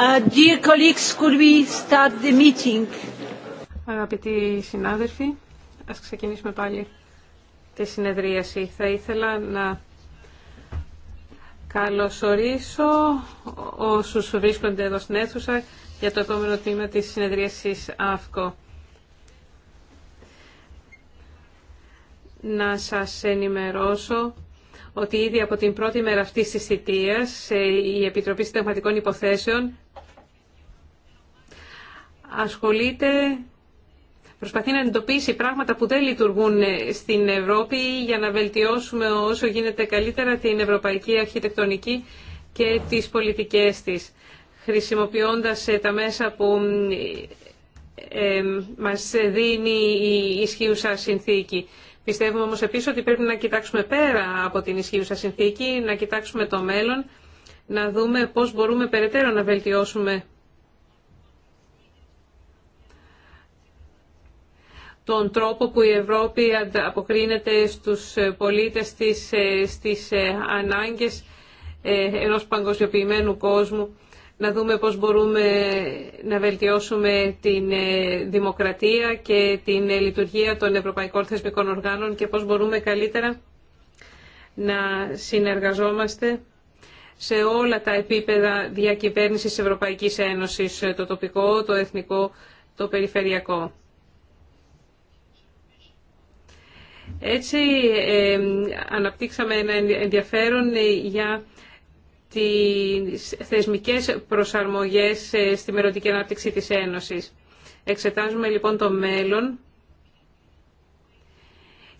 Uh, dear colleagues, could the meeting? Αγαπητοί συνάδελφοι, ας ξεκινήσουμε πάλι τη συνεδρίαση. Θα ήθελα να καλωσορίσω όσους βρίσκονται εδώ στην αίθουσα για το επόμενο τμήμα της συνεδρίασης ΑΦΚΟ. Να σας ενημερώσω ότι ήδη από την πρώτη μέρα αυτή της θητεία ε, η Επιτροπή Συνταγματικών Υποθέσεων ασχολείται, προσπαθεί να εντοπίσει πράγματα που δεν λειτουργούν ε, στην Ευρώπη για να βελτιώσουμε όσο γίνεται καλύτερα την ευρωπαϊκή αρχιτεκτονική και τις πολιτικές της, χρησιμοποιώντας ε, τα μέσα που μας δίνει η ισχύουσα συνθήκη. Πιστεύουμε όμως επίσης ότι πρέπει να κοιτάξουμε πέρα από την ισχύουσα συνθήκη, να κοιτάξουμε το μέλλον, να δούμε πώς μπορούμε περαιτέρω να βελτιώσουμε τον τρόπο που η Ευρώπη αποκρίνεται στους ε, πολίτες της, ε, στις ε, ανάγκες ενός παγκοσμιοποιημένου κόσμου να δούμε πώς μπορούμε να βελτιώσουμε την ε, δημοκρατία και την ε, λειτουργία των ευρωπαϊκών θεσμικών οργάνων και πώς μπορούμε καλύτερα να συνεργαζόμαστε σε όλα τα επίπεδα διακυβέρνησης Ευρωπαϊκής Ένωσης, ε, το τοπικό, το εθνικό, το περιφερειακό. Έτσι, αναπτύξαμε ένα ενδιαφέρον για τι θεσμικές προσαρμογές ε, στη μερωτική ανάπτυξη της Ένωσης. Εξετάζουμε λοιπόν το μέλλον,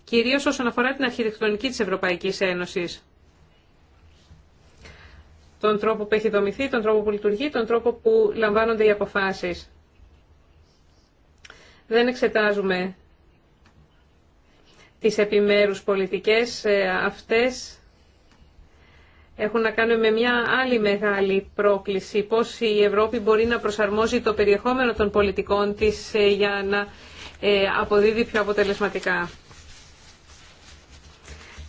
κυρίως όσον αφορά την αρχιτεκτονική της Ευρωπαϊκής Ένωσης. Τον τρόπο που έχει δομηθεί, τον τρόπο που λειτουργεί, τον τρόπο που λαμβάνονται οι αποφάσεις. Δεν εξετάζουμε τις επιμέρους πολιτικές ε, αυτές έχουν να κάνουν με μια άλλη μεγάλη πρόκληση. Πώς η Ευρώπη μπορεί να προσαρμόζει το περιεχόμενο των πολιτικών της ε, για να ε, αποδίδει πιο αποτελεσματικά.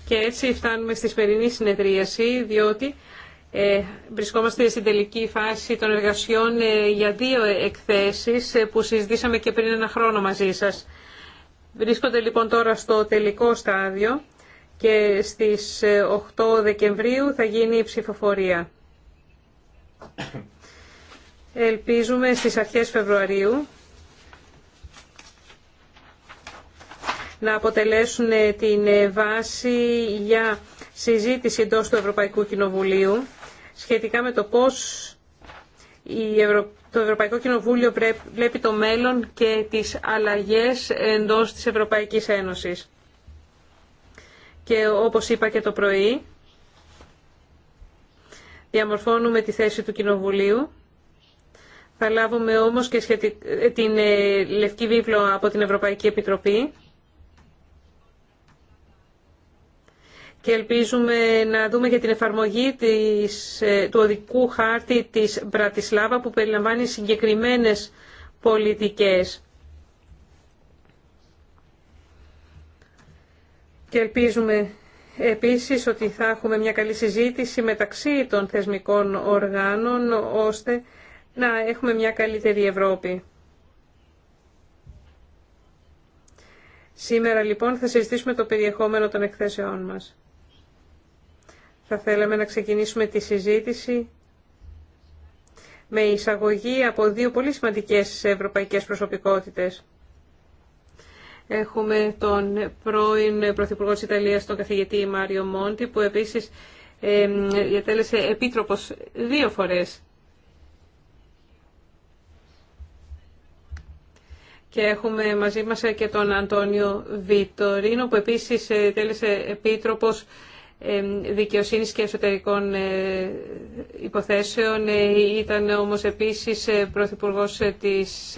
Και έτσι φτάνουμε στη σημερινή συνεδρίαση, διότι ε, βρισκόμαστε στην τελική φάση των εργασιών για δύο εκθέσεις που συζητήσαμε και πριν ένα χρόνο μαζί σας. Βρίσκονται λοιπόν τώρα στο τελικό στάδιο και στις 8 ε, Δεκεμβρίου θα γίνει η ψηφοφορία. Ελπίζουμε στις αρχές Φεβρουαρίου να αποτελέσουν ε, την ε, βάση για συζήτηση εντός του Ευρωπαϊκού Κοινοβουλίου σχετικά με το πώς το Ευρωπαϊκό Κοινοβούλιο βλέπει το μέλλον και τις αλλαγές εντός της Ευρωπαϊκής Ένωσης και όπως είπα και το πρωί, διαμορφώνουμε τη θέση του Κοινοβουλίου. Θα λάβουμε όμως και την ε, Λευκή Βίβλο από την Ευρωπαϊκή Επιτροπή. και ελπίζουμε να δούμε και την εφαρμογή της, ε, του οδικού χάρτη της Μπρατισλάβα που περιλαμβάνει συγκεκριμένες πολιτικές. και ελπίζουμε επίσης ότι θα έχουμε μια καλή συζήτηση μεταξύ των θεσμικών οργάνων ώστε να έχουμε μια καλύτερη Ευρώπη. Σήμερα λοιπόν θα συζητήσουμε το περιεχόμενο των εκθέσεών μας. Θα θέλαμε να ξεκινήσουμε τη συζήτηση με εισαγωγή από δύο πολύ σημαντικές ευρωπαϊκές προσωπικότητες. Έχουμε τον πρώην Πρωθυπουργό της Ιταλίας, τον καθηγητή Μάριο Μόντι, που επίσης ε, διατέλεσε επίτροπος δύο φορές. Και έχουμε μαζί μας και τον Αντώνιο Βιτορίνο, που επίσης ε, διατέλεσε επίτροπος δικαιοσύνης και εσωτερικών ε, υποθέσεων. Ε, ήταν όμως επίσης πρωθυπουργός της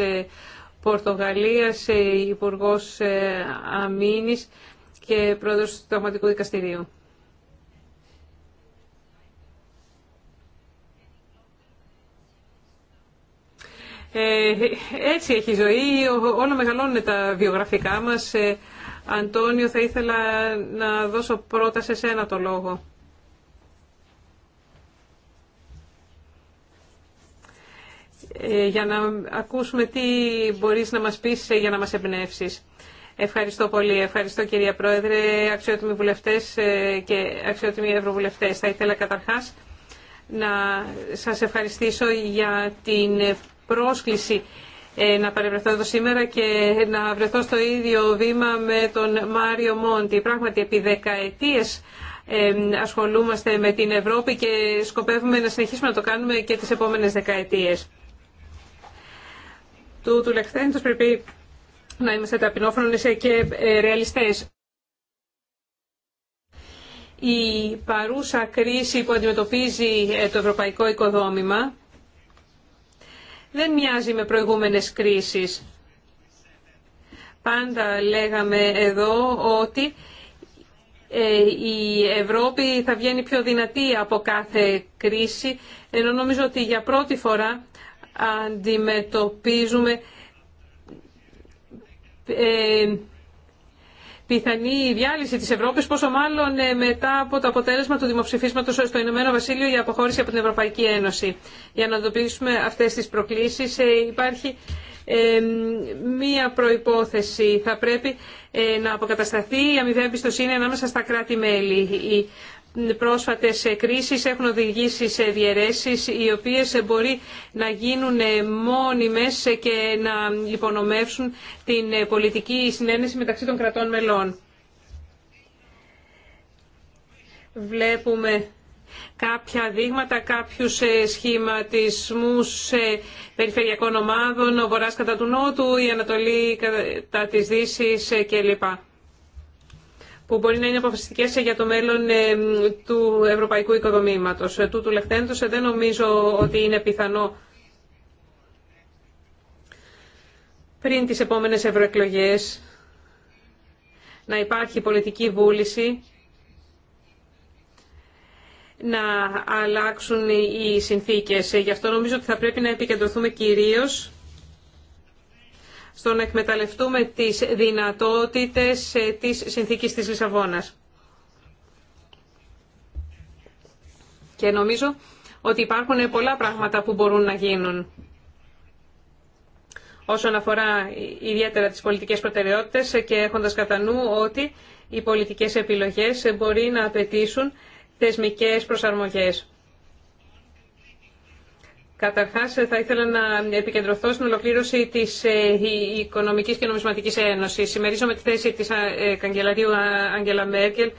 Πορτογαλίας, ε, Υπουργός ε, Αμήνης και Πρόεδρος του Ταγματικού Δικαστηρίου. Ε, έτσι έχει ζωή, όλα μεγαλώνουν τα βιογραφικά μας. Αντώνιο, θα ήθελα να δώσω πρώτα σε σένα το λόγο. Ε, για να ακούσουμε τι μπορείς να μας πεις ε, για να μας εμπνεύσει. Ευχαριστώ πολύ. Ευχαριστώ κυρία Πρόεδρε, αξιότιμοι βουλευτές ε, και αξιότιμοι ευρωβουλευτές. Θα ήθελα καταρχάς να σας ευχαριστήσω για την πρόσκληση να παρευρεθώ εδώ σήμερα και να βρεθώ στο ίδιο βήμα με τον Μάριο Μόντι. Πράγματι, επί δεκαετίες ασχολούμαστε με την Ευρώπη και σκοπεύουμε να συνεχίσουμε να το κάνουμε και τις επόμενες δεκαετίες του, του πρέπει να είμαστε ταπεινόφρονες και ε, ρεαλιστές. Η παρούσα κρίση που αντιμετωπίζει ε, το ευρωπαϊκό οικοδόμημα δεν μοιάζει με προηγούμενες κρίσεις. Πάντα λέγαμε εδώ ότι ε, η Ευρώπη θα βγαίνει πιο δυνατή από κάθε κρίση, ενώ νομίζω ότι για πρώτη φορά αντιμετωπίζουμε ε, πιθανή διάλυση της Ευρώπης, πόσο μάλλον ε, μετά από το αποτέλεσμα του δημοψηφίσματος στο Ηνωμένο Βασίλειο για αποχώρηση από την Ευρωπαϊκή Ένωση. Για να αντιμετωπίσουμε αυτές τις προκλήσεις ε, υπάρχει μία προϋπόθεση. Θα πρέπει να αποκατασταθεί η αμοιβαία εμπιστοσύνη ανάμεσα στα κράτη-μέλη. Η πρόσφατες κρίσεις έχουν οδηγήσει σε διαιρέσεις οι οποίες μπορεί να γίνουν μόνιμες και να υπονομεύσουν την πολιτική συνένεση μεταξύ των κρατών μελών. Βλέπουμε κάποια δείγματα, κάποιους σχηματισμούς περιφερειακών ομάδων, ο Βοράς κατά του Νότου, η Ανατολή κατά της Δύσης κλπ που μπορεί να είναι αποφασιστικέ για το μέλλον ε, του ευρωπαϊκού οικοδομήματος. Ε, τούτου λεχθέντο ε, δεν νομίζω ότι είναι πιθανό πριν τις επόμενες ευρωεκλογέ να υπάρχει πολιτική βούληση να αλλάξουν οι συνθήκες. Γι' αυτό νομίζω ότι θα πρέπει να επικεντρωθούμε κυρίως στο να εκμεταλλευτούμε τις δυνατότητες ε, της συνθήκης της Λισαβόνας. Και νομίζω ότι υπάρχουν πολλά πράγματα που μπορούν να γίνουν όσον αφορά ιδιαίτερα τις πολιτικές προτεραιότητες και έχοντας κατά νου ότι οι πολιτικές επιλογές μπορεί να απαιτήσουν θεσμικές προσαρμογές. Καταρχά θα ήθελα να επικεντρωθώ στην ολοκλήρωση της ε, Οικονομικής και Νομισματικής Ένωσης. Συμμερίζομαι τη θέση της ε, καγκελαρίου ε, Άγγελα Μέρκελ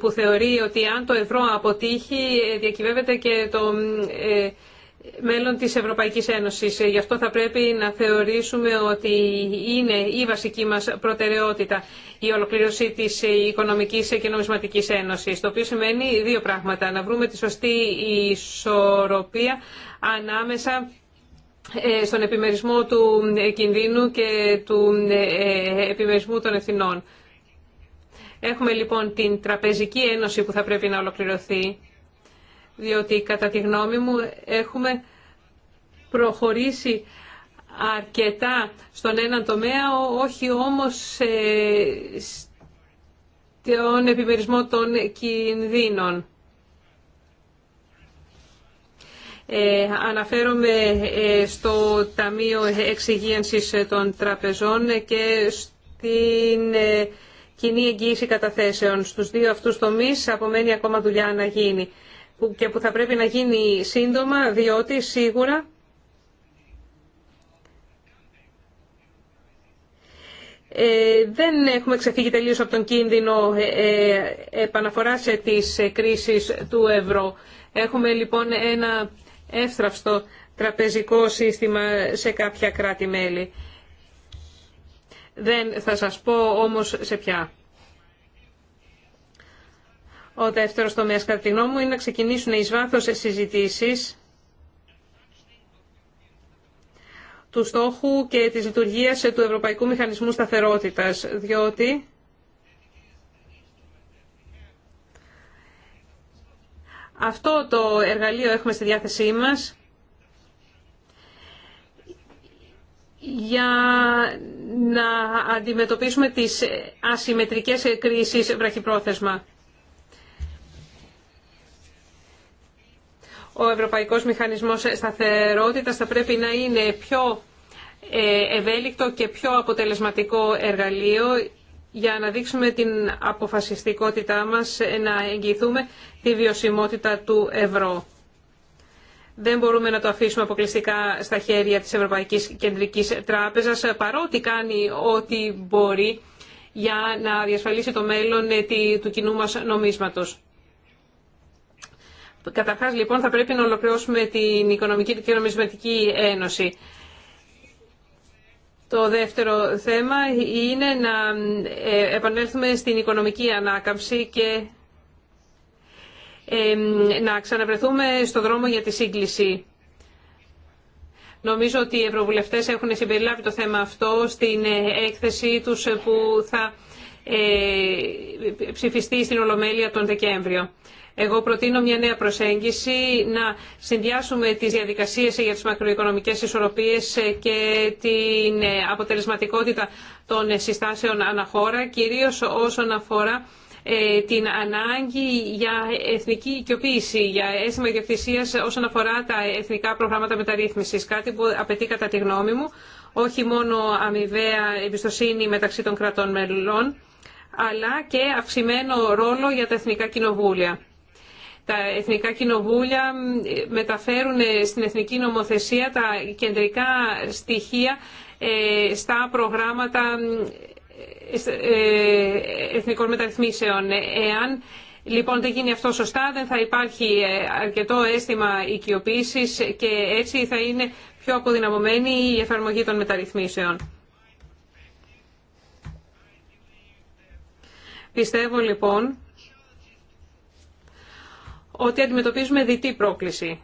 που θεωρεί ότι αν το ευρώ αποτύχει διακυβεύεται και το μέλλον της Ευρωπαϊκής Ένωσης. Γι' αυτό θα πρέπει να θεωρήσουμε ότι είναι η βασική μας προτεραιότητα η ολοκλήρωση της Οικονομικής και Νομισματικής Ένωσης, το οποίο σημαίνει δύο πράγματα. Να βρούμε τη σωστή ισορροπία ανάμεσα ε, στον επιμερισμό του κινδύνου και του ε, επιμερισμού των ευθυνών. Έχουμε λοιπόν την Τραπεζική Ένωση που θα πρέπει να ολοκληρωθεί διότι κατά τη γνώμη μου έχουμε προχωρήσει αρκετά στον έναν τομέα, όχι όμως ε, στον επιμερισμό των κινδύνων. Ε, αναφέρομαι ε, στο Ταμείο Εξυγίανσης των Τραπεζών και στην ε, κοινή εγγύηση καταθέσεων. Στους δύο αυτούς τομείς απομένει ακόμα δουλειά να γίνει και που θα πρέπει να γίνει σύντομα, διότι σίγουρα ε, δεν έχουμε ξεφύγει τελείως από τον κίνδυνο ε, ε, επαναφοράς της κρίσης του ευρώ. Έχουμε λοιπόν ένα εύστραυστο τραπεζικό σύστημα σε κάποια κράτη-μέλη. Δεν θα σας πω όμως σε ποια. Ο δεύτερος τομέας, κατά τη γνώμη μου, είναι να ξεκινήσουν εις βάθος συζητήσεις του στόχου και της λειτουργίας του Ευρωπαϊκού Μηχανισμού Σταθερότητας, διότι αυτό το εργαλείο έχουμε στη διάθεσή μας για να αντιμετωπίσουμε τις ασυμμετρικές κρίσεις βραχυπρόθεσμα. ο Ευρωπαϊκός Μηχανισμός Σταθερότητας θα πρέπει να είναι πιο ε, ευέλικτο και πιο αποτελεσματικό εργαλείο για να δείξουμε την αποφασιστικότητά μας ε, να εγγυηθούμε τη βιωσιμότητα του ευρώ. Δεν μπορούμε να το αφήσουμε αποκλειστικά στα χέρια της Ευρωπαϊκής Κεντρικής Τράπεζας, παρότι κάνει ό,τι μπορεί για να διασφαλίσει το μέλλον ε, του κοινού μας νομίσματος. Καταρχάς λοιπόν θα πρέπει να ολοκληρώσουμε την Οικονομική και Νομισματική Ένωση. Το δεύτερο θέμα είναι να ε, επανέλθουμε στην οικονομική ανάκαμψη και ε, να ξαναβρεθούμε στο δρόμο για τη σύγκληση. Νομίζω ότι οι ευρωβουλευτές έχουν συμπεριλάβει το θέμα αυτό στην ε, έκθεσή τους που θα ψηφιστεί στην Ολομέλεια τον Δεκέμβριο. Εγώ προτείνω μια νέα προσέγγιση να συνδυάσουμε τις διαδικασίες για τις μακροοικονομικές ισορροπίες και την αποτελεσματικότητα των συστάσεων αναχώρα, κυρίως όσον αφορά ε, την ανάγκη για εθνική οικειοποίηση, για αίσθημα ιδιοκτησία όσον αφορά τα εθνικά προγράμματα μεταρρύθμισης. Κάτι που απαιτεί κατά τη γνώμη μου όχι μόνο αμοιβαία εμπιστοσύνη μεταξύ των κρατών μελών, αλλά και αυξημένο ρόλο για τα εθνικά κοινοβούλια τα εθνικά κοινοβούλια μεταφέρουν ε, στην εθνική νομοθεσία τα κεντρικά στοιχεία ε, στα προγράμματα ε, εθνικών μεταρρυθμίσεων. Εάν λοιπόν δεν γίνει αυτό σωστά δεν θα υπάρχει αρκετό αίσθημα οικειοποίησης και έτσι θα είναι πιο αποδυναμωμένη η εφαρμογή των μεταρρυθμίσεων. Πιστεύω λοιπόν ότι αντιμετωπίζουμε διτή πρόκληση.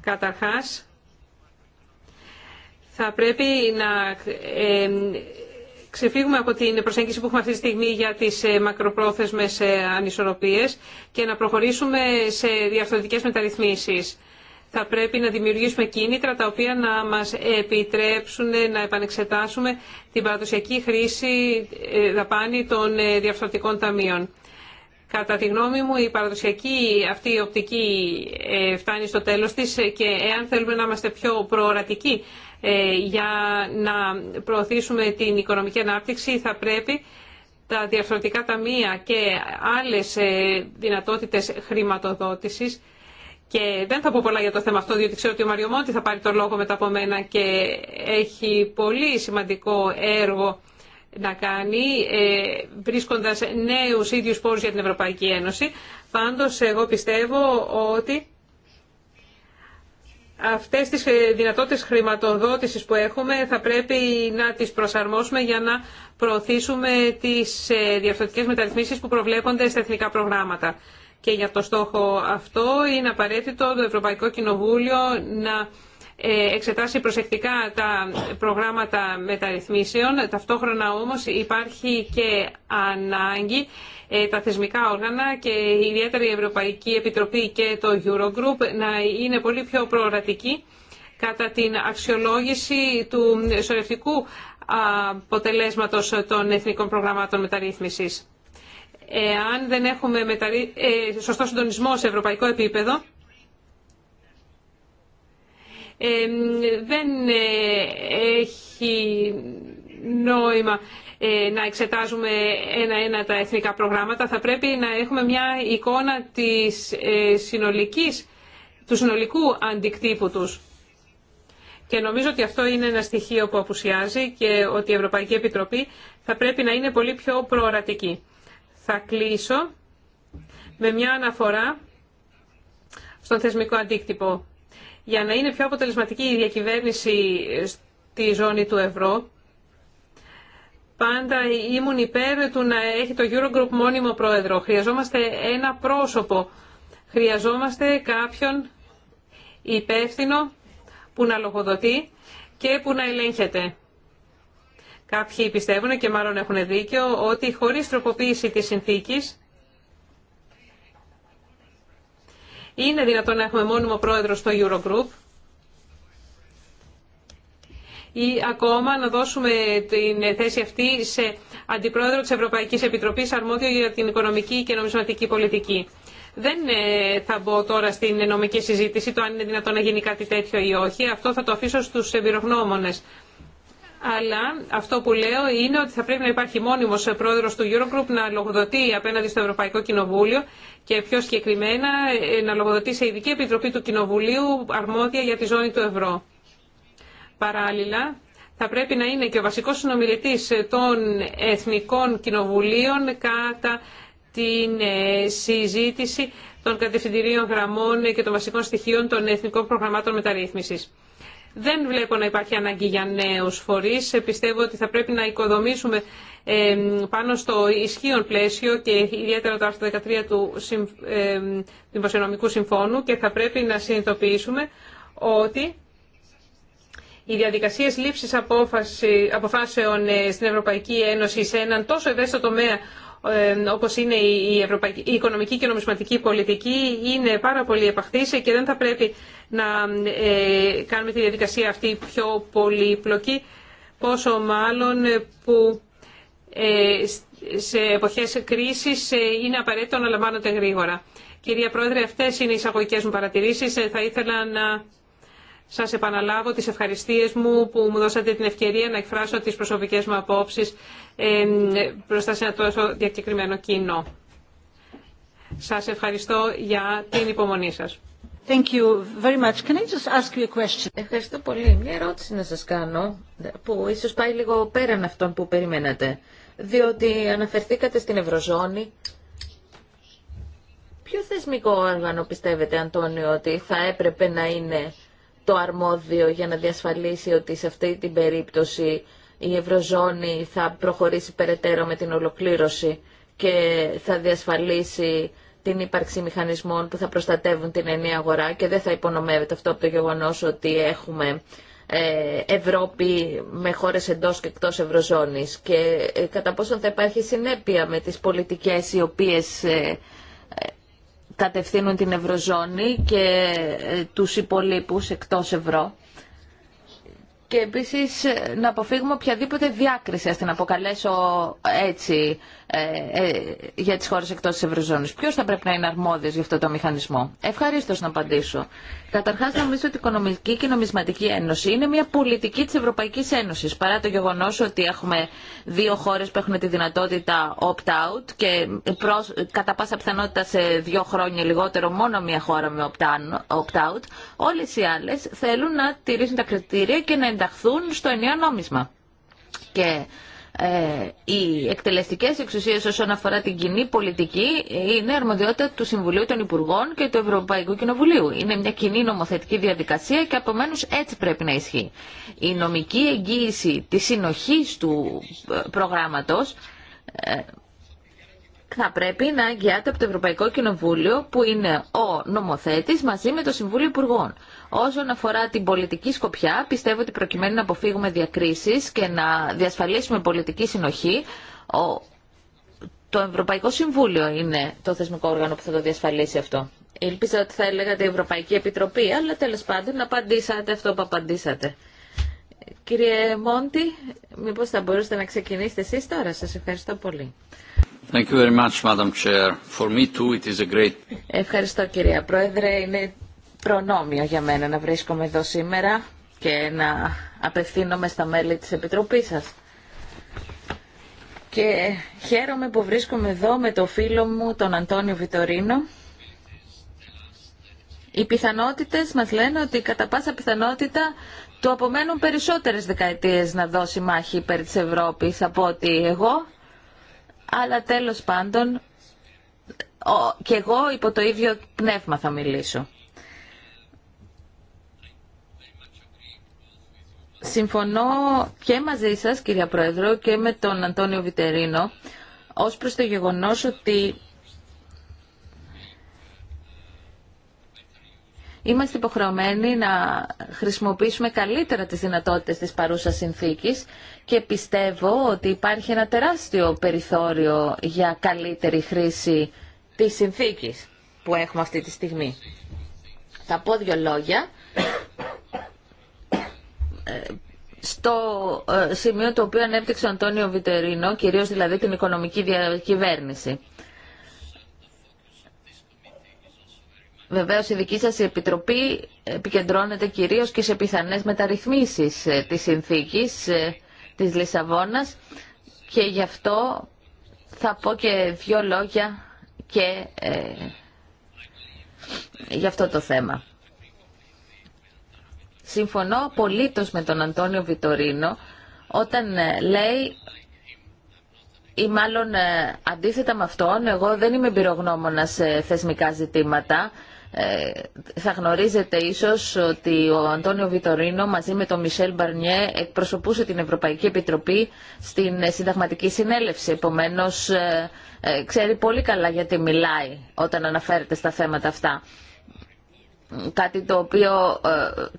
Καταρχάς, θα πρέπει να ε, ξεφύγουμε από την προσέγγιση που έχουμε αυτή τη στιγμή για τις ε, μακροπρόθεσμες ε, ανισορροπίες και να προχωρήσουμε σε διαφορετικές μεταρρυθμίσεις. Θα πρέπει να δημιουργήσουμε κίνητρα τα οποία να μας επιτρέψουν να επανεξετάσουμε την παραδοσιακή χρήση δαπάνη των διαφορετικών ταμείων. Κατά τη γνώμη μου η παραδοσιακή αυτή η οπτική ε, φτάνει στο τέλος της και εάν θέλουμε να είμαστε πιο προορατικοί ε, για να προωθήσουμε την οικονομική ανάπτυξη θα πρέπει τα διαφορετικά ταμεία και άλλες ε, δυνατότητες χρηματοδότησης και δεν θα πω πολλά για το θέμα αυτό, διότι ξέρω ότι ο Μαριομόντι θα πάρει το λόγο μετά από μένα και έχει πολύ σημαντικό έργο να κάνει ε, βρίσκοντας νέους ίδιους πόρους για την Ευρωπαϊκή Ένωση. Πάντως, εγώ πιστεύω ότι αυτές τις δυνατότητες χρηματοδότησης που έχουμε θα πρέπει να τις προσαρμόσουμε για να προωθήσουμε τις ε, διαφορετικές μεταρρυθμίσεις που προβλέπονται στα εθνικά προγράμματα. Και για το στόχο αυτό είναι απαραίτητο το Ευρωπαϊκό Κοινοβούλιο να ε, εξετάσει προσεκτικά τα προγράμματα μεταρρυθμίσεων. Ταυτόχρονα όμως υπάρχει και ανάγκη ε, τα θεσμικά όργανα και ιδιαίτερα η Ευρωπαϊκή Επιτροπή και το Eurogroup να είναι πολύ πιο προορατικοί κατά την αξιολόγηση του σωρευτικού αποτελέσματος των εθνικών προγραμμάτων μεταρρύθμισης. Αν δεν έχουμε μεταρρυ... Ε, σωστό συντονισμό σε ευρωπαϊκό επίπεδο, δεν ε, έχει νόημα ε, να εξετάζουμε ένα-ένα τα εθνικά προγράμματα. Θα πρέπει να έχουμε μια εικόνα της ε, συνολικής, του συνολικού αντικτύπου τους. Και νομίζω ότι αυτό είναι ένα στοιχείο που απουσιάζει και ότι η Ευρωπαϊκή Επιτροπή θα πρέπει να είναι πολύ πιο προορατική. Θα κλείσω με μια αναφορά στον θεσμικό αντίκτυπο. Για να είναι πιο αποτελεσματική η διακυβέρνηση στη ζώνη του ευρώ, πάντα ήμουν υπέρ του να έχει το Eurogroup μόνιμο πρόεδρο. Χρειαζόμαστε ένα πρόσωπο. Χρειαζόμαστε κάποιον υπεύθυνο που να λογοδοτεί και που να ελέγχεται. Κάποιοι πιστεύουν και μάλλον έχουν δίκιο ότι χωρίς τροποποίηση της συνθήκης Είναι δυνατόν να έχουμε μόνιμο πρόεδρο στο Eurogroup ή ακόμα να δώσουμε την θέση αυτή σε αντιπρόεδρο της Ευρωπαϊκής Επιτροπής αρμόδιο για την οικονομική και νομισματική πολιτική. Δεν ε, θα μπω τώρα στην νομική συζήτηση το αν είναι δυνατόν να γίνει κάτι τέτοιο ή όχι. Αυτό θα το αφήσω στους εμπειρογνώμονες αλλά αυτό που λέω είναι ότι θα πρέπει να υπάρχει μόνιμος πρόεδρο του Eurogroup να λογοδοτεί απέναντι στο Ευρωπαϊκό Κοινοβούλιο και πιο συγκεκριμένα ε, να λογοδοτεί σε ειδική επιτροπή του Κοινοβουλίου αρμόδια για τη ζώνη του ευρώ. Παράλληλα, θα πρέπει να είναι και ο βασικός συνομιλητής των εθνικών κοινοβουλίων κατά την ε, συζήτηση των κατευθυντηρίων γραμμών και των βασικών στοιχείων των εθνικών προγραμμάτων μεταρρύθμισης. Δεν βλέπω να υπάρχει ανάγκη για νέους φορείς. Πιστεύω ότι θα πρέπει να οικοδομήσουμε πάνω στο ισχύον πλαίσιο και ιδιαίτερα το άρθρο 13 του Δημοσιονομικού Συμφώνου και θα πρέπει να συνειδητοποιήσουμε ότι οι διαδικασίε λήψη αποφάσεων ε, στην Ευρωπαϊκή Ένωση σε έναν τόσο ευαίσθητο τομέα ε, όπως είναι η, οικονομική και νομισματική πολιτική είναι πάρα πολύ επαχθής και δεν θα πρέπει να ε, κάνουμε τη διαδικασία αυτή πιο πολύπλοκη, πόσο μάλλον που ε, σε εποχές κρίσης είναι απαραίτητο να λαμβάνονται γρήγορα. Κυρία Πρόεδρε, αυτές είναι οι εισαγωγικές μου παρατηρήσεις. Θα ήθελα να σας επαναλάβω τις ευχαριστίες μου που μου δώσατε την ευκαιρία να εκφράσω τις προσωπικές μου απόψεις ε, μπροστά σε ένα τόσο διακεκριμένο κοινό. Σας ευχαριστώ για την υπομονή σας. Thank you very much. Can I just ask you a question? Ευχαριστώ πολύ. Μια ερώτηση να σας κάνω, που ίσως πάει λίγο πέραν αυτών που περιμένατε. Διότι αναφερθήκατε στην Ευρωζώνη. Ποιο θεσμικό όργανο πιστεύετε, Αντώνιο, ότι θα έπρεπε να είναι το αρμόδιο για να διασφαλίσει ότι σε αυτή την περίπτωση η Ευρωζώνη θα προχωρήσει περαιτέρω με την ολοκλήρωση και θα διασφαλίσει την ύπαρξη μηχανισμών που θα προστατεύουν την ενιαία αγορά και δεν θα υπονομεύεται αυτό από το γεγονός ότι έχουμε ε, Ευρώπη με χώρες εντός και εκτός Ευρωζώνης και ε, κατά πόσο θα υπάρχει συνέπεια με τις πολιτικές οι οποίες ε, κατευθύνουν την Ευρωζώνη και ε, τους υπολείπους εκτός ευρώ και επίση ε, να αποφύγουμε οποιαδήποτε διάκριση, α την αποκαλέσω έτσι, ε, ε, για τι χώρε εκτό τη Ευρωζώνης. Ποιο θα πρέπει να είναι αρμόδιο για αυτό το μηχανισμό. Ευχαριστώ να απαντήσω. Καταρχάς νομίζω ότι η Οικονομική και Νομισματική Ένωση είναι μια πολιτική τη Ευρωπαϊκή Ένωση. παρά το γεγονό ότι έχουμε δύο χώρε που έχουν τη δυνατότητα opt-out και προς, κατά πάσα πιθανότητα σε δύο χρόνια λιγότερο μόνο μια χώρα με opt-out. Όλε οι άλλε θέλουν να τηρήσουν τα κριτήρια και να ενταχθούν στο ενιαίο νόμισμα. Και ε, οι εκτελεστικές εξουσίες όσον αφορά την κοινή πολιτική είναι αρμοδιότητα του Συμβουλίου των Υπουργών και του Ευρωπαϊκού Κοινοβουλίου. Είναι μια κοινή νομοθετική διαδικασία και απομένως έτσι πρέπει να ισχύει. Η νομική εγγύηση της συνοχής του ε, προγράμματος ε, θα πρέπει να αγκιάται από το Ευρωπαϊκό Κοινοβούλιο που είναι ο νομοθέτης μαζί με το Συμβούλιο Υπουργών. Όσον αφορά την πολιτική σκοπιά, πιστεύω ότι προκειμένου να αποφύγουμε διακρίσεις και να διασφαλίσουμε πολιτική συνοχή, το Ευρωπαϊκό Συμβούλιο είναι το θεσμικό όργανο που θα το διασφαλίσει αυτό. Ήλπιζα ότι θα έλεγατε την Ευρωπαϊκή Επιτροπή, αλλά τέλος πάντων απαντήσατε αυτό που απαντήσατε. Κύριε Μόντι, μήπως θα μπορούσατε να ξεκινήσετε εσείς τώρα. Σας ευχαριστώ πολύ. Ευχαριστώ κυρία Πρόεδρε. Είναι προνόμιο για μένα να βρίσκομαι εδώ σήμερα και να απευθύνομαι στα μέλη της Επιτροπής σας. Και χαίρομαι που βρίσκομαι εδώ με το φίλο μου τον Αντώνιο Βιτορίνο. Οι πιθανότητες μας λένε ότι κατά πάσα πιθανότητα του απομένουν περισσότερες δεκαετίες να δώσει μάχη υπέρ της Ευρώπης από ότι εγώ αλλά τέλος πάντων και εγώ υπό το ίδιο πνεύμα θα μιλήσω. Συμφωνώ και μαζί σας, κυρία Πρόεδρο, και με τον Αντώνιο Βιτερίνο, ως προς το γεγονός ότι είμαστε υποχρεωμένοι να χρησιμοποιήσουμε καλύτερα τις δυνατότητες της παρούσας συνθήκης και πιστεύω ότι υπάρχει ένα τεράστιο περιθώριο για καλύτερη χρήση της συνθήκης που έχουμε αυτή τη στιγμή. Θα πω δύο λόγια στο ε, σημείο το οποίο ανέπτυξε ο Αντώνιο Βιτερίνο, κυρίως δηλαδή την οικονομική διακυβέρνηση. Βεβαίω η δική σας επιτροπή επικεντρώνεται κυρίως και σε πιθανές μεταρρυθμίσεις ε, της συνθήκης ε, της Λισαβόνας και γι' αυτό θα πω και δύο λόγια και ε, για αυτό το θέμα. Συμφωνώ απολύτως με τον Αντώνιο Βιτορίνο όταν ε, λέει ή μάλλον ε, αντίθετα με αυτόν, εγώ δεν είμαι εμπειρογνώμονα σε θεσμικά ζητήματα ε, θα γνωρίζετε ίσως ότι ο Αντώνιο Βιτορίνο μαζί με τον Μισελ Μπαρνιέ εκπροσωπούσε την Ευρωπαϊκή Επιτροπή στην Συνταγματική Συνέλευση. Επομένως, ε, ε, ξέρει πολύ καλά γιατί μιλάει όταν αναφέρεται στα θέματα αυτά. Κάτι το οποίο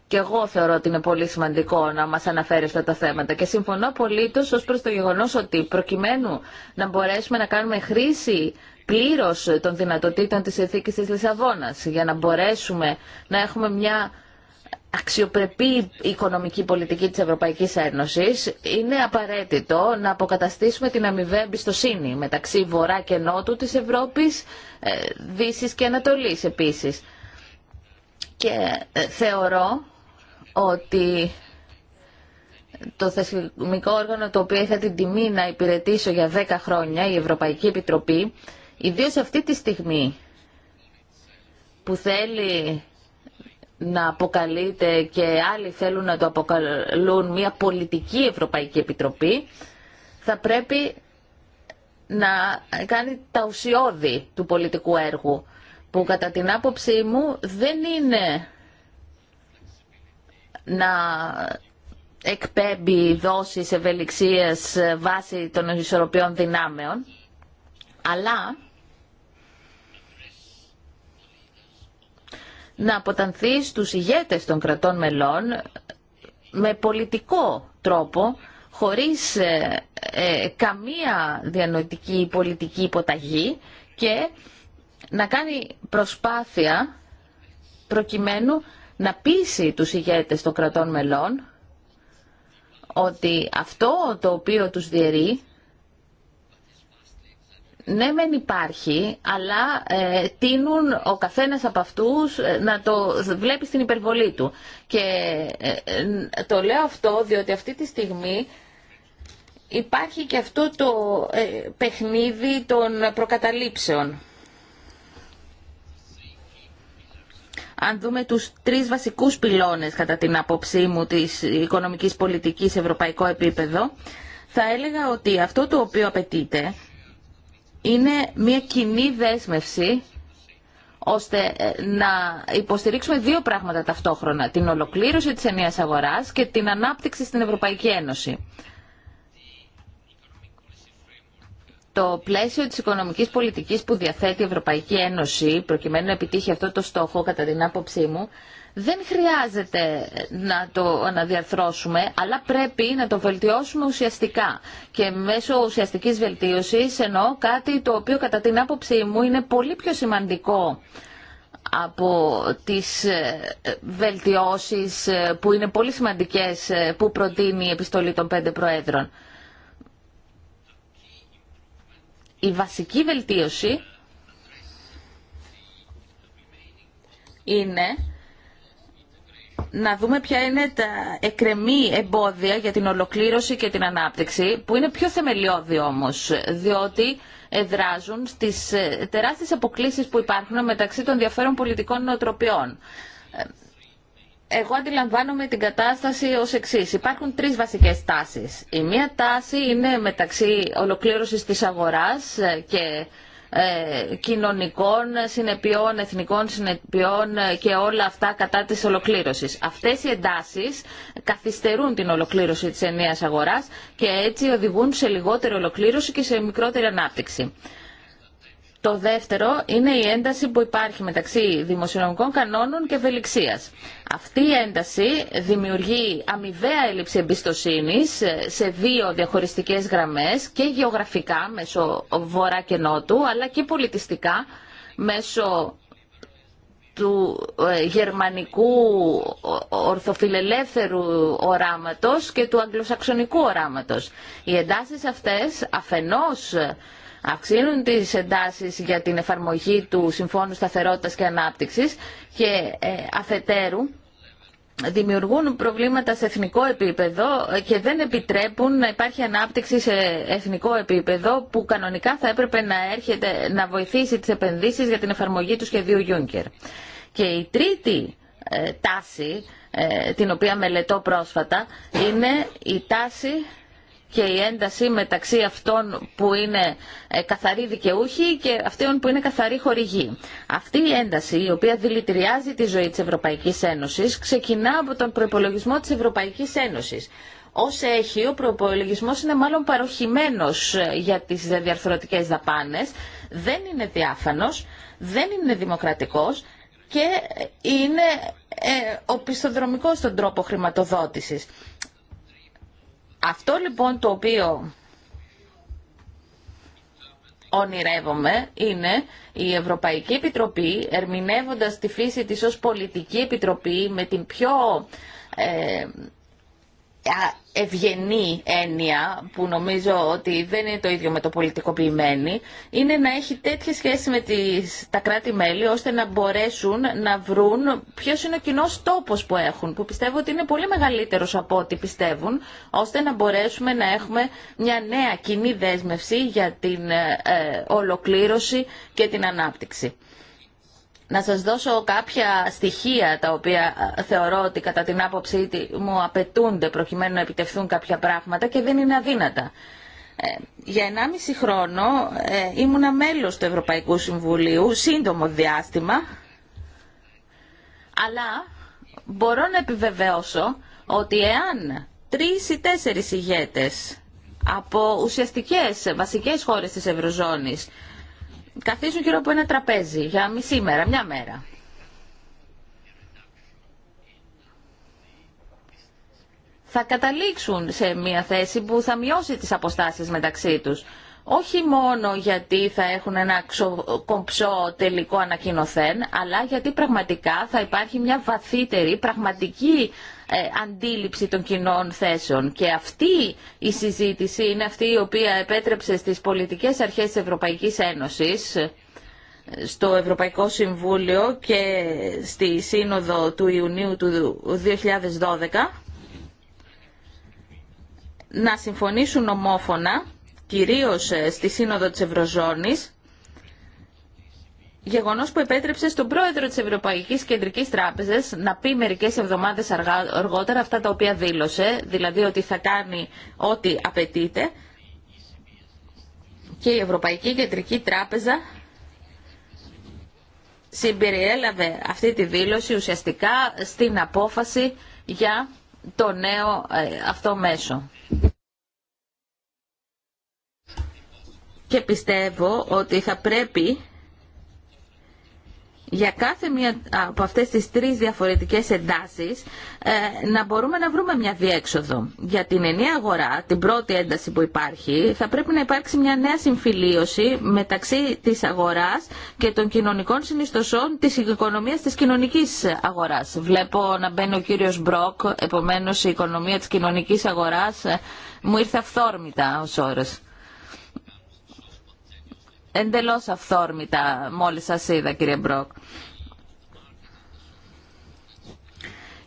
και εγώ θεωρώ ότι είναι πολύ σημαντικό να μας αναφέρει αυτά τα θέματα. Και συμφωνώ απολύτως ως προς το γεγονός ότι προκειμένου να μπορέσουμε να κάνουμε χρήση Πλήρω των δυνατοτήτων τη εθήκης της Λισαβόνας για να μπορέσουμε να έχουμε μια αξιοπρεπή οικονομική πολιτική της Ευρωπαϊκής Ένωσης είναι απαραίτητο να αποκαταστήσουμε την αμοιβαία εμπιστοσύνη μεταξύ Βορρά και Νότου της Ευρώπης, ε, Δύσης και Ανατολής επίσης. Και ε, θεωρώ ότι το θεσμικό όργανο το οποίο είχα την τιμή να υπηρετήσω για 10 χρόνια, η Ευρωπαϊκή Επιτροπή, Ιδίω αυτή τη στιγμή που θέλει να αποκαλείται και άλλοι θέλουν να το αποκαλούν μια πολιτική Ευρωπαϊκή Επιτροπή, θα πρέπει να κάνει τα ουσιώδη του πολιτικού έργου, που κατά την άποψή μου δεν είναι να εκπέμπει δόσεις ευελιξίας βάσει των ισορροπιών δυνάμεων, αλλά να αποτανθεί στους ηγέτες των κρατών μελών με πολιτικό τρόπο, χωρίς ε, ε, καμία διανοητική πολιτική υποταγή και να κάνει προσπάθεια προκειμένου να πείσει τους ηγέτες των κρατών μελών ότι αυτό το οποίο τους διαιρεί ναι μεν υπάρχει, αλλά ε, τίνουν ο καθένας από αυτούς ε, να το βλέπει στην υπερβολή του. Και ε, το λέω αυτό διότι αυτή τη στιγμή υπάρχει και αυτό το ε, παιχνίδι των προκαταλήψεων. αν δούμε τους τρεις βασικούς πυλώνες κατά την άποψή μου της οικονομικής πολιτικής σε ευρωπαϊκό επίπεδο, θα έλεγα ότι αυτό το οποίο απαιτείται είναι μια κοινή δέσμευση ώστε ε, να υποστηρίξουμε δύο πράγματα ταυτόχρονα. Την ολοκλήρωση της ενίας αγοράς και την ανάπτυξη στην Ευρωπαϊκή Ένωση. Το πλαίσιο της οικονομικής πολιτικής που διαθέτει η Ευρωπαϊκή Ένωση, προκειμένου να επιτύχει αυτό το στόχο, κατά την άποψή μου, δεν χρειάζεται να το αναδιαρθρώσουμε, αλλά πρέπει να το βελτιώσουμε ουσιαστικά. Και μέσω ουσιαστικής βελτίωσης εννοώ κάτι το οποίο κατά την άποψή μου είναι πολύ πιο σημαντικό από τις ε, βελτιώσεις ε, που είναι πολύ σημαντικές ε, που προτείνει η επιστολή των πέντε προέδρων. Η βασική βελτίωση είναι να δούμε ποια είναι τα εκρεμή εμπόδια για την ολοκλήρωση και την ανάπτυξη, που είναι πιο θεμελιώδη όμως, διότι εδράζουν στις ε, τεράστιες αποκλήσει που υπάρχουν μεταξύ των διαφέρων πολιτικών νοοτροπιών. Ε, εγώ αντιλαμβάνομαι την κατάσταση ως εξή. Υπάρχουν τρεις βασικές τάσεις. Η μία τάση είναι μεταξύ ολοκλήρωσης της αγοράς ε, και ε, κοινωνικών συνεπειών, εθνικών συνεπειών ε, και όλα αυτά κατά της ολοκλήρωσης. Αυτές οι εντάσεις καθυστερούν την ολοκλήρωση της ενιαίας αγοράς και έτσι οδηγούν σε λιγότερη ολοκλήρωση και σε μικρότερη ανάπτυξη. Το δεύτερο είναι η ένταση που υπάρχει μεταξύ δημοσιονομικών κανόνων και ευελιξίας. Αυτή η ένταση δημιουργεί αμοιβαία έλλειψη εμπιστοσύνης σε δύο διαχωριστικές γραμμές και γεωγραφικά μέσω βορρά και νότου αλλά και πολιτιστικά μέσω του ε, γερμανικού ορθοφιλελεύθερου οράματος και του αγγλοσαξονικού οράματος. Οι εντάσεις αυτές αφενός αυξήνουν τι εντάσεις για την εφαρμογή του Συμφώνου σταθερότητα και ανάπτυξη και ε, αφετέρου δημιουργούν προβλήματα σε εθνικό επίπεδο ε, και δεν επιτρέπουν να υπάρχει ανάπτυξη σε εθνικό επίπεδο που κανονικά θα έπρεπε να, έρχεται, να βοηθήσει τις επενδύσεις για την εφαρμογή του σχεδίου Juncker. Και η τρίτη ε, τάση την οποία μελετώ πρόσφατα είναι η τάση και η ένταση μεταξύ αυτών που είναι ε, καθαροί δικαιούχοι και αυτών που είναι καθαροί χορηγοί. Αυτή η ένταση, η οποία δηλητηριάζει τη ζωή της Ευρωπαϊκής Ένωσης, ξεκινά από τον προπολογισμό της Ευρωπαϊκής Ένωσης. Ως έχει, ο προπολογισμό είναι μάλλον παροχημένος ε, για τις διαρθρωτικές δαπάνες, δεν είναι διάφανος, δεν είναι δημοκρατικός και είναι ε, οπισθοδρομικός στον τρόπο χρηματοδότησης. Αυτό λοιπόν το οποίο ονειρεύομαι είναι η Ευρωπαϊκή Επιτροπή ερμηνεύοντας τη φύση της ως πολιτική επιτροπή με την πιο ε, ευγενή έννοια που νομίζω ότι δεν είναι το ίδιο με το πολιτικοποιημένη είναι να έχει τέτοια σχέση με τις, τα κράτη-μέλη ώστε να μπορέσουν να βρουν ποιο είναι ο κοινό τόπος που έχουν που πιστεύω ότι είναι πολύ μεγαλύτερος από ό,τι πιστεύουν ώστε να μπορέσουμε να έχουμε μια νέα κοινή δέσμευση για την ε, ε, ολοκλήρωση και την ανάπτυξη να σας δώσω κάποια στοιχεία τα οποία ε, θεωρώ ότι κατά την άποψή μου απαιτούνται προκειμένου να επιτευχθούν κάποια πράγματα και δεν είναι αδύνατα. Ε, για 1,5 χρόνο ε, ήμουνα μέλος του Ευρωπαϊκού Συμβουλίου, σύντομο διάστημα, αλλά μπορώ να επιβεβαιώσω ότι εάν τρεις ή τέσσερις ηγέτες από ουσιαστικές βασικές χώρες της Ευρωζώνης καθίσουν γύρω από ένα τραπέζι για μισή μέρα, μια μέρα. Θα καταλήξουν σε μια θέση που θα μειώσει τις αποστάσεις μεταξύ τους. Όχι μόνο γιατί θα έχουν ένα κομψό τελικό ανακοινωθέν, αλλά γιατί πραγματικά θα υπάρχει μια βαθύτερη, πραγματική ε, αντίληψη των κοινών θέσεων. Και αυτή η συζήτηση είναι αυτή η οποία επέτρεψε στις πολιτικές αρχές της Ευρωπαϊκής Ένωσης στο Ευρωπαϊκό Συμβούλιο και στη Σύνοδο του Ιουνίου του 2012 να συμφωνήσουν ομόφωνα, κυρίως ε, στη Σύνοδο της Ευρωζώνης, Γεγονός που επέτρεψε στον πρόεδρο της Ευρωπαϊκής Κεντρικής Τράπεζας να πει μερικές εβδομάδες αργότερα αυτά τα οποία δήλωσε, δηλαδή ότι θα κάνει ό,τι απαιτείται και η Ευρωπαϊκή Κεντρική Τράπεζα συμπεριέλαβε αυτή τη δήλωση ουσιαστικά στην απόφαση για το νέο ε, αυτό μέσο. Και πιστεύω ότι θα πρέπει για κάθε μία από αυτές τις τρεις διαφορετικές εντάσεις ε, να μπορούμε να βρούμε μια διέξοδο. Για την ενιαία αγορά, την πρώτη ένταση που υπάρχει, θα πρέπει να υπάρξει μια νέα συμφιλίωση μεταξύ της αγοράς και των κοινωνικών συνιστοσών της οικονομίας της κοινωνικής αγοράς. Βλέπω να μπαίνει ο κύριος Μπροκ, επομένως η οικονομία της κοινωνικής αγοράς ε, μου ήρθε αυθόρμητα ως όρος εντελώς αυθόρμητα μόλις σας είδα κύριε Μπρόκ.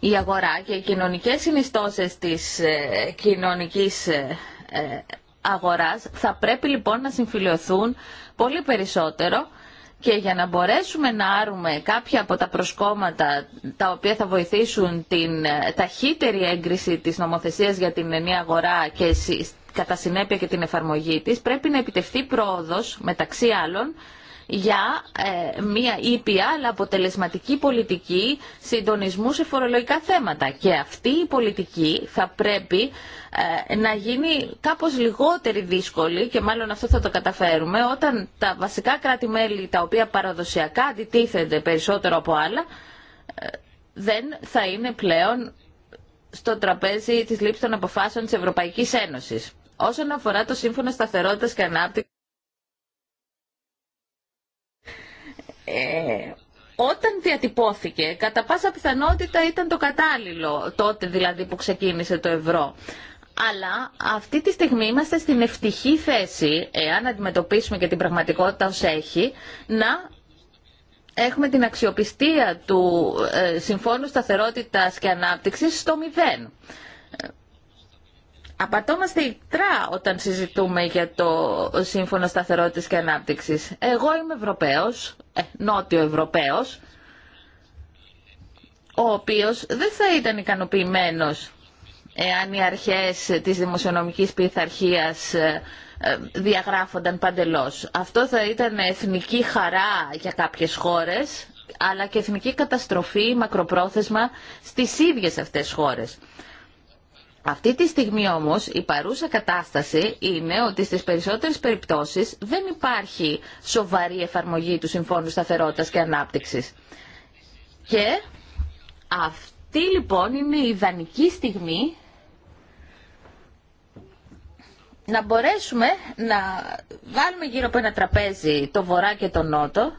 Η αγορά και οι κοινωνικές συνιστώσεις της ε, κοινωνικής ε, ε, αγοράς θα πρέπει λοιπόν να συμφιλειωθούν πολύ περισσότερο και για να μπορέσουμε να άρουμε κάποια από τα προσκόμματα τα οποία θα βοηθήσουν την ταχύτερη έγκριση της νομοθεσίας για την ενή αγορά και κατά συνέπεια και την εφαρμογή της, πρέπει να επιτευχθεί πρόοδος μεταξύ άλλων για ε, μια ήπια αλλά αποτελεσματική πολιτική συντονισμού σε φορολογικά θέματα. Και αυτή η πολιτική θα πρέπει ε, να γίνει κάπως λιγότερη δύσκολη και μάλλον αυτό θα το καταφέρουμε όταν τα βασικά κράτη-μέλη τα οποία παραδοσιακά αντιτίθενται περισσότερο από άλλα ε, δεν θα είναι πλέον στο τραπέζι της λήψης των αποφάσεων της Ευρωπαϊκής Ένωσης. Όσον αφορά το Σύμφωνο Σταθερότητας και Ανάπτυξης, ε, όταν διατυπώθηκε, κατά πάσα πιθανότητα ήταν το κατάλληλο τότε δηλαδή που ξεκίνησε το ευρώ. Αλλά αυτή τη στιγμή είμαστε στην ευτυχή θέση, εάν αντιμετωπίσουμε και την πραγματικότητα ως έχει, να έχουμε την αξιοπιστία του ε, Συμφώνου Σταθερότητας και Ανάπτυξης στο μηδέν. Απατώμαστε ικτρά όταν συζητούμε για το Σύμφωνο Σταθερότητας και Ανάπτυξης. Εγώ είμαι Ευρωπαίος, ε, Νότιο Ευρωπαίος, ο οποίος δεν θα ήταν ικανοποιημένος εάν οι αρχές της δημοσιονομικής πειθαρχίας ε, ε, διαγράφονταν παντελώς. Αυτό θα ήταν εθνική χαρά για κάποιες χώρες, αλλά και εθνική καταστροφή μακροπρόθεσμα στις ίδιες αυτές χώρες. Αυτή τη στιγμή όμως η παρούσα κατάσταση είναι ότι στις περισσότερες περιπτώσεις δεν υπάρχει σοβαρή εφαρμογή του Συμφώνου Σταθερότητας και Ανάπτυξης. Και αυτή λοιπόν είναι η ιδανική στιγμή να μπορέσουμε να βάλουμε γύρω από ένα τραπέζι το βορρά και το νότο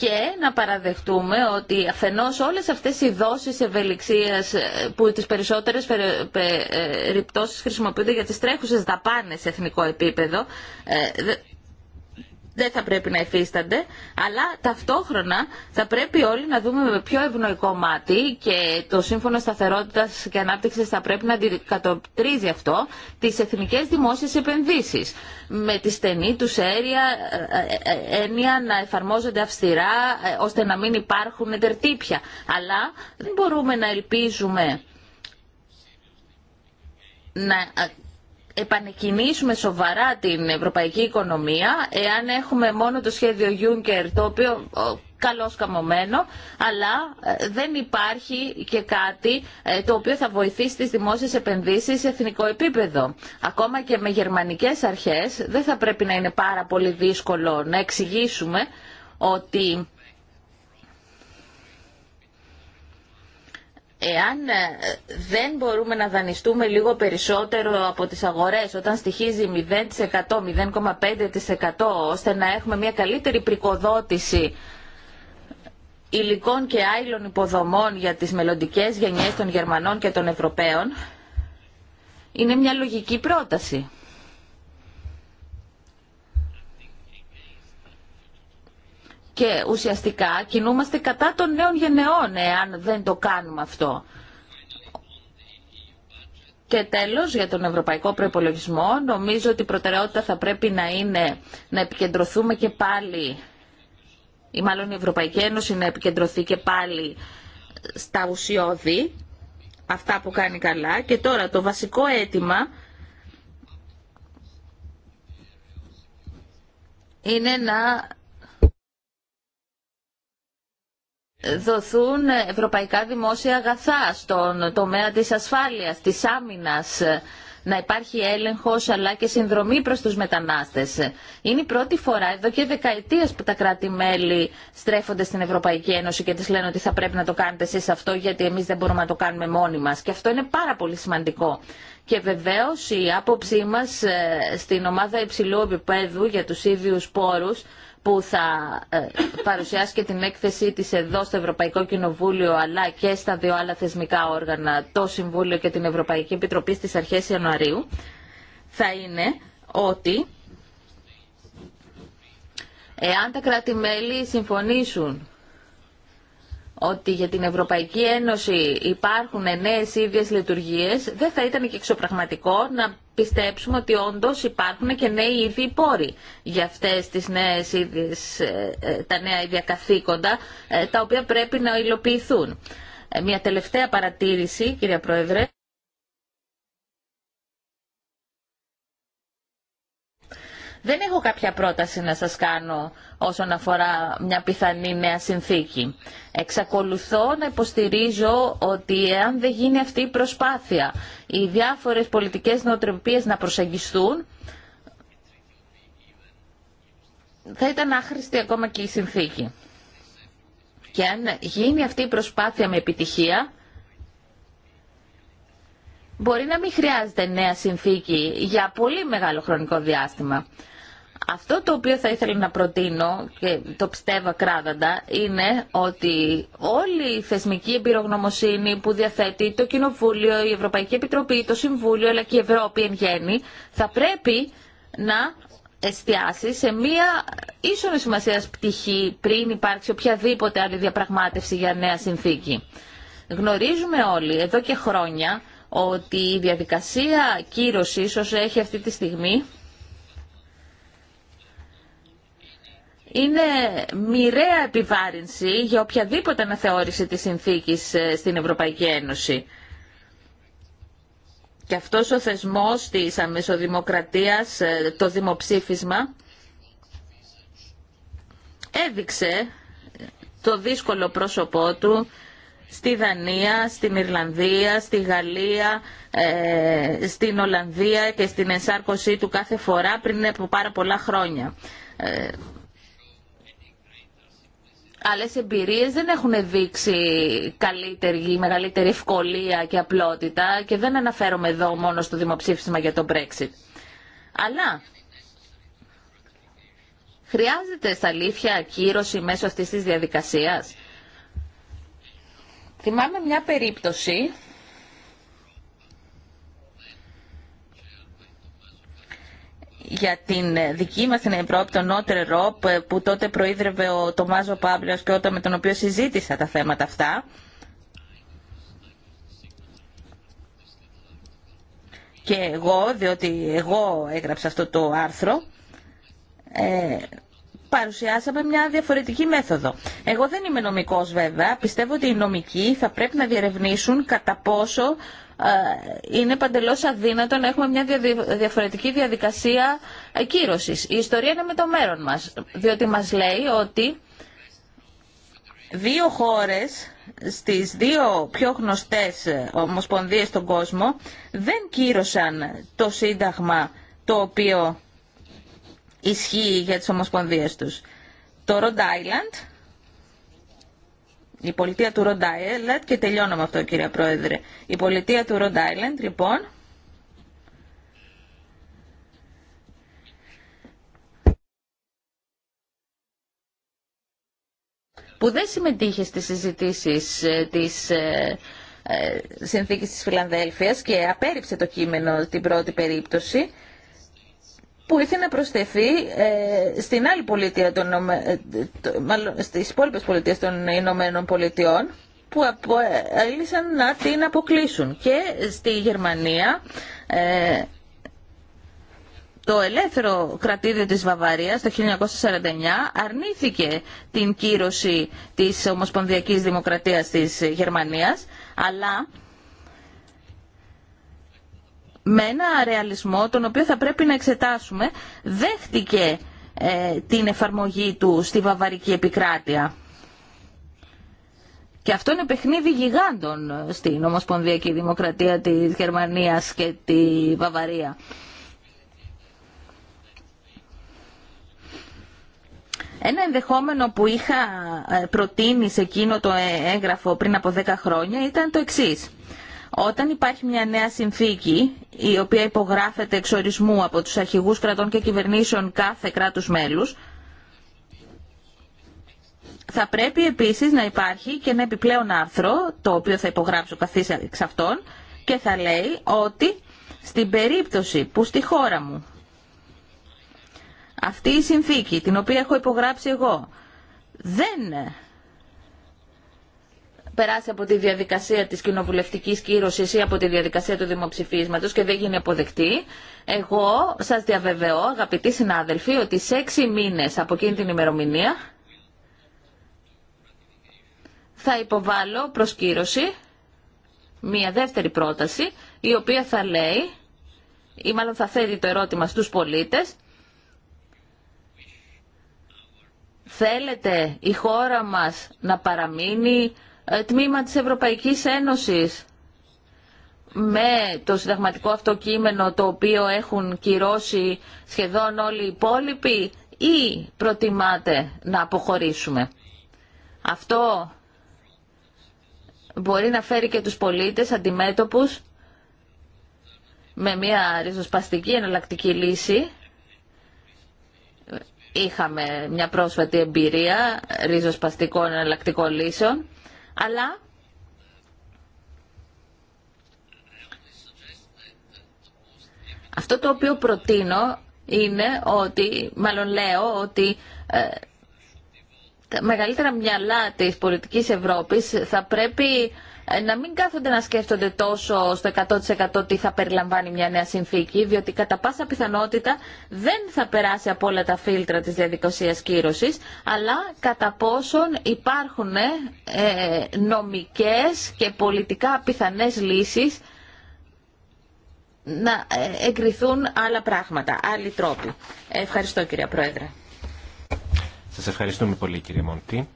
και να παραδεχτούμε ότι αφενός όλες αυτές οι δόσεις ευελιξίας ε, που τις περισσότερες ε, περιπτώσεις χρησιμοποιούνται για τις τρέχουσες δαπάνες σε εθνικό επίπεδο ε, δεν θα πρέπει να υφίστανται, αλλά ταυτόχρονα θα πρέπει όλοι να δούμε με πιο ευνοϊκό μάτι και το Σύμφωνο Σταθερότητα και Ανάπτυξη θα πρέπει να αντικατοπτρίζει αυτό τι εθνικέ δημόσιε επενδύσει. Με τη στενή του έρια ε, ε, ε, έννοια να εφαρμόζονται αυστηρά ώστε να μην υπάρχουν εντερτύπια. Αλλά δεν μπορούμε να ελπίζουμε να επανεκκινήσουμε σοβαρά την ευρωπαϊκή οικονομία εάν έχουμε μόνο το σχέδιο Juncker το οποίο καλώς καμωμένο, αλλά ε, δεν υπάρχει και κάτι ε, το οποίο θα βοηθήσει τις δημόσιες επενδύσεις σε εθνικό επίπεδο. Ακόμα και με γερμανικές αρχές δεν θα πρέπει να είναι πάρα πολύ δύσκολο να εξηγήσουμε ότι Εάν ε, δεν μπορούμε να δανειστούμε λίγο περισσότερο από τις αγορές όταν στοιχίζει 0%-0,5% ώστε να έχουμε μια καλύτερη πρικοδότηση υλικών και άειλων υποδομών για τις μελλοντικές γενιές των Γερμανών και των Ευρωπαίων, είναι μια λογική πρόταση. και ουσιαστικά κινούμαστε κατά των νέων γενεών εάν δεν το κάνουμε αυτό. Και τέλος, για τον ευρωπαϊκό προϋπολογισμό, νομίζω ότι η προτεραιότητα θα πρέπει να είναι να επικεντρωθούμε και πάλι, ή μάλλον η Ευρωπαϊκή Ένωση να επικεντρωθεί και πάλι στα ουσιώδη, αυτά που κάνει καλά. Και τώρα το βασικό αίτημα είναι να δοθούν ευρωπαϊκά δημόσια αγαθά στον τομέα της ασφάλειας, της άμυνας, να υπάρχει έλεγχος αλλά και συνδρομή προς τους μετανάστες. Είναι η πρώτη φορά εδώ και δεκαετίες που τα κράτη-μέλη στρέφονται στην Ευρωπαϊκή Ένωση και τις λένε ότι θα πρέπει να το κάνετε εσείς αυτό γιατί εμείς δεν μπορούμε να το κάνουμε μόνοι μας. Και αυτό είναι πάρα πολύ σημαντικό. Και βεβαίως η άποψή μας ε, στην ομάδα υψηλού επίπεδου για τους ίδιους πόρους που θα ε, παρουσιάσει και την έκθεσή της εδώ στο Ευρωπαϊκό Κοινοβούλιο αλλά και στα δύο άλλα θεσμικά όργανα, το Συμβούλιο και την Ευρωπαϊκή Επιτροπή στις αρχές Ιανουαρίου, θα είναι ότι εάν τα κράτη-μέλη συμφωνήσουν ότι για την Ευρωπαϊκή Ένωση υπάρχουν νέες ίδιες λειτουργίες, δεν θα ήταν και εξωπραγματικό να πιστέψουμε ότι όντως υπάρχουν και νέοι ίδιοι πόροι για αυτές τις νέες ίδιες, ε, ε, τα νέα ίδια καθήκοντα, ε, τα οποία πρέπει να υλοποιηθούν. Μια τελευταία παρατήρηση, κυρία Πρόεδρε. Δεν έχω κάποια πρόταση να σας κάνω όσον αφορά μια πιθανή νέα συνθήκη. Εξακολουθώ να υποστηρίζω ότι εάν δεν γίνει αυτή η προσπάθεια, οι διάφορες πολιτικές νοοτροπίες να προσεγγιστούν, θα ήταν άχρηστη ακόμα και η συνθήκη. Και αν γίνει αυτή η προσπάθεια με επιτυχία, μπορεί να μην χρειάζεται νέα συνθήκη για πολύ μεγάλο χρονικό διάστημα. Αυτό το οποίο θα ήθελα να προτείνω και το πιστεύω ακράδαντα είναι ότι όλη η θεσμική εμπειρογνωμοσύνη που διαθέτει το Κοινοβούλιο, η Ευρωπαϊκή Επιτροπή, το Συμβούλιο αλλά και η Ευρώπη εν γέννη θα πρέπει να εστιάσει σε μία ίσονη σημασία πτυχή πριν υπάρξει οποιαδήποτε άλλη διαπραγμάτευση για νέα συνθήκη. Γνωρίζουμε όλοι εδώ και χρόνια ότι η διαδικασία κύρωσης όσο έχει αυτή τη στιγμή είναι μοιραία επιβάρυνση για οποιαδήποτε αναθεώρηση της συνθήκης ε, στην Ευρωπαϊκή Ένωση. Και αυτός ο θεσμός της αμεσοδημοκρατίας, ε, το δημοψήφισμα, έδειξε το δύσκολο πρόσωπό του στη Δανία, στην Ιρλανδία, στη Γαλλία, ε, στην Ολλανδία και στην ενσάρκωσή του κάθε φορά πριν από πάρα πολλά χρόνια άλλε εμπειρίε δεν έχουν δείξει καλύτερη ή μεγαλύτερη ευκολία και απλότητα και δεν αναφέρομαι εδώ μόνο στο δημοψήφισμα για το Brexit. Αλλά χρειάζεται στα αλήθεια ακύρωση μέσω αυτής της διαδικασίας. Θυμάμαι μια περίπτωση για την δική μας την Ευρώπη, τον Νότερ Ρόπ, που τότε προείδρευε ο Τομάζο Πάμπλιας και όταν με τον οποίο συζήτησα τα θέματα αυτά. Και εγώ, διότι εγώ έγραψα αυτό το άρθρο, ε, παρουσιάσαμε μια διαφορετική μέθοδο. Εγώ δεν είμαι νομικός βέβαια, πιστεύω ότι οι νομικοί θα πρέπει να διερευνήσουν κατά πόσο ε, είναι παντελώ αδύνατο να έχουμε μια διαφορετική διαδικασία κύρωσης. Η ιστορία είναι με το μέρον μας, διότι μας λέει ότι δύο χώρες στις δύο πιο γνωστές ομοσπονδίε στον κόσμο δεν κύρωσαν το σύνταγμα το οποίο ισχύει για τις ομοσπονδίες τους. Το Ροντ Island η πολιτεία του Ροντ Island και τελειώνω με αυτό κύριε Πρόεδρε. Η πολιτεία του Ροντ Island λοιπόν που δεν συμμετείχε στις συζητήσεις ε, της ε, ε, συνθήκης της Φιλανδέλφειας και απέριψε το κείμενο την πρώτη περίπτωση που ήρθε να προσθεθεί ε, στην άλλη πολιτεία των, ε, μάλλον, στις υπόλοιπες πολιτείες των Ηνωμένων Πολιτειών που έλυσαν να την αποκλείσουν. Και στη Γερμανία ε, το ελεύθερο κρατήδιο της Βαβαρίας το 1949 αρνήθηκε την κύρωση της Ομοσπονδιακής Δημοκρατίας της Γερμανίας, αλλά με ένα ρεαλισμό τον οποίο θα πρέπει να εξετάσουμε δέχτηκε ε, την εφαρμογή του στη βαβαρική επικράτεια. Και αυτό είναι παιχνίδι γιγάντων ε, στην Ομοσπονδιακή Δημοκρατία της Γερμανίας και τη Βαβαρία. Ένα ενδεχόμενο που είχα ε, προτείνει σε εκείνο το έγγραφο πριν από 10 χρόνια ήταν το εξής. Όταν υπάρχει μια νέα συνθήκη, η οποία υπογράφεται εξ ορισμού από τους αρχηγούς κρατών και κυβερνήσεων κάθε κράτους μέλους, θα πρέπει επίσης να υπάρχει και ένα επιπλέον άρθρο, το οποίο θα υπογράψω καθής εξ αυτών, και θα λέει ότι στην περίπτωση που στη χώρα μου αυτή η συνθήκη, την οποία έχω υπογράψει εγώ, δεν περάσει από τη διαδικασία της κοινοβουλευτικής κύρωσης ή από τη διαδικασία του δημοψηφίσματος και δεν γίνει αποδεκτή, εγώ σας διαβεβαιώ, αγαπητοί συνάδελφοι, ότι σε έξι μήνες από εκείνη την ημερομηνία θα υποβάλω προς κύρωση μία δεύτερη πρόταση, η οποία θα λέει, ή μάλλον θα θέτει το ερώτημα στους πολίτες, θέλετε η χώρα μας να παραμείνει ε, τμήμα της Ευρωπαϊκής Ένωσης με το συνταγματικό αυτό κείμενο το οποίο έχουν κυρώσει σχεδόν όλοι οι υπόλοιποι ή προτιμάτε να αποχωρήσουμε. Αυτό μπορεί να φέρει και τους πολίτες αντιμέτωπους με μια ριζοσπαστική εναλλακτική λύση. Είχαμε μια πρόσφατη εμπειρία ριζοσπαστικών εναλλακτικών λύσεων αλλά αυτό το οποίο προτείνω είναι ότι, μάλλον λέω, ότι ε, τα μεγαλύτερα μυαλά της πολιτικής Ευρώπης θα πρέπει ε, να μην κάθονται να σκέφτονται τόσο στο 100% τι θα περιλαμβάνει μια νέα συνθήκη, διότι κατά πάσα πιθανότητα δεν θα περάσει από όλα τα φίλτρα της διαδικασίας κύρωσης, αλλά κατά πόσον υπάρχουν ε, νομικές και πολιτικά πιθανές λύσεις να ε, εγκριθούν άλλα πράγματα, άλλοι τρόποι. Ευχαριστώ κυρία Πρόεδρε. Σας ευχαριστούμε πολύ κύριε Μοντή.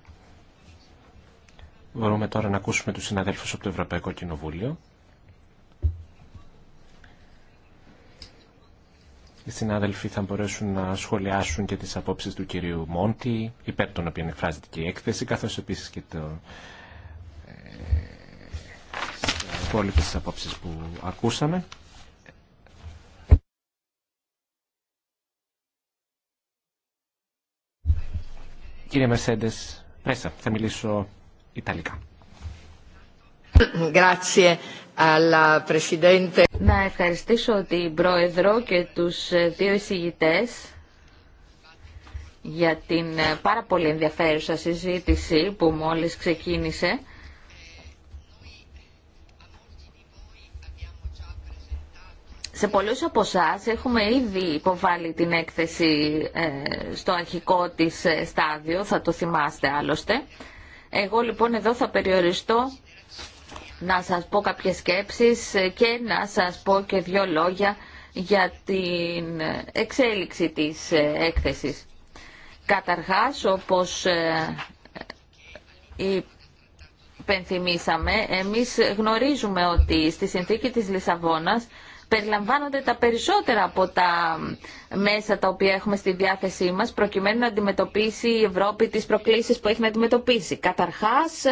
Μπορούμε τώρα να ακούσουμε τους συναδέλφους από το Ευρωπαϊκό Κοινοβούλιο. Οι συνάδελφοι θα μπορέσουν να σχολιάσουν και τις απόψεις του κυρίου Μόντι, υπέρ των οποίων εκφράζεται και η έκθεση, καθώς επίσης και το, ε, υπόλοιπες απόψεις που ακούσαμε. Κύριε Μερσέντες, πρέσα, θα μιλήσω να ευχαριστήσω την Πρόεδρο και τους ε, δύο εισηγητές για την ε, πάρα πολύ ενδιαφέρουσα συζήτηση που μόλις ξεκίνησε. Σε πολλούς από εσά έχουμε ήδη υποβάλει την έκθεση ε, στο αρχικό της στάδιο, θα το θυμάστε άλλωστε. Εγώ λοιπόν εδώ θα περιοριστώ να σας πω κάποιες σκέψεις και να σας πω και δύο λόγια για την εξέλιξη της ε, έκθεσης. Καταρχάς, όπως ε, ε, υπενθυμίσαμε, εμείς γνωρίζουμε ότι στη συνθήκη της Λισαβόνας περιλαμβάνονται τα περισσότερα από τα μέσα τα οποία έχουμε στη διάθεσή μας προκειμένου να αντιμετωπίσει η Ευρώπη τις προκλήσεις που έχει να αντιμετωπίσει. Καταρχάς,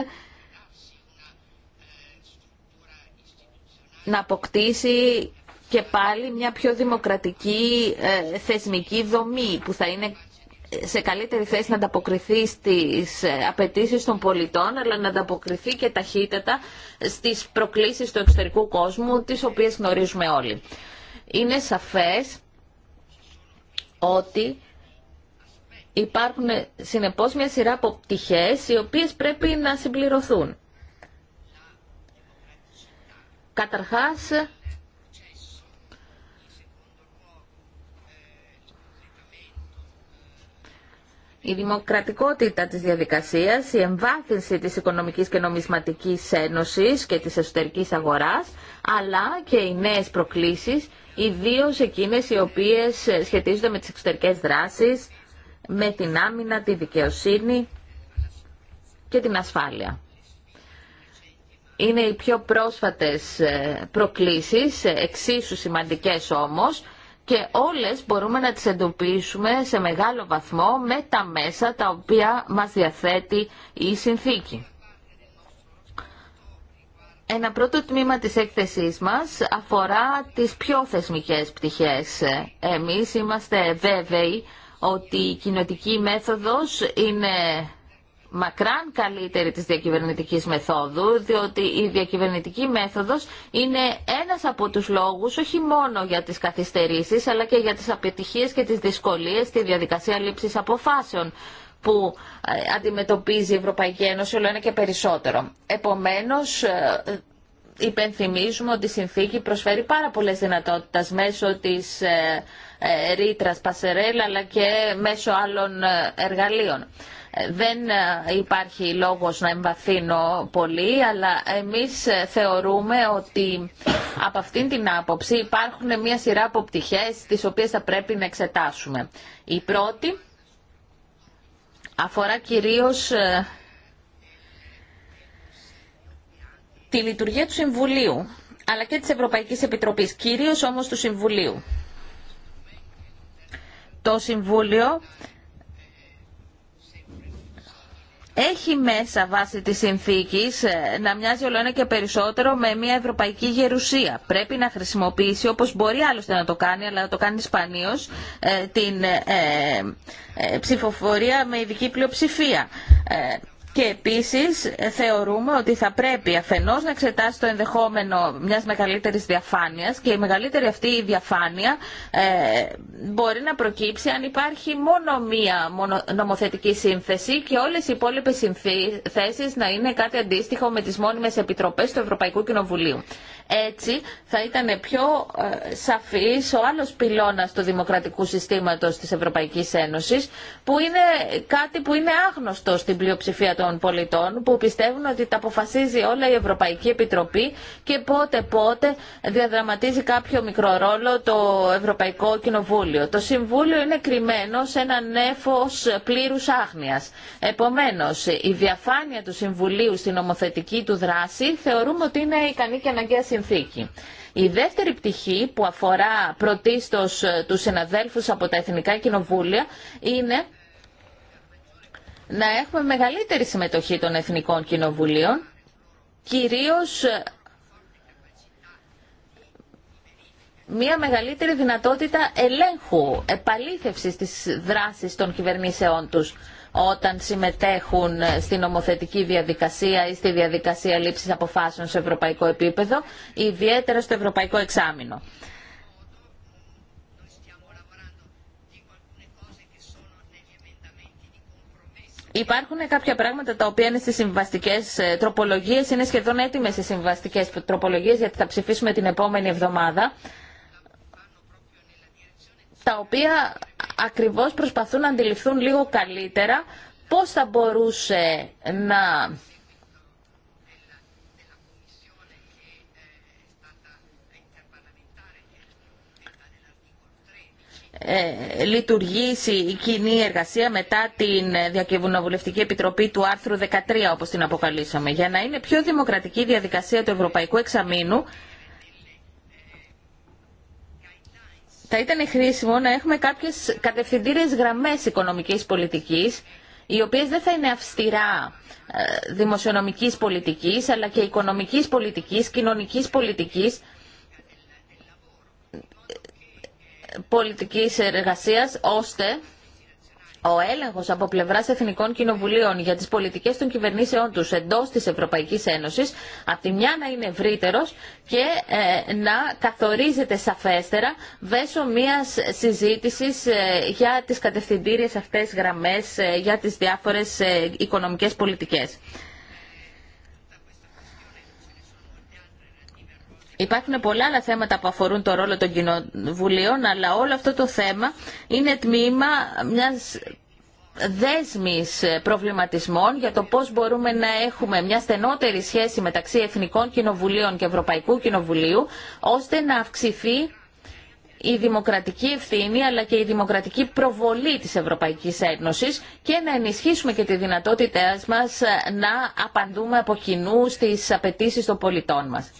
να αποκτήσει και πάλι μια πιο δημοκρατική ε, θεσμική δομή που θα είναι σε καλύτερη θέση να ανταποκριθεί στις ε, απαιτήσει των πολιτών, αλλά να ανταποκριθεί και ταχύτατα στις προκλήσεις του εξωτερικού κόσμου, τις οποίες γνωρίζουμε όλοι. Είναι σαφές ότι υπάρχουν συνεπώς μια σειρά από πτυχές οι οποίες πρέπει να συμπληρωθούν. Καταρχάς, η δημοκρατικότητα της διαδικασίας, η εμβάθυνση της Οικονομικής και Νομισματικής Ένωσης και της εσωτερικής αγοράς, αλλά και οι νέες προκλήσεις, ιδίως εκείνες οι οποίες σχετίζονται με τις εξωτερικές δράσεις, με την άμυνα, τη δικαιοσύνη και την ασφάλεια. Είναι οι πιο πρόσφατες ε, προκλήσεις, ε, εξίσου σημαντικές όμως, και όλες μπορούμε να τις εντοπίσουμε σε μεγάλο βαθμό με τα μέσα τα οποία μας διαθέτει η συνθήκη. Ένα πρώτο τμήμα της έκθεσής μας αφορά τις πιο θεσμικές πτυχές. Εμείς είμαστε βέβαιοι ότι η κοινοτική μέθοδος είναι μακράν καλύτερη της διακυβερνητικής μεθόδου, διότι η διακυβερνητική μέθοδος είναι ένας από τους λόγους όχι μόνο για τις καθυστερήσεις, αλλά και για τις απαιτυχίες και τις δυσκολίες στη διαδικασία λήψης αποφάσεων που ε, αντιμετωπίζει η Ευρωπαϊκή Ένωση όλο ένα και περισσότερο. Επομένως, ε, υπενθυμίζουμε ότι η συνθήκη προσφέρει πάρα πολλές δυνατότητες μέσω της ε, ρήτρας Πασερέλ αλλά και μέσω άλλων εργαλείων. Δεν ε, υπάρχει λόγος να εμβαθύνω πολύ, αλλά εμείς ε, θεωρούμε ότι από αυτήν την άποψη υπάρχουν μια σειρά από πτυχές τις οποίες θα πρέπει να εξετάσουμε. Η πρώτη αφορά κυρίως ε, τη λειτουργία του Συμβουλίου, αλλά και της Ευρωπαϊκής Επιτροπής, κυρίως όμως του Συμβουλίου. Το Συμβούλιο έχει μέσα βάσει της συνθήκης ε, να μοιάζει όλο και περισσότερο με μια ευρωπαϊκή γερουσία. Πρέπει να χρησιμοποιήσει, όπως μπορεί άλλωστε να το κάνει, αλλά να το κάνει σπανίως, ε, την ε, ψηφοφορία με ειδική πλειοψηφία. Και επίσης ε, θεωρούμε ότι θα πρέπει αφενός να εξετάσει το ενδεχόμενο μιας μεγαλύτερης διαφάνειας και η μεγαλύτερη αυτή η διαφάνεια ε, μπορεί να προκύψει αν υπάρχει μόνο μία νομοθετική σύνθεση και όλες οι υπόλοιπες συνθέσεις να είναι κάτι αντίστοιχο με τις μόνιμες επιτροπές του Ευρωπαϊκού Κοινοβουλίου. Έτσι θα ήταν πιο ε, σαφής ο άλλος πυλώνας του δημοκρατικού συστήματος της Ευρωπαϊκής Ένωσης που είναι κάτι που είναι άγνωστο στην πλειοψηφία των πολιτών που πιστεύουν ότι τα αποφασίζει όλα η Ευρωπαϊκή Επιτροπή και πότε πότε διαδραματίζει κάποιο μικρό ρόλο το Ευρωπαϊκό Κοινοβούλιο. Το Συμβούλιο είναι κρυμμένο σε ένα νέφος πλήρους άγνοιας. Επομένως, η διαφάνεια του Συμβουλίου στην ομοθετική του δράση θεωρούμε ότι είναι ικανή και αναγκαία συνθήκη. Η δεύτερη πτυχή που αφορά πρωτίστως ε, τους συναδέλφους από τα Εθνικά Κοινοβούλια είναι να έχουμε μεγαλύτερη συμμετοχή των Εθνικών Κοινοβουλίων, κυρίως ε, μια μεγαλύτερη δυνατότητα ελέγχου, επαλήθευσης της δράσης των κυβερνήσεών τους όταν συμμετέχουν στην νομοθετική διαδικασία ή στη διαδικασία λήψης αποφάσεων σε ευρωπαϊκό επίπεδο, ιδιαίτερα στο ευρωπαϊκό εξάμεινο. Υπάρχουν κάποια πράγματα τα οποία είναι στι συμβαστικέ ε, τροπολογίε, είναι σχεδόν έτοιμε οι συμβαστικέ τροπολογίε γιατί θα ψηφίσουμε την επόμενη εβδομάδα τα οποία ακριβώς προσπαθούν να αντιληφθούν λίγο καλύτερα πώς θα μπορούσε να ε, λειτουργήσει η κοινή εργασία μετά την Διακοινοβουλευτική Επιτροπή του άρθρου 13 όπως την αποκαλήσαμε για να είναι πιο δημοκρατική η διαδικασία του Ευρωπαϊκού Εξαμήνου θα ήταν χρήσιμο να έχουμε κάποιες κατευθυντήρες γραμμές οικονομικής πολιτικής, οι οποίες δεν θα είναι αυστηρά ε, δημοσιονομικής πολιτικής, αλλά και οικονομικής πολιτικής, κοινωνικής πολιτικής, ε, πολιτικής εργασίας, ώστε ο έλεγχο από πλευρά εθνικών κοινοβουλίων για τις πολιτικές των κυβερνήσεών τους εντός της Ευρωπαϊκής Ένωσης, από τη μια να είναι ευρύτερο και ε, να καθορίζεται σαφέστερα βέσω μία συζήτησης ε, για τις κατευθυντήριες αυτές γραμμές, ε, για τις διάφορες οικονομικές πολιτικές. Υπάρχουν πολλά άλλα θέματα που αφορούν το ρόλο των κοινοβουλίων, αλλά όλο αυτό το θέμα είναι τμήμα μιας δέσμης προβληματισμών για το πώς μπορούμε να έχουμε μια στενότερη σχέση μεταξύ Εθνικών Κοινοβουλίων και Ευρωπαϊκού Κοινοβουλίου, ώστε να αυξηθεί η δημοκρατική ευθύνη αλλά και η δημοκρατική προβολή της Ευρωπαϊκής Ένωσης και να ενισχύσουμε και τη δυνατότητά μας να απαντούμε από κοινού στις απαιτήσεις των πολιτών μας.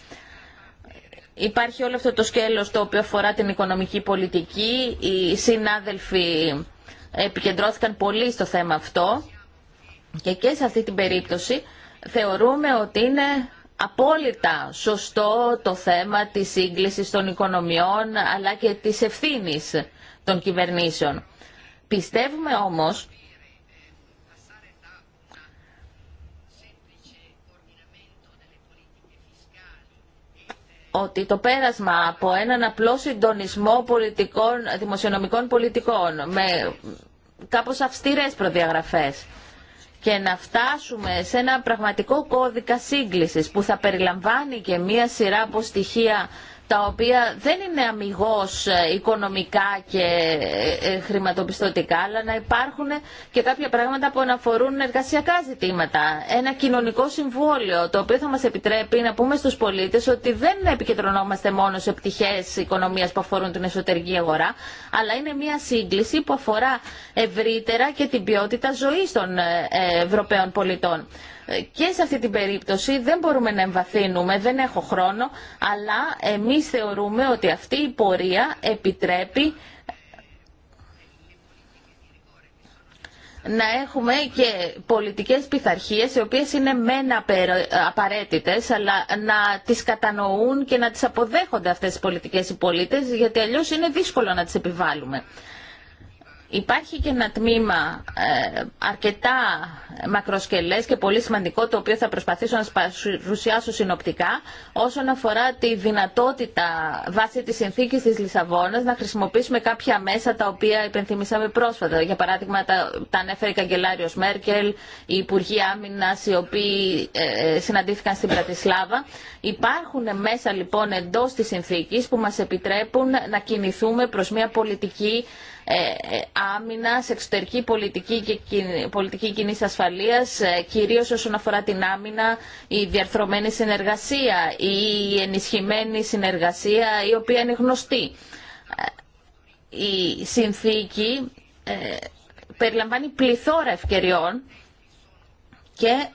Υπάρχει όλο αυτό το σκέλος το οποίο αφορά την οικονομική πολιτική. Οι συνάδελφοι επικεντρώθηκαν πολύ στο θέμα αυτό και και σε αυτή την περίπτωση θεωρούμε ότι είναι απόλυτα σωστό το θέμα της σύγκλησης των οικονομιών αλλά και της ευθύνης των κυβερνήσεων. Πιστεύουμε όμως ότι το πέρασμα από έναν απλό συντονισμό πολιτικών, δημοσιονομικών πολιτικών με κάπως αυστηρές προδιαγραφές και να φτάσουμε σε ένα πραγματικό κώδικα σύγκλησης που θα περιλαμβάνει και μία σειρά από στοιχεία τα οποία δεν είναι αμυγός ε, οικονομικά και ε, ε, χρηματοπιστωτικά, αλλά να υπάρχουν και κάποια πράγματα που αναφορούν εργασιακά ζητήματα. Ένα κοινωνικό συμβόλαιο, το οποίο θα μας επιτρέπει να πούμε στους πολίτες ότι δεν επικεντρωνόμαστε μόνο σε πτυχές οικονομίας που αφορούν την εσωτερική αγορά, αλλά είναι μια σύγκληση που αφορά ευρύτερα και την ποιότητα ζωής των Ευρωπαίων πολιτών και σε αυτή την περίπτωση δεν μπορούμε να εμβαθύνουμε, δεν έχω χρόνο, αλλά εμείς θεωρούμε ότι αυτή η πορεία επιτρέπει να έχουμε και πολιτικές πειθαρχίες οι οποίες είναι μεν απαραίτητες αλλά να τις κατανοούν και να τις αποδέχονται αυτές οι πολιτικές οι πολίτες γιατί αλλιώς είναι δύσκολο να τις επιβάλλουμε. Υπάρχει και ένα τμήμα ε, αρκετά μακροσκελές και πολύ σημαντικό το οποίο θα προσπαθήσω να παρουσιάσω συνοπτικά όσον αφορά τη δυνατότητα βάσει της συνθήκης της Λισαβόνας να χρησιμοποιήσουμε κάποια μέσα τα οποία υπενθυμίσαμε πρόσφατα. Για παράδειγμα τα, τα ανέφερε η καγκελάριος Μέρκελ, οι Υπουργοί Άμυνα, οι οποίοι ε, συναντήθηκαν στην Πρατισλάβα. Υπάρχουν μέσα λοιπόν εντός της συνθήκης που μας επιτρέπουν να κινηθούμε προς μια πολιτική ε, ε, σε εξωτερική πολιτική και πολιτική κοινή ασφαλείας, ε, κυρίω όσον αφορά την άμυνα, η διαρθρωμένη συνεργασία, η ενισχυμένη συνεργασία, η οποία είναι γνωστή. Η συνθήκη περιλαμβάνει πληθώρα ευκαιριών και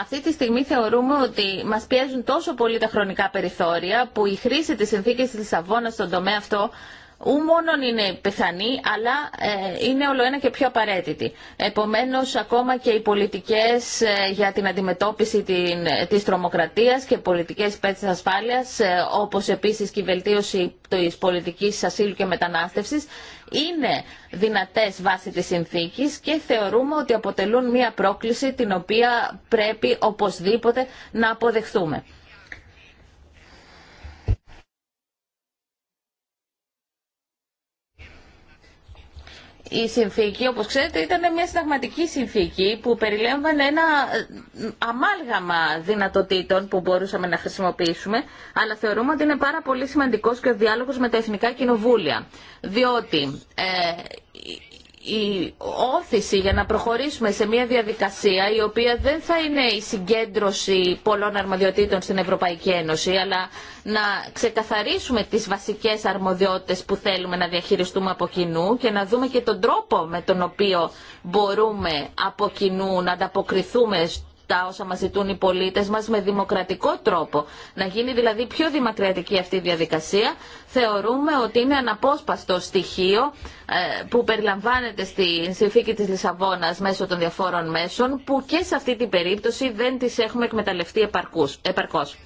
αυτή τη στιγμή θεωρούμε ότι μας πιέζουν τόσο πολύ τα χρονικά περιθώρια που η χρήση της συνθήκης της Λισαβόνα στον τομέα αυτό ου μόνον είναι πιθανή, αλλά ε, είναι ολοένα και πιο απαραίτητη. Επομένως, ακόμα και οι πολιτικές ε, για την αντιμετώπιση την, ε, της τρομοκρατίας και πολιτικές πέτσες ασφάλειας, ε, όπως επίσης και η βελτίωση της πολιτικής ασύλου και μετανάστευσης, είναι δυνατές βάσει της συνθήκης και θεωρούμε ότι αποτελούν μία πρόκληση την οποία πρέπει οπωσδήποτε να αποδεχθούμε. η συνθήκη, όπως ξέρετε, ήταν μια συνταγματική συνθήκη που περιλέμβανε ένα ε, αμάλγαμα δυνατοτήτων που μπορούσαμε να χρησιμοποιήσουμε, αλλά θεωρούμε ότι είναι πάρα πολύ σημαντικός και ο διάλογος με τα εθνικά κοινοβούλια. Διότι ε, η όθηση για να προχωρήσουμε σε μια διαδικασία η οποία δεν θα είναι η συγκέντρωση πολλών αρμοδιοτήτων στην Ευρωπαϊκή Ένωση αλλά να ξεκαθαρίσουμε τις βασικές αρμοδιότητες που θέλουμε να διαχειριστούμε από κοινού και να δούμε και τον τρόπο με τον οποίο μπορούμε από κοινού να ανταποκριθούμε τα όσα μας ζητούν οι πολίτες μας με δημοκρατικό τρόπο. Να γίνει δηλαδή πιο δημοκρατική αυτή η διαδικασία θεωρούμε ότι είναι αναπόσπαστο στοιχείο ε, που περιλαμβάνεται στη συνθήκη της Λισαβόνας μέσω των διαφόρων μέσων που και σε αυτή την περίπτωση δεν τις έχουμε εκμεταλλευτεί επαρκώς.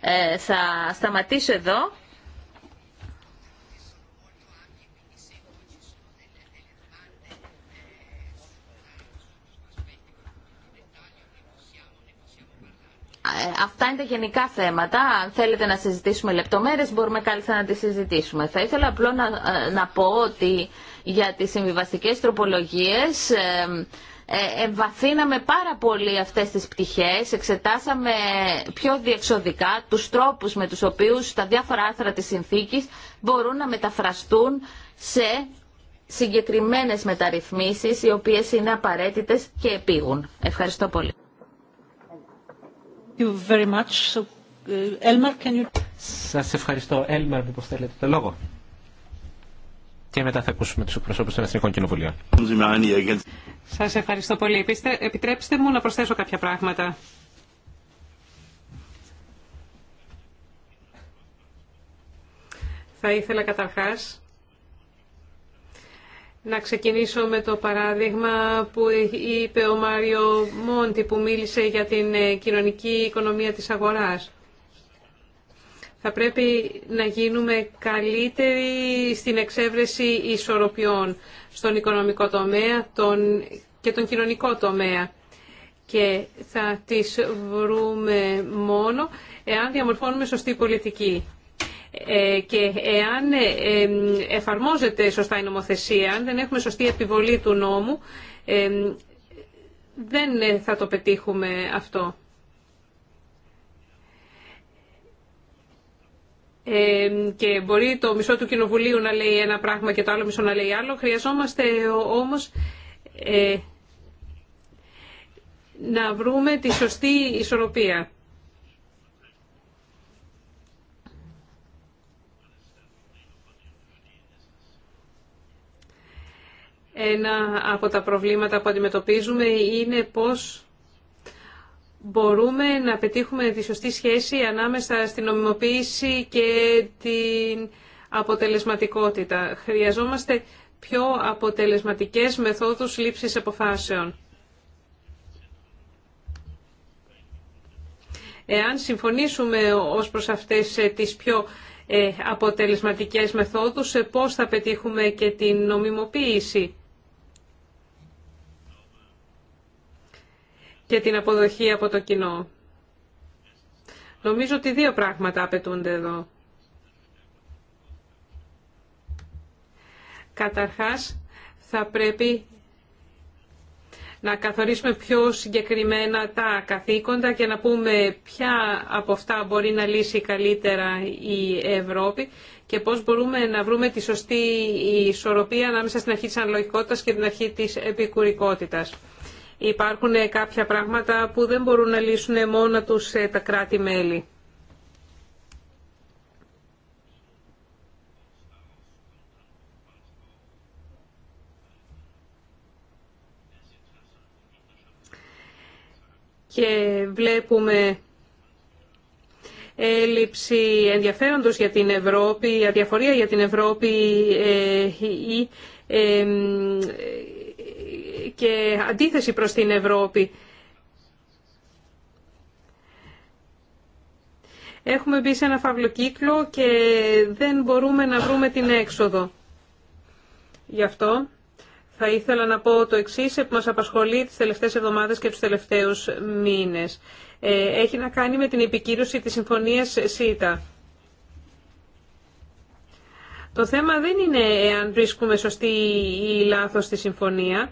Ε, θα σταματήσω εδώ. Ε, αυτά είναι τα γενικά θέματα. Αν θέλετε να συζητήσουμε λεπτομέρειες μπορούμε κάλλιστα να τις συζητήσουμε. Θα ήθελα απλό ε, να, πω ότι για τις συμβιβαστικές τροπολογίες ε, εμβαθύναμε πάρα πολύ αυτές τις πτυχές, εξετάσαμε πιο διεξοδικά τους τρόπους με τους οποίους τα διάφορα άρθρα της συνθήκης μπορούν να μεταφραστούν σε συγκεκριμένες μεταρρυθμίσεις οι οποίες είναι απαραίτητες και επίγουν. Ευχαριστώ πολύ. So, uh, you... Σας ευχαριστώ. Έλμαρ, που προσθέλετε το λόγο. Και μετά θα ακούσουμε τους εκπροσώπους των Εθνικών Κοινοβουλίων. Σας ευχαριστώ πολύ. Επιτρέψτε μου να προσθέσω κάποια πράγματα. Θα ήθελα καταρχάς να ξεκινήσω με το παράδειγμα που είπε ο Μάριο Μόντι που μίλησε για την ε, κοινωνική οικονομία της αγοράς. Θα πρέπει να γίνουμε καλύτεροι στην εξέβρεση ισορροπιών στον οικονομικό τομέα και τον κοινωνικό τομέα. Και θα τις βρούμε μόνο εάν διαμορφώνουμε σωστή πολιτική. Ε, και εάν ε, εφαρμόζεται σωστά η νομοθεσία, αν δεν έχουμε σωστή επιβολή του νόμου, δεν ε, θα το πετύχουμε αυτό. και μπορεί το μισό του κοινοβουλίου να λέει ένα πράγμα και το άλλο μισό να λέει άλλο. Χρειαζόμαστε όμως να βρούμε τη σωστή ισορροπία. Ένα από τα προβλήματα που αντιμετωπίζουμε είναι πώς μπορούμε να πετύχουμε τη σωστή σχέση ανάμεσα στην νομιμοποίηση και την αποτελεσματικότητα. Χρειαζόμαστε πιο αποτελεσματικές μεθόδους λήψης αποφάσεων. Εάν συμφωνήσουμε ως προς αυτές ε, τις πιο ε, αποτελεσματικές μεθόδους, ε, πώς θα πετύχουμε και την νομιμοποίηση. και την αποδοχή από το κοινό. Νομίζω ότι δύο πράγματα απαιτούνται εδώ. Καταρχάς, θα πρέπει να καθορίσουμε πιο συγκεκριμένα τα καθήκοντα και να πούμε ποια από αυτά μπορεί να λύσει καλύτερα η Ευρώπη και πώς μπορούμε να βρούμε τη σωστή ισορροπία ανάμεσα στην αρχή της αναλογικότητας και την αρχή της επικουρικότητας υπάρχουν ε, κάποια πράγματα που δεν μπορούν να λύσουν μόνα τους ε, τα κράτη-μέλη. Και βλέπουμε έλλειψη ενδιαφέροντος για την Ευρώπη, αδιαφορία για την Ευρώπη ε, και αντίθεση προς την Ευρώπη. Έχουμε μπει σε ένα φαύλο κύκλο και δεν μπορούμε να βρούμε την έξοδο. Γι' αυτό θα ήθελα να πω το εξής που μας απασχολεί τις τελευταίες εβδομάδες και τους τελευταίους μήνες. Ε, έχει να κάνει με την επικύρωση της συμφωνίας ΣΥΤΑ. Το θέμα δεν είναι αν βρίσκουμε σωστή ή λάθος τη συμφωνία.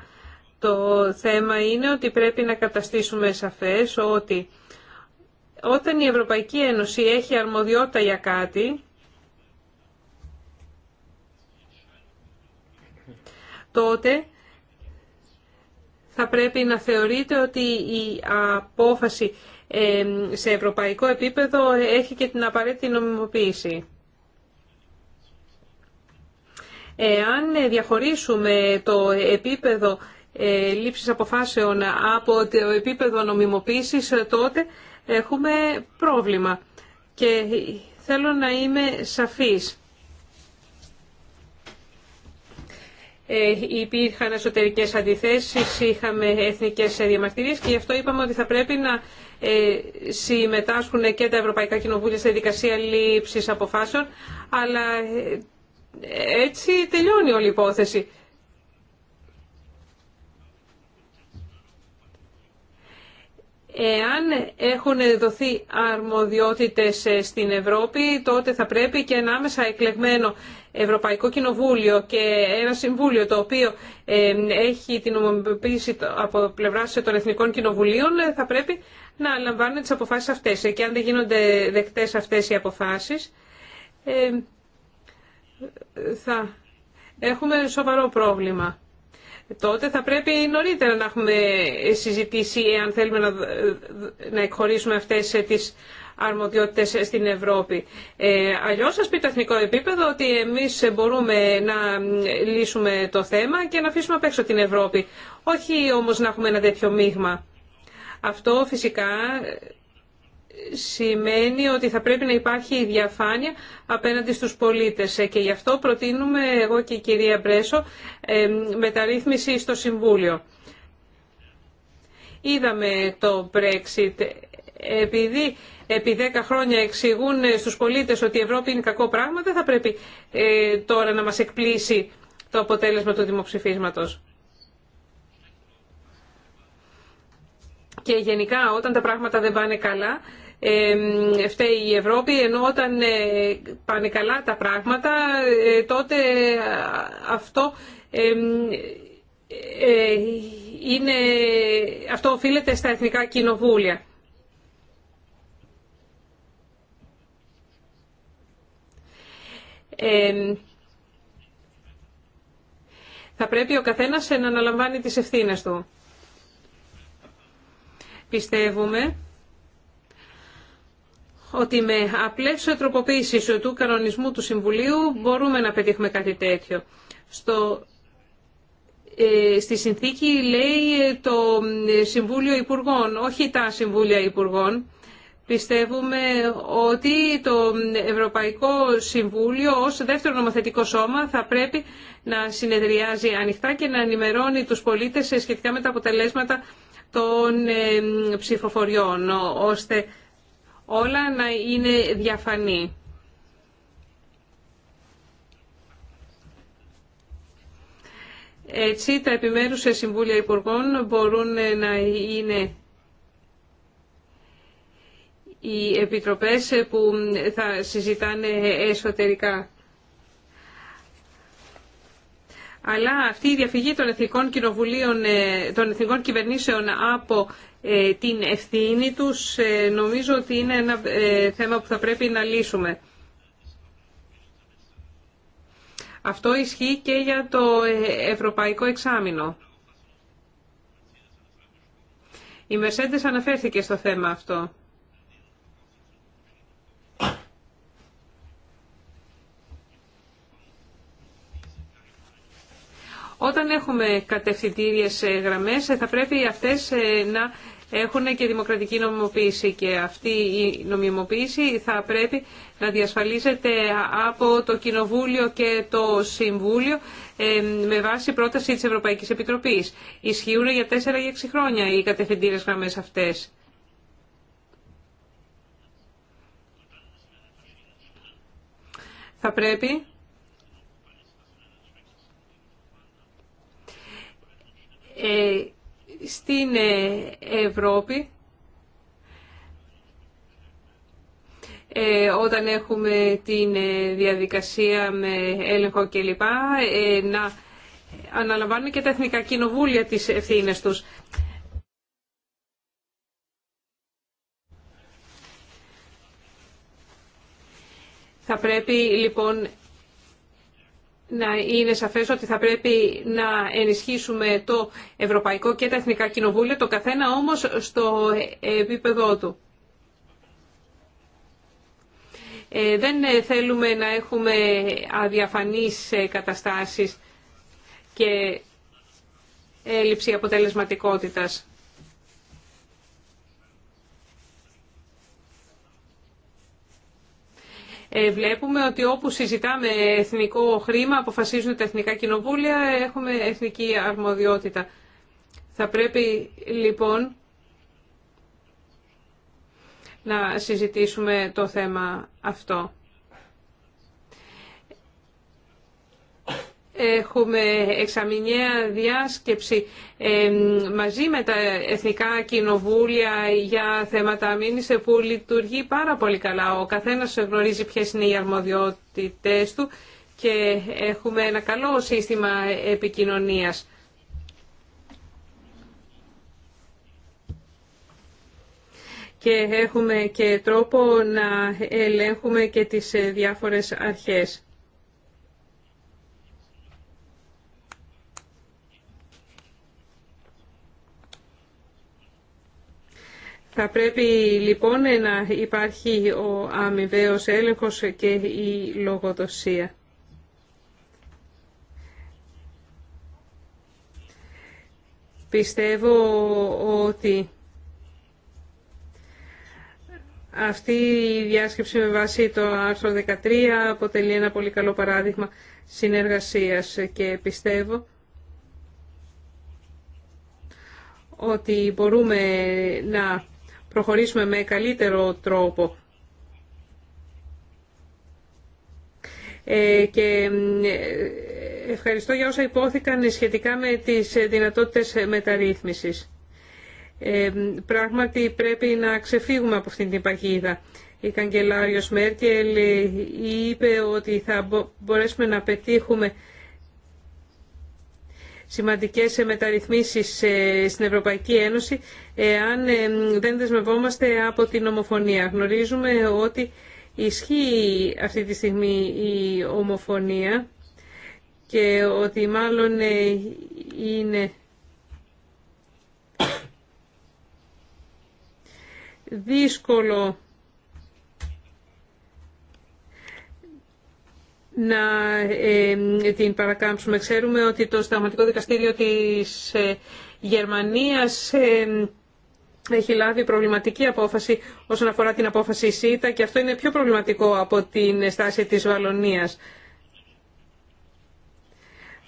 Το θέμα είναι ότι πρέπει να καταστήσουμε σαφές ότι όταν η Ευρωπαϊκή Ένωση έχει αρμοδιότητα για κάτι, τότε θα πρέπει να θεωρείται ότι η απόφαση σε ευρωπαϊκό επίπεδο έχει και την απαραίτητη νομιμοποίηση. Εάν διαχωρίσουμε το επίπεδο ε, λήψης αποφάσεων από το επίπεδο νομιμοποίησης, ε, τότε έχουμε πρόβλημα. Και θέλω να είμαι σαφής. Ε, υπήρχαν εσωτερικές αντιθέσεις, είχαμε εθνικές διαμαρτυρίες και γι' αυτό είπαμε ότι θα πρέπει να ε, συμμετάσχουν και τα Ευρωπαϊκά Κοινοβούλια στη δικασία λήψης αποφάσεων, αλλά ε, έτσι τελειώνει όλη η υπόθεση. Εάν έχουν δοθεί αρμοδιότητες ε, στην Ευρώπη, τότε θα πρέπει και ένα άμεσα εκλεγμένο Ευρωπαϊκό Κοινοβούλιο και ένα Συμβούλιο το οποίο ε, έχει την ομοποίηση από πλευρά των Εθνικών Κοινοβουλίων ε, θα πρέπει να λαμβάνουν τις αποφάσεις αυτές. Και αν δεν γίνονται δεκτές αυτές οι αποφάσεις θα έχουμε σοβαρό πρόβλημα τότε θα πρέπει νωρίτερα να έχουμε συζητήσει εάν θέλουμε να, να εκχωρήσουμε αυτές τις αρμοδιότητες στην Ευρώπη. Ε, αλλιώς σας πει το εθνικό επίπεδο ότι εμείς μπορούμε να λύσουμε το θέμα και να αφήσουμε απ' έξω την Ευρώπη. Όχι όμως να έχουμε ένα τέτοιο μείγμα. Αυτό φυσικά σημαίνει ότι θα πρέπει να υπάρχει η διαφάνεια απέναντι στους πολίτες ε, και γι' αυτό προτείνουμε εγώ και η κυρία Μπρέσο ε, μεταρρύθμιση στο Συμβούλιο. Είδαμε το Brexit επειδή επί 10 χρόνια εξηγούν στους πολίτες ότι η Ευρώπη είναι κακό πράγμα δεν θα πρέπει ε, τώρα να μας εκπλήσει το αποτέλεσμα του δημοψηφίσματος. Και γενικά όταν τα πράγματα δεν πάνε καλά φταίει η Ευρώπη, ενώ όταν ε, πάνε καλά τα πράγματα, ε, τότε ε, αυτό είναι, αυτό οφείλεται στα εθνικά κοινοβούλια. θα πρέπει ο καθένας να αναλαμβάνει τις ευθύνες του. Πιστεύουμε ότι με απλές τροποποίησεις του κανονισμού του Συμβουλίου μπορούμε να πετύχουμε κάτι τέτοιο. Στο, ε, στη συνθήκη λέει ε, το ε, Συμβούλιο Υπουργών, όχι τα Συμβούλια Υπουργών. Πιστεύουμε ότι το Ευρωπαϊκό Συμβούλιο ως δεύτερο νομοθετικό σώμα θα πρέπει να συνεδριάζει ανοιχτά και να ενημερώνει τους πολίτες ε, σχετικά με τα αποτελέσματα των ψηφοφοριών, ώστε όλα να είναι διαφανή. Έτσι, τα επιμέρους σε Συμβούλια Υπουργών μπορούν να είναι οι επιτροπές που θα συζητάνε εσωτερικά. Αλλά αυτή η διαφυγή των εθνικών, κοινοβουλίων, ε, των εθνικών κυβερνήσεων από ε, την ευθύνη τους ε, νομίζω ότι είναι ένα ε, θέμα που θα πρέπει να λύσουμε. Αυτό ισχύει και για το Ευρωπαϊκό Εξάμεινο. Η Μερσέντες αναφέρθηκε στο θέμα αυτό. Όταν έχουμε κατευθυντήριες ε, γραμμές ε, θα πρέπει αυτές ε, να έχουν και δημοκρατική νομιμοποίηση και αυτή η νομιμοποίηση θα πρέπει να διασφαλίζεται από το Κοινοβούλιο και το Συμβούλιο με βάση πρόταση της Ευρωπαϊκής Επιτροπής. Ισχύουν για 4 ή 6 χρόνια οι κατευθυντήρες γραμμές αυτές. Θα πρέπει Ε, στην ε, Ευρώπη ε, όταν έχουμε την διαδικασία με έλεγχο κλπ. να αναλαμβάνουν και τα εθνικά κοινοβούλια τις ευθύνες τους. Θα πρέπει λοιπόν να είναι σαφές ότι θα πρέπει να ενισχύσουμε το Ευρωπαϊκό και τα Εθνικά Κοινοβούλια, το καθένα όμως στο επίπεδό του. Ε, δεν θέλουμε να έχουμε αδιαφανείς καταστάσεις και έλλειψη αποτελεσματικότητας. Ε, βλέπουμε ότι όπου συζητάμε εθνικό χρήμα, αποφασίζουν τα εθνικά κοινοβούλια, έχουμε εθνική αρμοδιότητα. Θα πρέπει λοιπόν να συζητήσουμε το θέμα αυτό. έχουμε εξαμηνιαία διάσκεψη μαζί με τα Εθνικά Κοινοβούλια για θέματα αμήνης που λειτουργεί πάρα πολύ καλά. Ο καθένας γνωρίζει ποιες είναι οι αρμοδιότητες του και έχουμε ένα καλό σύστημα επικοινωνίας. Και έχουμε και τρόπο να ελέγχουμε και τις διάφορες αρχές. Θα πρέπει λοιπόν να υπάρχει ο αμοιβαίος έλεγχος και η λογοδοσία. Πιστεύω ότι αυτή η διάσκεψη με βάση το άρθρο 13 αποτελεί ένα πολύ καλό παράδειγμα συνεργασίας και πιστεύω ότι μπορούμε να προχωρήσουμε με καλύτερο τρόπο. Ε, και ε, ευχαριστώ για όσα υπόθηκαν σχετικά με τις δυνατότητες μεταρρύθμισης. Ε, πράγματι πρέπει να ξεφύγουμε από αυτήν την παγίδα. Η καγκελάριος Μέρκελ είπε ότι θα μπορέσουμε να πετύχουμε σημαντικές ε, μεταρρυθμίσεις ε, στην Ευρωπαϊκή Ένωση εάν ε, δεν δεσμευόμαστε από την ομοφωνία. Γνωρίζουμε ότι ισχύει αυτή τη στιγμή η ομοφωνία και ότι μάλλον είναι δύσκολο να την παρακάμψουμε. Ξέρουμε ότι το σταματικό Δικαστήριο της ε, Γερμανίας έχει λάβει προβληματική απόφαση όσον αφορά την απόφαση ΣΥΤΑ και αυτό είναι πιο προβληματικό από την στάση της Βαλονίας.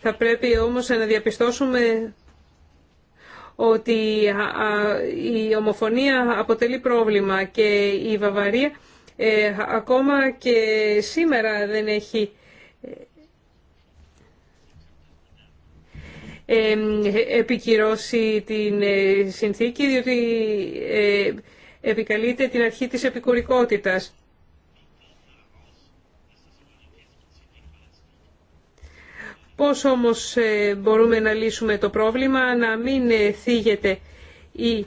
Θα πρέπει όμως να διαπιστώσουμε ότι η ομοφωνία αποτελεί πρόβλημα και η Βαβαρία ε, ακόμα και σήμερα δεν έχει ε, επικυρώσει την ε, συνθήκη διότι ε, επικαλείται την αρχή της επικουρικότητας. Πώς όμως ε, μπορούμε να λύσουμε το πρόβλημα να μην θίγεται η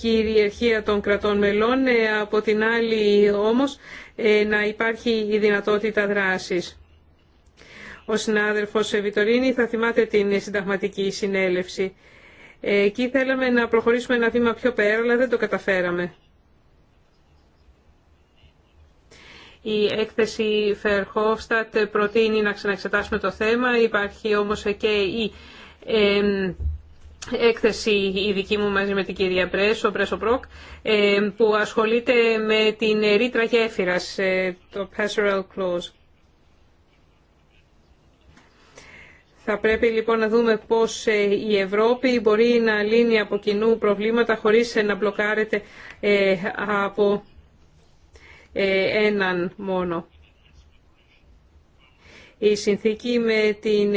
κυριαρχία των κρατών μελών, ε, από την άλλη όμως ε, να υπάρχει η δυνατότητα δράσης. Ο συνάδελφος ε, Βιτορίνη θα θυμάται την συνταγματική συνέλευση. Εκεί θέλαμε να προχωρήσουμε ένα βήμα πιο πέρα, αλλά δεν το καταφέραμε. Η έκθεση Φερχόφστατ προτείνει να ξαναεξετάσουμε το θέμα. Υπάρχει όμως και η έκθεση η δική μου μαζί με την κυρία Πρέσο, Πρέσο Πρόκ, ε, που ασχολείται με την ρήτρα γέφυρας, ε, το Passerelle Clause. Θα πρέπει λοιπόν να δούμε πώς ε, η Ευρώπη μπορεί να λύνει από κοινού προβλήματα χωρίς να μπλοκάρεται από έναν μόνο. Η συνθήκη με την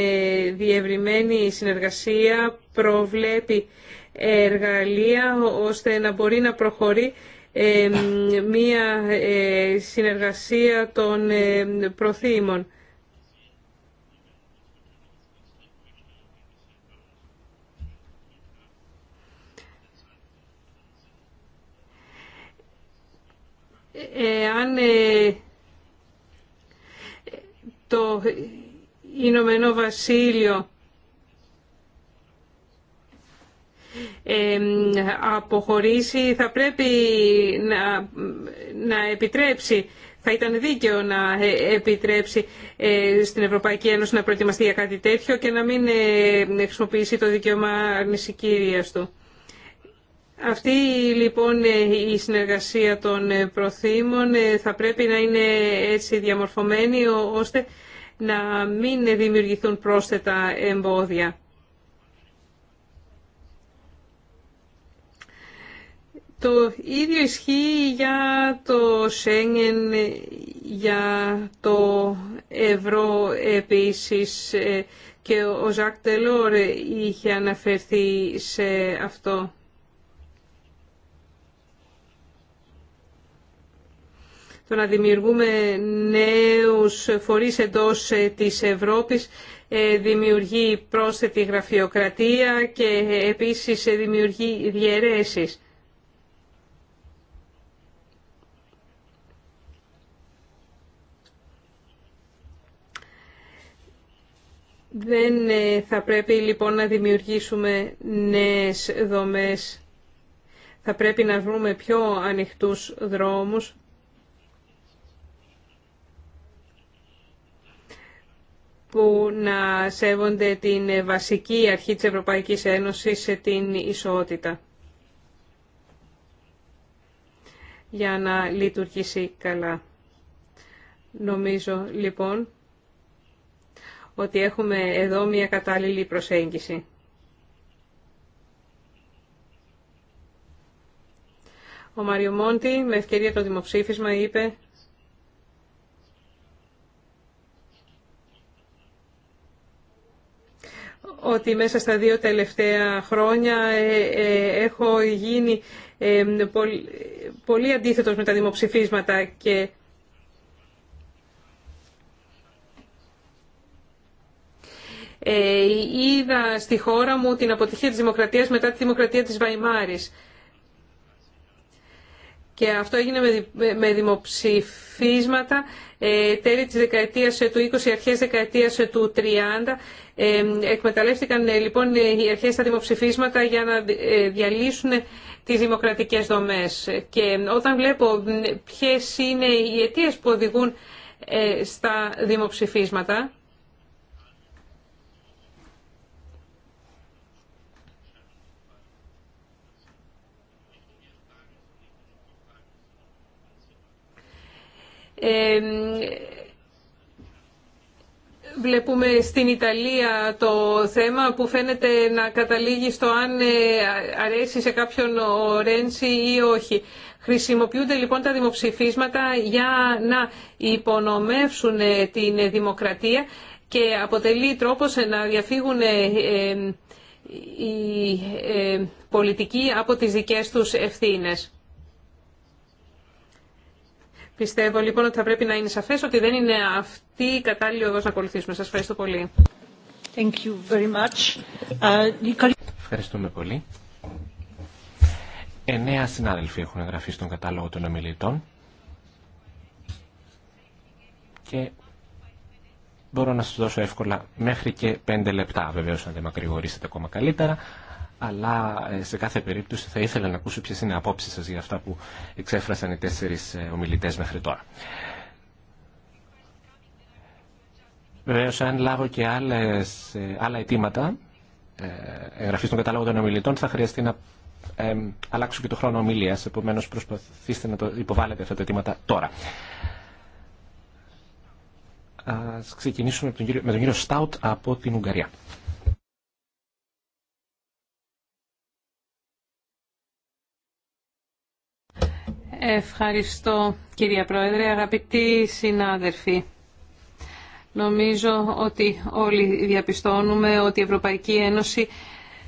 διευρυμένη συνεργασία προβλέπει εργαλεία ώστε να μπορεί να προχωρεί μία ε, συνεργασία των προθήμων. Αν ε, το Ηνωμένο Βασίλειο αποχωρήσει θα πρέπει να, επιτρέψει θα ήταν δίκαιο να ε, επιτρέψει ε, στην Ευρωπαϊκή Ένωση να προετοιμαστεί για κάτι τέτοιο και να μην ε, χρησιμοποιήσει το δικαίωμα αρνησικήριας του. Αυτή λοιπόν η συνεργασία των προθήμων θα πρέπει να είναι έτσι διαμορφωμένη ώστε να μην δημιουργηθούν πρόσθετα εμπόδια. Το ίδιο ισχύει για το Σέγγεν, για το ευρώ επίσης ε, και ο Ζακ Τελόρ είχε αναφερθεί σε αυτό. Το να δημιουργούμε νέους φορείς εντός ε, της Ευρώπης ε, δημιουργεί πρόσθετη γραφειοκρατία και επίσης δημιουργεί διαιρέσεις. Δεν ε, θα πρέπει λοιπόν να δημιουργήσουμε νέες δομές. Θα πρέπει να βρούμε πιο ανοιχτούς δρόμους. που να σέβονται την βασική αρχή της Ευρωπαϊκής Ένωσης σε την ισότητα για να λειτουργήσει καλά. Νομίζω λοιπόν ότι έχουμε εδώ μια κατάλληλη προσέγγιση. Ο Μάριο Μόντι, με ευκαιρία το δημοψήφισμα, είπε ότι μέσα στα δύο τελευταία χρόνια ε, ε, έχω γίνει ε, πολύ αντίθετος με τα δημοψηφίσματα και Ε, είδα στη χώρα μου την αποτυχία της δημοκρατίας μετά τη δημοκρατία της Βαϊμάρης. Και αυτό έγινε με δημοψηφίσματα ε, τέλη της δεκαετίας του 20, αρχές δεκαετίας του 30. Ε, εκμεταλλεύτηκαν λοιπόν οι αρχές τα δημοψηφίσματα για να διαλύσουν τις δημοκρατικές δομές. Και όταν βλέπω ποιες είναι οι αιτίες που οδηγούν στα δημοψηφίσματα, Βλέπουμε στην Ιταλία το θέμα που φαίνεται να καταλήγει στο αν ε, αρέσει σε κάποιον ο Ρέντσι ή όχι. Χρησιμοποιούνται λοιπόν τα δημοψηφίσματα για να υπονομεύσουν ε, την δημοκρατία και αποτελεί τρόπος να διαφύγουν ε, οι πολιτικοί από τις δικές τους ευθύνες. Πιστεύω λοιπόν ότι θα πρέπει να είναι σαφές ότι δεν είναι αυτή η κατάλληλη οδός να ακολουθήσουμε. Σας ευχαριστώ πολύ. Thank you very much. Uh, Ευχαριστούμε πολύ. Εννέα συνάδελφοι έχουν εγγραφεί στον κατάλογο των ομιλητών και μπορώ να σας δώσω εύκολα μέχρι και πέντε λεπτά. Βεβαίως αν δεν ακρηγορήσετε ακόμα καλύτερα αλλά ε, σε κάθε περίπτωση θα ήθελα να ακούσω ποιες είναι οι απόψεις σας για αυτά που εξέφρασαν οι τέσσερις ε, ομιλητές μέχρι τώρα. Βεβαίω, αν λάβω και άλλες, ε, άλλα αιτήματα εγγραφή στον κατάλογο των ομιλητών, θα χρειαστεί να αλλάξω και το χρόνο ομιλίας. Επομένως, προσπαθήστε να το υποβάλλετε αυτά τα αιτήματα τώρα. Ας ξεκινήσουμε με τον με τον κύριο Στάουτ από την Ουγγαρία. Ευχαριστώ κυρία Πρόεδρε, αγαπητοί συνάδελφοι. Νομίζω ότι όλοι διαπιστώνουμε ότι η Ευρωπαϊκή Ένωση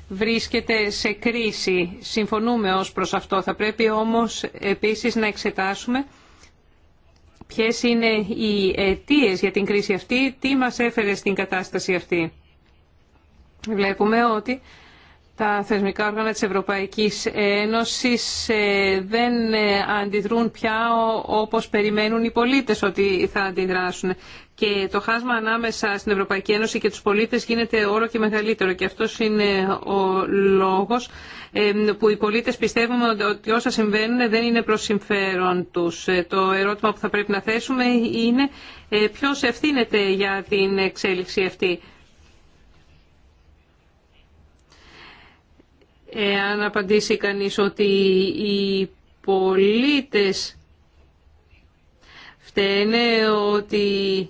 βρίσκεται σε κρίση. Συμφωνούμε ως προς αυτό. Θα πρέπει όμως επίσης να εξετάσουμε ποιες είναι οι αιτίες για την κρίση αυτή, τι μας έφερε στην κατάσταση αυτή. Βλέπουμε ότι τα θεσμικά όργανα της Ευρωπαϊκής Ένωσης ε, δεν ε, αντιδρούν πια όπως περιμένουν οι πολίτες ότι θα αντιδράσουν. Και το χάσμα ανάμεσα στην Ευρωπαϊκή Ένωση και τους πολίτες γίνεται όλο και μεγαλύτερο. Και αυτός είναι ο λόγος ε, που οι πολίτες πιστεύουν ότι όσα συμβαίνουν δεν είναι προς συμφέρον τους. Το ερώτημα που θα πρέπει να θέσουμε είναι ποιος ευθύνεται για την εξέλιξη αυτή. εάν απαντήσει κανείς ότι οι πολίτες φταίνε ότι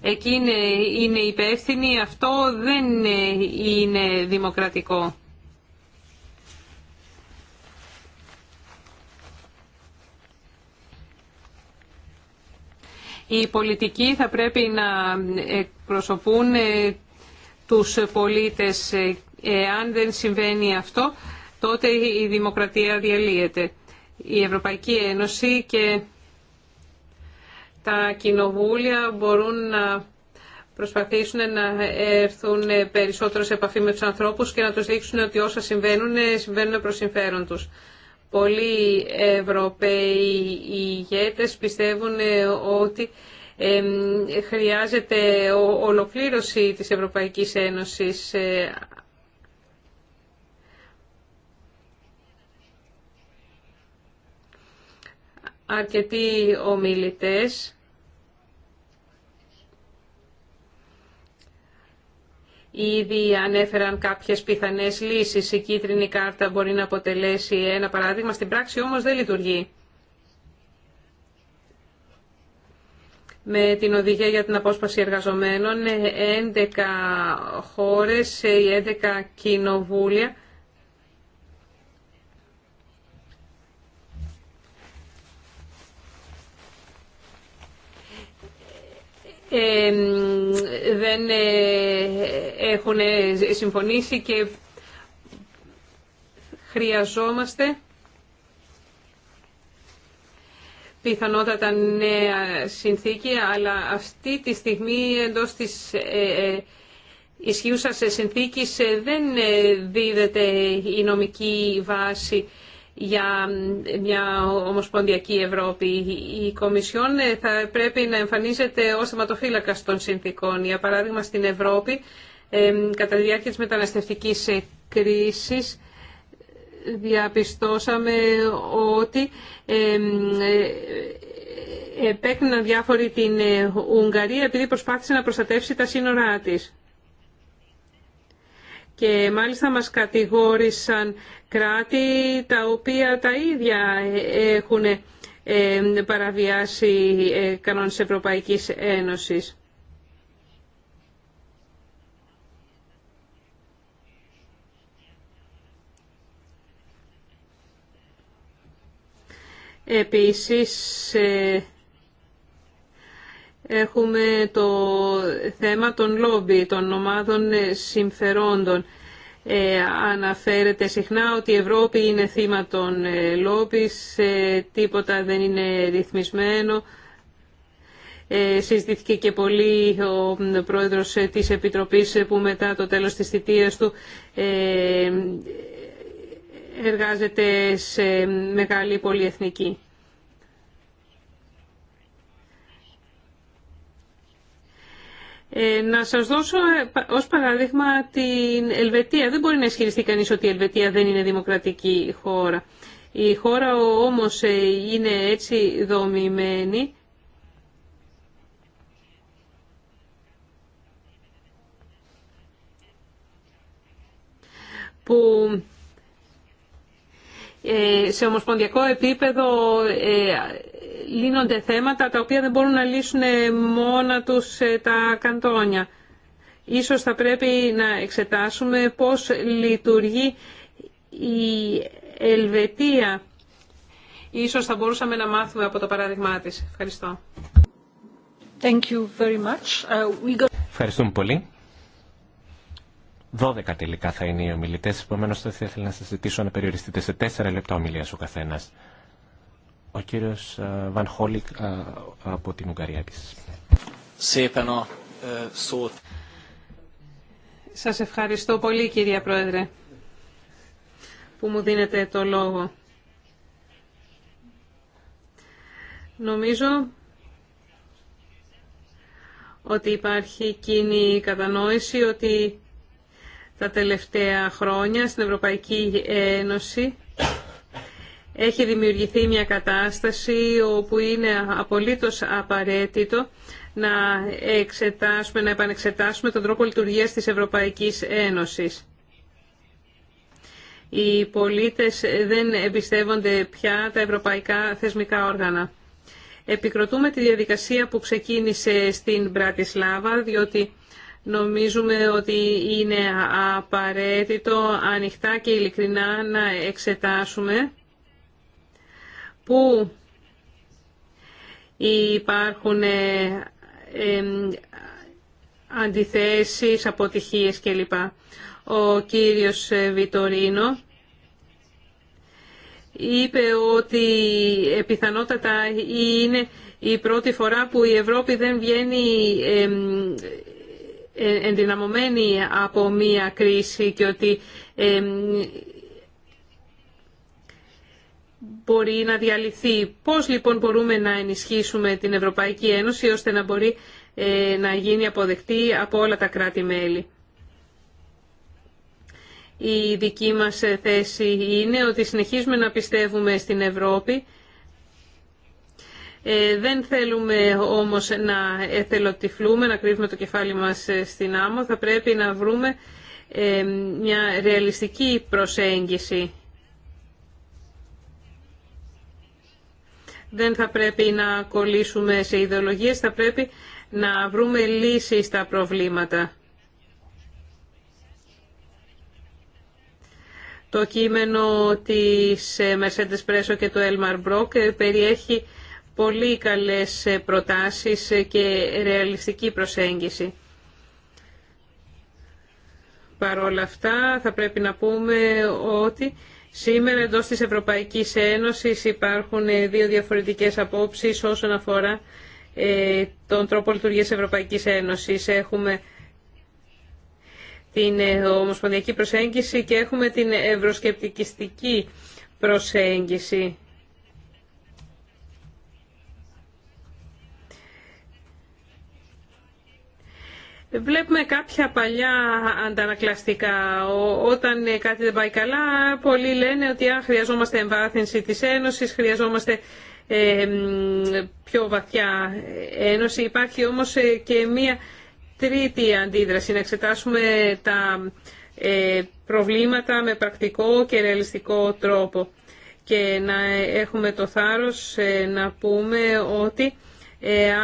εκείνοι είναι υπεύθυνοι, αυτό δεν είναι δημοκρατικό. Οι πολιτικοί θα πρέπει να εκπροσωπούν ε, τους πολίτες ε, αν δεν συμβαίνει αυτό, τότε η δημοκρατία διαλύεται. Η Ευρωπαϊκή Ένωση και τα κοινοβούλια μπορούν να προσπαθήσουν να έρθουν περισσότερο σε επαφή με τους ανθρώπους και να τους δείξουν ότι όσα συμβαίνουν, συμβαίνουν προς συμφέρον τους. Πολλοί Ευρωπαίοι ηγέτες πιστεύουν ότι χρειάζεται ολοκλήρωση της Ευρωπαϊκής Ένωσης ε, αρκετοί ομιλητές. Ήδη ανέφεραν κάποιες πιθανές λύσεις. Η κίτρινη κάρτα μπορεί να αποτελέσει ένα παράδειγμα. Στην πράξη όμως δεν λειτουργεί. Με την οδηγία για την απόσπαση εργαζομένων, 11 χώρες, 11 κοινοβούλια δεν ε, έχουν ε, συμφωνήσει και χρειαζόμαστε πιθανότατα νέα συνθήκη, αλλά αυτή τη στιγμή εντός της ε, ισχύουσας συνθήκης δεν δίδεται η νομική βάση για μια ομοσπονδιακή Ευρώπη. Η Κομισιόν θα πρέπει να εμφανίζεται ως θεματοφύλακας των συνθήκων. Για παράδειγμα, στην Ευρώπη, κατά τη διάρκεια της μεταναστευτικής κρίσης, διαπιστώσαμε ότι επέκριναν διάφοροι την ε, Ουγγαρία επειδή προσπάθησε να προστατεύσει τα σύνορά της. Και μάλιστα μας κατηγόρησαν κράτη τα οποία τα ίδια έχουν ε, παραβιάσει ε, κανόνες Ευρωπαϊκής Ένωσης. Επίσης, ε, έχουμε το θέμα των λόμπι, των ομάδων συμφερόντων. Ε, αναφέρεται συχνά ότι η Ευρώπη είναι θύμα των ε, λόπις, ε, τίποτα δεν είναι ρυθμισμένο. Συζητήθηκε και πολύ ο πρόεδρος της Επιτροπής που μετά το τέλος της θητείας του εργάζεται σε μεγάλη πολυεθνική. Ε, να σας δώσω ε, ως παράδειγμα την Ελβετία. Δεν μπορεί να ισχυριστεί κανείς ότι η Ελβετία δεν είναι δημοκρατική χώρα. Η χώρα όμως ε, είναι έτσι δομημένη που σε ομοσπονδιακό επίπεδο λύνονται θέματα τα οποία δεν μπορούν να λύσουν μόνα τους ε, τα καντόνια. Ίσως θα πρέπει να εξετάσουμε πώς λειτουργεί η Ελβετία. Ίσως θα μπορούσαμε να μάθουμε από το παράδειγμά της. Ευχαριστώ. Uh, Ευχαριστούμε πολύ. Δώδεκα τελικά θα είναι οι ομιλητέ, επομένω θα ήθελα να σα ζητήσω να περιοριστείτε σε 4 λεπτά ομιλία ο καθένα. Ο κύριος ε, Βαν Χόλικ ε, από την Ουγγαρία επίσης. Ε, Σας ευχαριστώ πολύ κύριε Πρόεδρε που μου δίνετε το λόγο. Νομίζω ότι υπάρχει κοινή κατανόηση ότι τα τελευταία χρόνια στην Ευρωπαϊκή Ένωση έχει δημιουργηθεί μια κατάσταση όπου είναι απολύτως απαραίτητο να εξετάσουμε, να επανεξετάσουμε τον τρόπο λειτουργίας της Ευρωπαϊκής Ένωσης. Οι πολίτες δεν εμπιστεύονται πια τα ευρωπαϊκά θεσμικά όργανα. Επικροτούμε τη διαδικασία που ξεκίνησε στην Μπρατισλάβα, διότι νομίζουμε ότι είναι απαραίτητο ανοιχτά και ειλικρινά να εξετάσουμε που υπάρχουν ε, ε, αντιθέσεις, αποτυχίες κλπ. Ο κύριος Βιτορίνο είπε ότι πιθανότατα είναι η πρώτη φορά που η Ευρώπη δεν βγαίνει ε, ενδυναμωμένη από μία κρίση και ότι μπορεί να διαλυθεί. Πώς λοιπόν μπορούμε να ενισχύσουμε την Ευρωπαϊκή Ένωση ώστε να μπορεί ε, να γίνει αποδεκτή από όλα τα κράτη-μέλη. Η δική μας ε, θέση είναι ότι συνεχίζουμε να πιστεύουμε στην Ευρώπη. Ε, δεν θέλουμε όμως να εθελοτυφλούμε, να κρύβουμε το κεφάλι μας στην άμμο. Θα πρέπει να βρούμε μια ρεαλιστική προσέγγιση δεν θα πρέπει να κολλήσουμε σε ιδεολογίες, θα πρέπει να βρούμε λύσεις στα προβλήματα. Το κείμενο της ε, Mercedes Presso και του Elmar Brock ε, περιέχει πολύ καλές ε, προτάσεις και ρεαλιστική προσέγγιση. Παρ' όλα αυτά θα πρέπει να πούμε ότι Σήμερα εντό της Ευρωπαϊκής Ένωσης υπάρχουν ε, δύο διαφορετικές απόψεις όσον αφορά ε, τον τρόπο λειτουργίας Ευρωπαϊκής Ένωσης. Έχουμε την ε, ομοσπονδιακή προσέγγιση και έχουμε την ευρωσκεπτικιστική προσέγγιση. Βλέπουμε κάποια παλιά αντανακλαστικά. Όταν κάτι δεν πάει καλά, πολλοί λένε ότι χρειαζόμαστε εμβάθυνση της Ένωσης, χρειαζόμαστε ε, πιο βαθιά Ένωση. Υπάρχει όμως ε, και μία τρίτη αντίδραση, να εξετάσουμε τα ε, προβλήματα με πρακτικό και ρεαλιστικό τρόπο και να έχουμε το θάρρος να πούμε ότι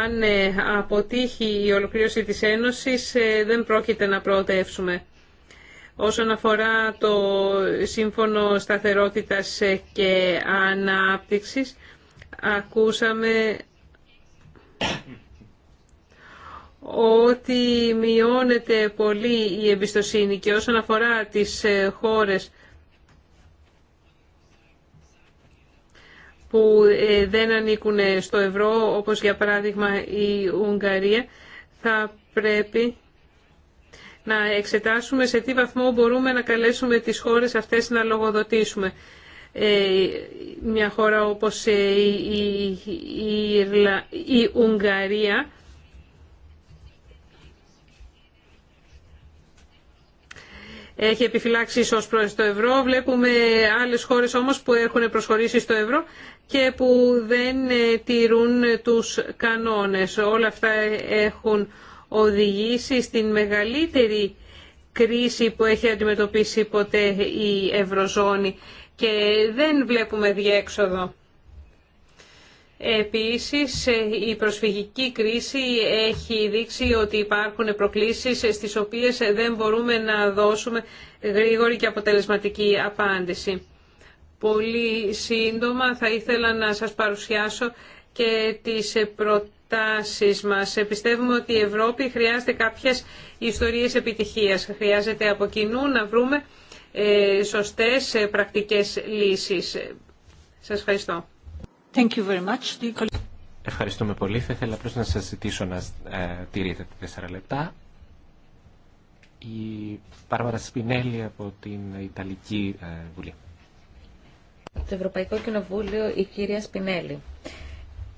αν ε, αποτύχει η ολοκλήρωση της Ένωσης ε, δεν πρόκειται να προοδεύσουμε. Όσον αφορά το Σύμφωνο Σταθερότητας ε, και Ανάπτυξης, ακούσαμε ότι μειώνεται πολύ η εμπιστοσύνη και όσον αφορά τις χώρες που ε, δεν ανήκουν στο ευρώ, όπως για παράδειγμα η Ουγγαρία, θα πρέπει να εξετάσουμε σε τι βαθμό μπορούμε να καλέσουμε τις χώρες αυτές να λογοδοτήσουμε. Ε, μια χώρα όπως ε, η, η Ουγγαρία έχει επιφυλάξει ως προς το ευρώ. Βλέπουμε άλλες χώρες όμως που έχουν προσχωρήσει στο ευρώ και που δεν ε, τηρούν τους κανόνες. Όλα αυτά έχουν οδηγήσει στην μεγαλύτερη κρίση που έχει αντιμετωπίσει ποτέ η Ευρωζώνη και δεν βλέπουμε διέξοδο. Επίσης, η προσφυγική κρίση έχει δείξει ότι υπάρχουν προκλήσεις στις οποίες δεν μπορούμε να δώσουμε γρήγορη και αποτελεσματική απάντηση. Πολύ σύντομα θα ήθελα να σας παρουσιάσω και τις προτάσεις μας. Πιστεύουμε ότι η Ευρώπη χρειάζεται κάποιες ιστορίες επιτυχίας. Χρειάζεται από κοινού να βρούμε ε, σωστές ε, πρακτικές λύσεις. Σας ευχαριστώ. Ευχαριστούμε πολύ. Θα ήθελα απλώς να σας ζητήσω να ε, τηρείτε τα τέσσερα λεπτά. Η Πάρβαρα Σπινέλη από την Ιταλική ε, Βουλή. το Ευρωπαϊκό Κοινοβούλιο η κυρία Σπινέλη.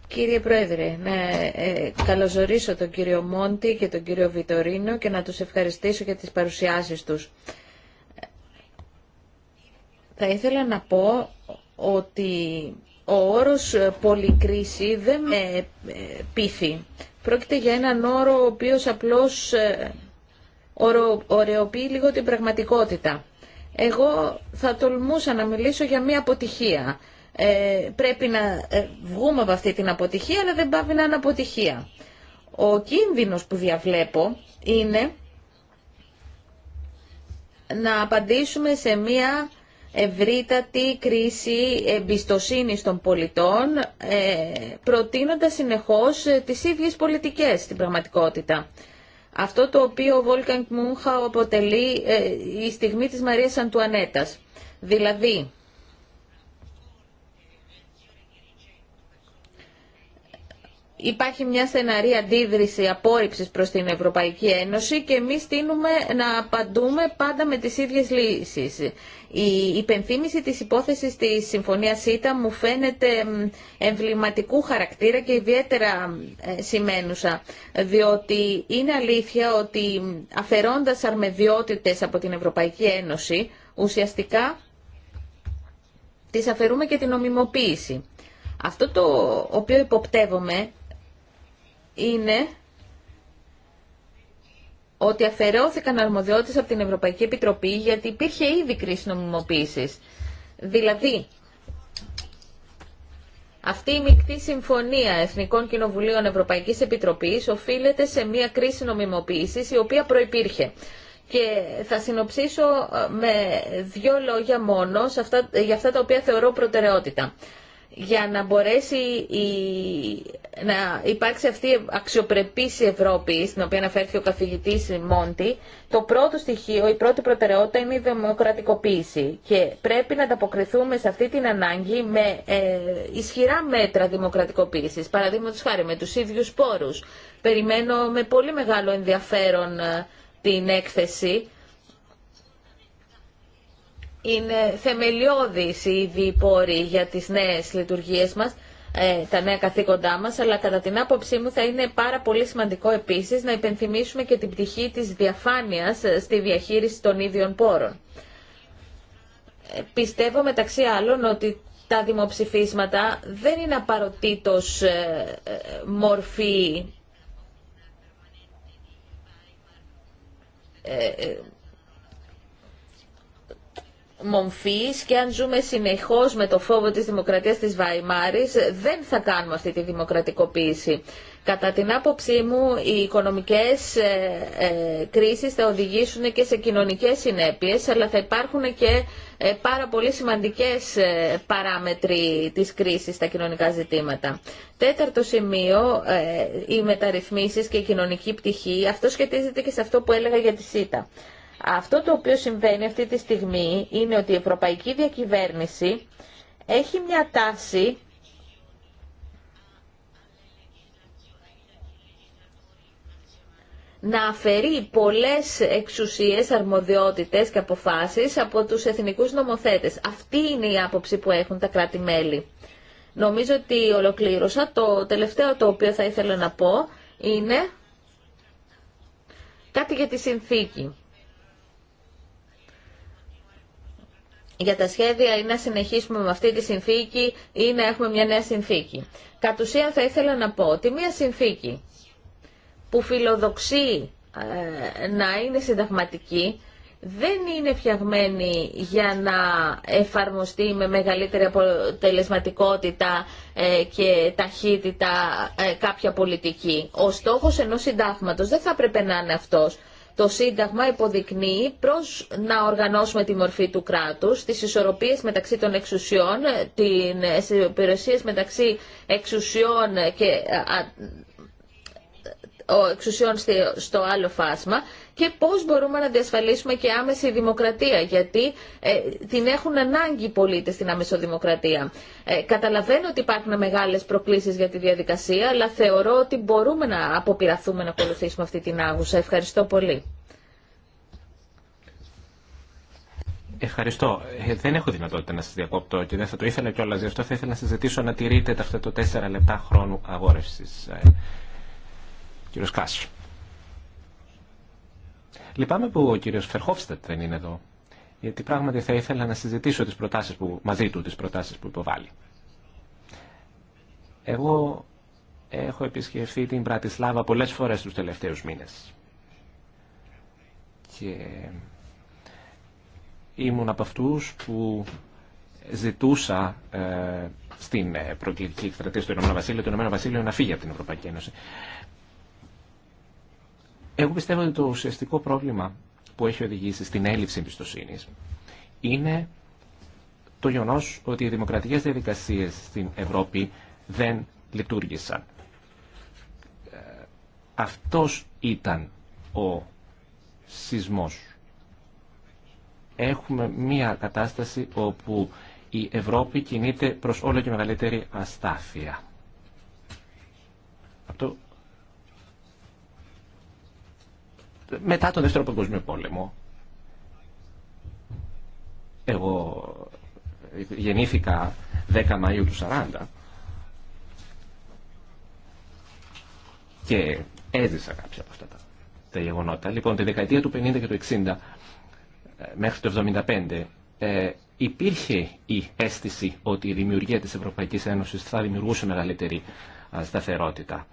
Κύριε Πρόεδρε, να ε, καλωσορίσω τον κύριο Μόντι και τον κύριο Βιτορίνο και να τους ευχαριστήσω για τις παρουσιάσεις τους. Θα ήθελα να πω ότι ο όρος ε, πολυκρίση δεν με ε, πείθει. Πρόκειται για έναν όρο ο οποίος απλώς ε, ωρεοποιεί λίγο την πραγματικότητα. Εγώ θα τολμούσα να μιλήσω για μια αποτυχία. πρέπει να βγούμε από αυτή την αποτυχία, αλλά δεν πάβει να είναι αποτυχία. Ο κίνδυνος που διαβλέπω είναι να απαντήσουμε σε μια ευρύτατη κρίση εμπιστοσύνης των πολιτών, ε, προτείνοντας συνεχώς ε, τις ίδιες πολιτικές στην πραγματικότητα. Αυτό το οποίο ο Βόλκαν Μούχα αποτελεί ε, η στιγμή της Μαρίας Αντουανέτας. Δηλαδή, υπάρχει μια στεναρή αντίδρυση απόρριψης προς την Ευρωπαϊκή Ένωση και εμεί στείνουμε να απαντούμε πάντα με τις ίδιες λύσεις. Η υπενθύμηση της υπόθεσης της Συμφωνίας ΣΥΤΑ μου φαίνεται εμβληματικού χαρακτήρα και ιδιαίτερα ε, σημαίνουσα, διότι είναι αλήθεια ότι αφαιρώντας αρμεδιότητες από την Ευρωπαϊκή Ένωση, ουσιαστικά τις αφαιρούμε και την ομιμοποίηση. Αυτό το οποίο υποπτεύομαι είναι ότι αφαιρεώθηκαν αρμοδιότητες από την Ευρωπαϊκή Επιτροπή γιατί υπήρχε ήδη κρίση νομιμοποίησης. Δηλαδή, αυτή η μεικτή συμφωνία Εθνικών Κοινοβουλίων Ευρωπαϊκής Επιτροπής οφείλεται σε μια κρίση νομιμοποίησης η οποία προϋπήρχε. Και θα συνοψίσω ε, με δύο λόγια μόνο αυτά, για αυτά τα οποία θεωρώ προτεραιότητα για να μπορέσει η, να υπάρξει αυτή η αξιοπρεπής Ευρώπη στην οποία αναφέρθηκε ο καθηγητής Μόντι, το πρώτο στοιχείο, η πρώτη προτεραιότητα είναι η δημοκρατικοποίηση και πρέπει να ανταποκριθούμε σε αυτή την ανάγκη με ε, ισχυρά μέτρα δημοκρατικοποίησης, παραδείγματος χάρη με τους ίδιους πόρους. Περιμένω με πολύ μεγάλο ενδιαφέρον ε, την έκθεση είναι θεμελιώδης οι πόροι για τις νέες λειτουργίες μας, ε, τα νέα καθήκοντά μας, αλλά κατά την άποψή μου θα είναι πάρα πολύ σημαντικό επίσης να υπενθυμίσουμε και την πτυχή της διαφάνειας ε, στη διαχείριση των ίδιων πόρων. Ε, πιστεύω μεταξύ άλλων ότι τα δημοψηφίσματα δεν είναι απαρατήτως μορφή μομφής και αν ζούμε συνεχώς με το φόβο της δημοκρατίας της Βαϊμάρης δεν θα κάνουμε αυτή τη δημοκρατικοποίηση. Κατά την άποψή μου, οι οικονομικές ε, ε κρίσεις θα οδηγήσουν και σε κοινωνικές συνέπειες, αλλά θα υπάρχουν και ε, πάρα πολύ σημαντικές ε, παράμετροι της κρίσης στα κοινωνικά ζητήματα. Τέταρτο σημείο, οι μεταρρυθμίσεις και η κοινωνική πτυχή. Αυτό σχετίζεται και σε αυτό που έλεγα για τη ΣΥΤΑ. Αυτό το οποίο συμβαίνει αυτή τη στιγμή είναι ότι η ευρωπαϊκή διακυβέρνηση έχει μια τάση να αφαιρεί πολλές εξουσίες, αρμοδιότητες και αποφάσεις από τους εθνικούς νομοθέτες. Αυτή είναι η άποψη που έχουν τα κράτη-μέλη. Νομίζω ότι ολοκλήρωσα. Το τελευταίο το οποίο θα ήθελα να πω είναι κάτι για τη συνθήκη. για τα σχέδια ή να συνεχίσουμε με αυτή τη συνθήκη ή να έχουμε μια νέα συνθήκη. Κατ' ουσίαν θα ήθελα να πω ότι μια συνθήκη που φιλοδοξεί ε, να είναι συνταγματική δεν είναι φτιαγμένη για να εφαρμοστεί με μεγαλύτερη αποτελεσματικότητα ε, και ταχύτητα ε, κάποια πολιτική. Ο στόχος ενός συντάγματος δεν θα έπρεπε να είναι αυτός το Σύνταγμα υποδεικνύει προς να οργανώσουμε τη μορφή του κράτους, τις ισορροπίε μεταξύ των εξουσιών, τι υπηρεσίε μεταξύ εξουσιών και ο εξουσιών στο άλλο φάσμα και πώς μπορούμε να διασφαλίσουμε και άμεση δημοκρατία, γιατί ε, την έχουν ανάγκη οι πολίτες την αμεσοδημοκρατία. Ε, καταλαβαίνω ότι υπάρχουν μεγάλες προκλήσεις για τη διαδικασία, αλλά θεωρώ ότι μπορούμε να αποπειραθούμε να ακολουθήσουμε αυτή την άγουσα. Ευχαριστώ πολύ. Ευχαριστώ. Ε, δεν έχω δυνατότητα να σα διακόπτω και δεν θα το ήθελα κιόλα. Γι' αυτό θα ήθελα να σα ζητήσω να τηρείτε τα αυτά τα 4 λεπτά χρόνου αγόρευση. Κύριο Κάσου. Λυπάμαι που ο κύριος Φερχόφστατ δεν είναι εδώ, γιατί πράγματι θα ήθελα να συζητήσω τις προτάσεις που, μαζί του τις προτάσεις που υποβάλλει. Εγώ έχω επισκεφθεί την Πρατισλάβα πολλές φορές τους τελευταίους μήνες. Και ήμουν από αυτούς που ζητούσα ε, στην ε, προκλητική εκστρατεία του Ηνωμένου Βασίλειου το Ηνωμένο Βασίλειο να φύγει από την Ευρωπαϊκή Ένωση. Εγώ πιστεύω ότι το ουσιαστικό πρόβλημα που έχει οδηγήσει στην έλλειψη εμπιστοσύνη είναι το γεγονό ότι οι δημοκρατικέ διαδικασίε στην Ευρώπη δεν λειτουργήσαν. Ε, αυτός ήταν ο σεισμός. Έχουμε μία κατάσταση όπου η Ευρώπη κινείται προς όλο και μεγαλύτερη αστάθεια. Αυτό μετά τον Δεύτερο Παγκόσμιο Πόλεμο. Εγώ γεννήθηκα 10 Μαΐου του 40 και έζησα κάποια από αυτά τα, τα γεγονότα. Λοιπόν, τη δεκαετία του 50 και του 60 ε, μέχρι το 75 ε, υπήρχε η αίσθηση ότι η δημιουργία της Ευρωπαϊκής Ένωσης θα δημιουργούσε μεγαλύτερη ε, σταθερότητα.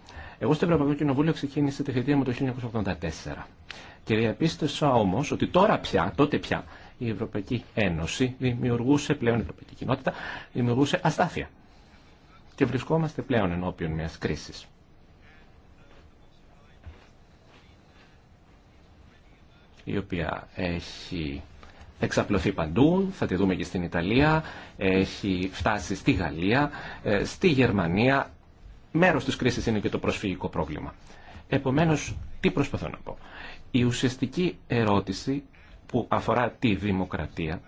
Εγώ στο Ευρωπαϊκό Κοινοβούλιο ξεκίνησα τη θητεία μου το 1984. Και διαπίστωσα όμω ότι τώρα πια, τότε πια, η Ευρωπαϊκή Ένωση δημιουργούσε πλέον, η Ευρωπαϊκή Κοινότητα δημιουργούσε αστάθεια. Και βρισκόμαστε πλέον ενώπιον μια κρίση. η οποία έχει εξαπλωθεί παντού, θα τη δούμε και στην Ιταλία, έχει φτάσει στη Γαλλία, ε, στη Γερμανία, μέρος της κρίσης είναι και το προσφυγικό πρόβλημα. Επομένως, τι προσπαθώ να πω. Η ουσιαστική ερώτηση που αφορά τη δημοκρατία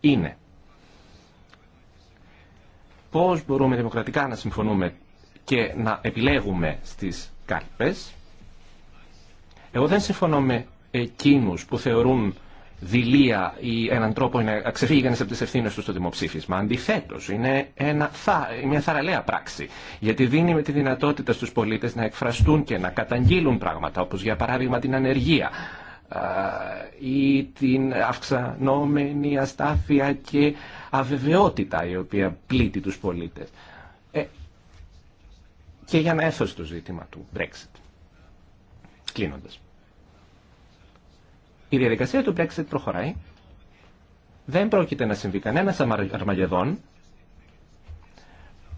είναι πώς μπορούμε δημοκρατικά να συμφωνούμε και να επιλέγουμε στις κάλπες. Εγώ δεν συμφωνώ με εκείνους που θεωρούν δειλία ή έναν τρόπο να ξεφύγει κανεί από τι ευθύνε του στο δημοψήφισμα. Αντιθέτω, είναι ένα, θα, μια θαραλέα πράξη. Γιατί δίνει με τη δυνατότητα στου πολίτε να εκφραστούν και να καταγγείλουν πράγματα, όπω για παράδειγμα την ανεργία ή την αυξανόμενη αστάθεια και αβεβαιότητα η οποία πλήττει τους πολίτες. Ε, και για να έρθω στο ζήτημα του Brexit. Κλείνοντας. Η διαδικασία του Brexit προχωράει. Δεν πρόκειται να συμβεί κανένα αρμαγεδόν.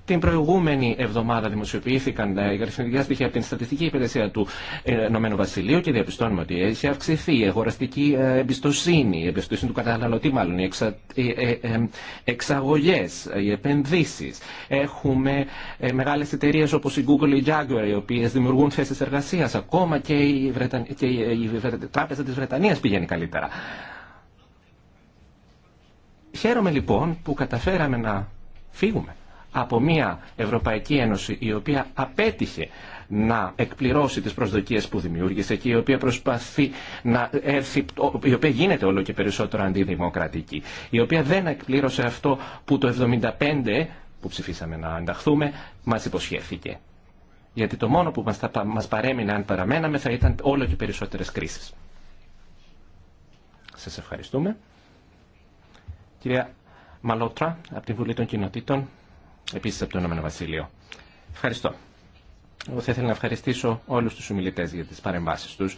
Την προηγούμενη εβδομάδα δημοσιοποιήθηκαν τα ε, αριθμητικά στοιχεία από την στατιστική υπηρεσία του ε, Ηνωμένου Βασιλείου και διαπιστώνουμε ότι έχει αυξηθεί η αγοραστική ε, εμπιστοσύνη, η εμπιστοσύνη του καταναλωτή μάλλον, οι, εξα... εξαγωγέ, οι επενδύσει. Έχουμε μεγάλε εταιρείε όπω η Google ή η Jaguar οι οποίε δημιουργούν θέσει εργασία. Ακόμα και η, και η Τράπεζα τη Βρετανία πηγαίνει καλύτερα. Χαίρομαι λοιπόν που καταφέραμε να φύγουμε από μια Ευρωπαϊκή Ένωση η οποία απέτυχε να εκπληρώσει τις προσδοκίες που δημιούργησε και η οποία προσπαθεί να έρθει, η οποία γίνεται όλο και περισσότερο αντιδημοκρατική, η οποία δεν εκπλήρωσε αυτό που το 1975, που ψηφίσαμε να ανταχθούμε, μας υποσχέθηκε. Γιατί το μόνο που μας, μας παρέμεινε αν παραμέναμε θα ήταν όλο και περισσότερες κρίσεις. Σας ευχαριστούμε. Κυρία Μαλότρα, από την Βουλή των Κοινοτήτων επίσης από το Ηνωμένο Βασίλειο. Ευχαριστώ. Εγώ θα ήθελα να ευχαριστήσω όλους τους ομιλητές για τις παρεμβάσεις τους.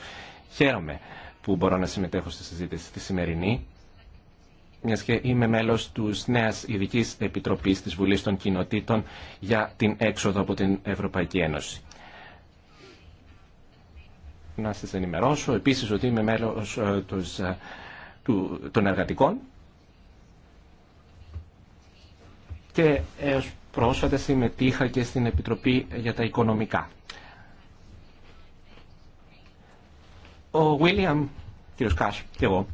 Χαίρομαι που μπορώ να συμμετέχω στη συζήτηση τη σημερινή, μιας και είμαι μέλος της νέας ειδική Επιτροπής της Βουλής των Κοινοτήτων για την έξοδο από την Ευρωπαϊκή Ένωση. Να σας ενημερώσω επίσης ότι είμαι μέλος ε, ε, των εργατικών και έως πρόσφατα συμμετείχα και στην Επιτροπή για τα Οικονομικά. Ο Βίλιαμ, κύριος και εγώ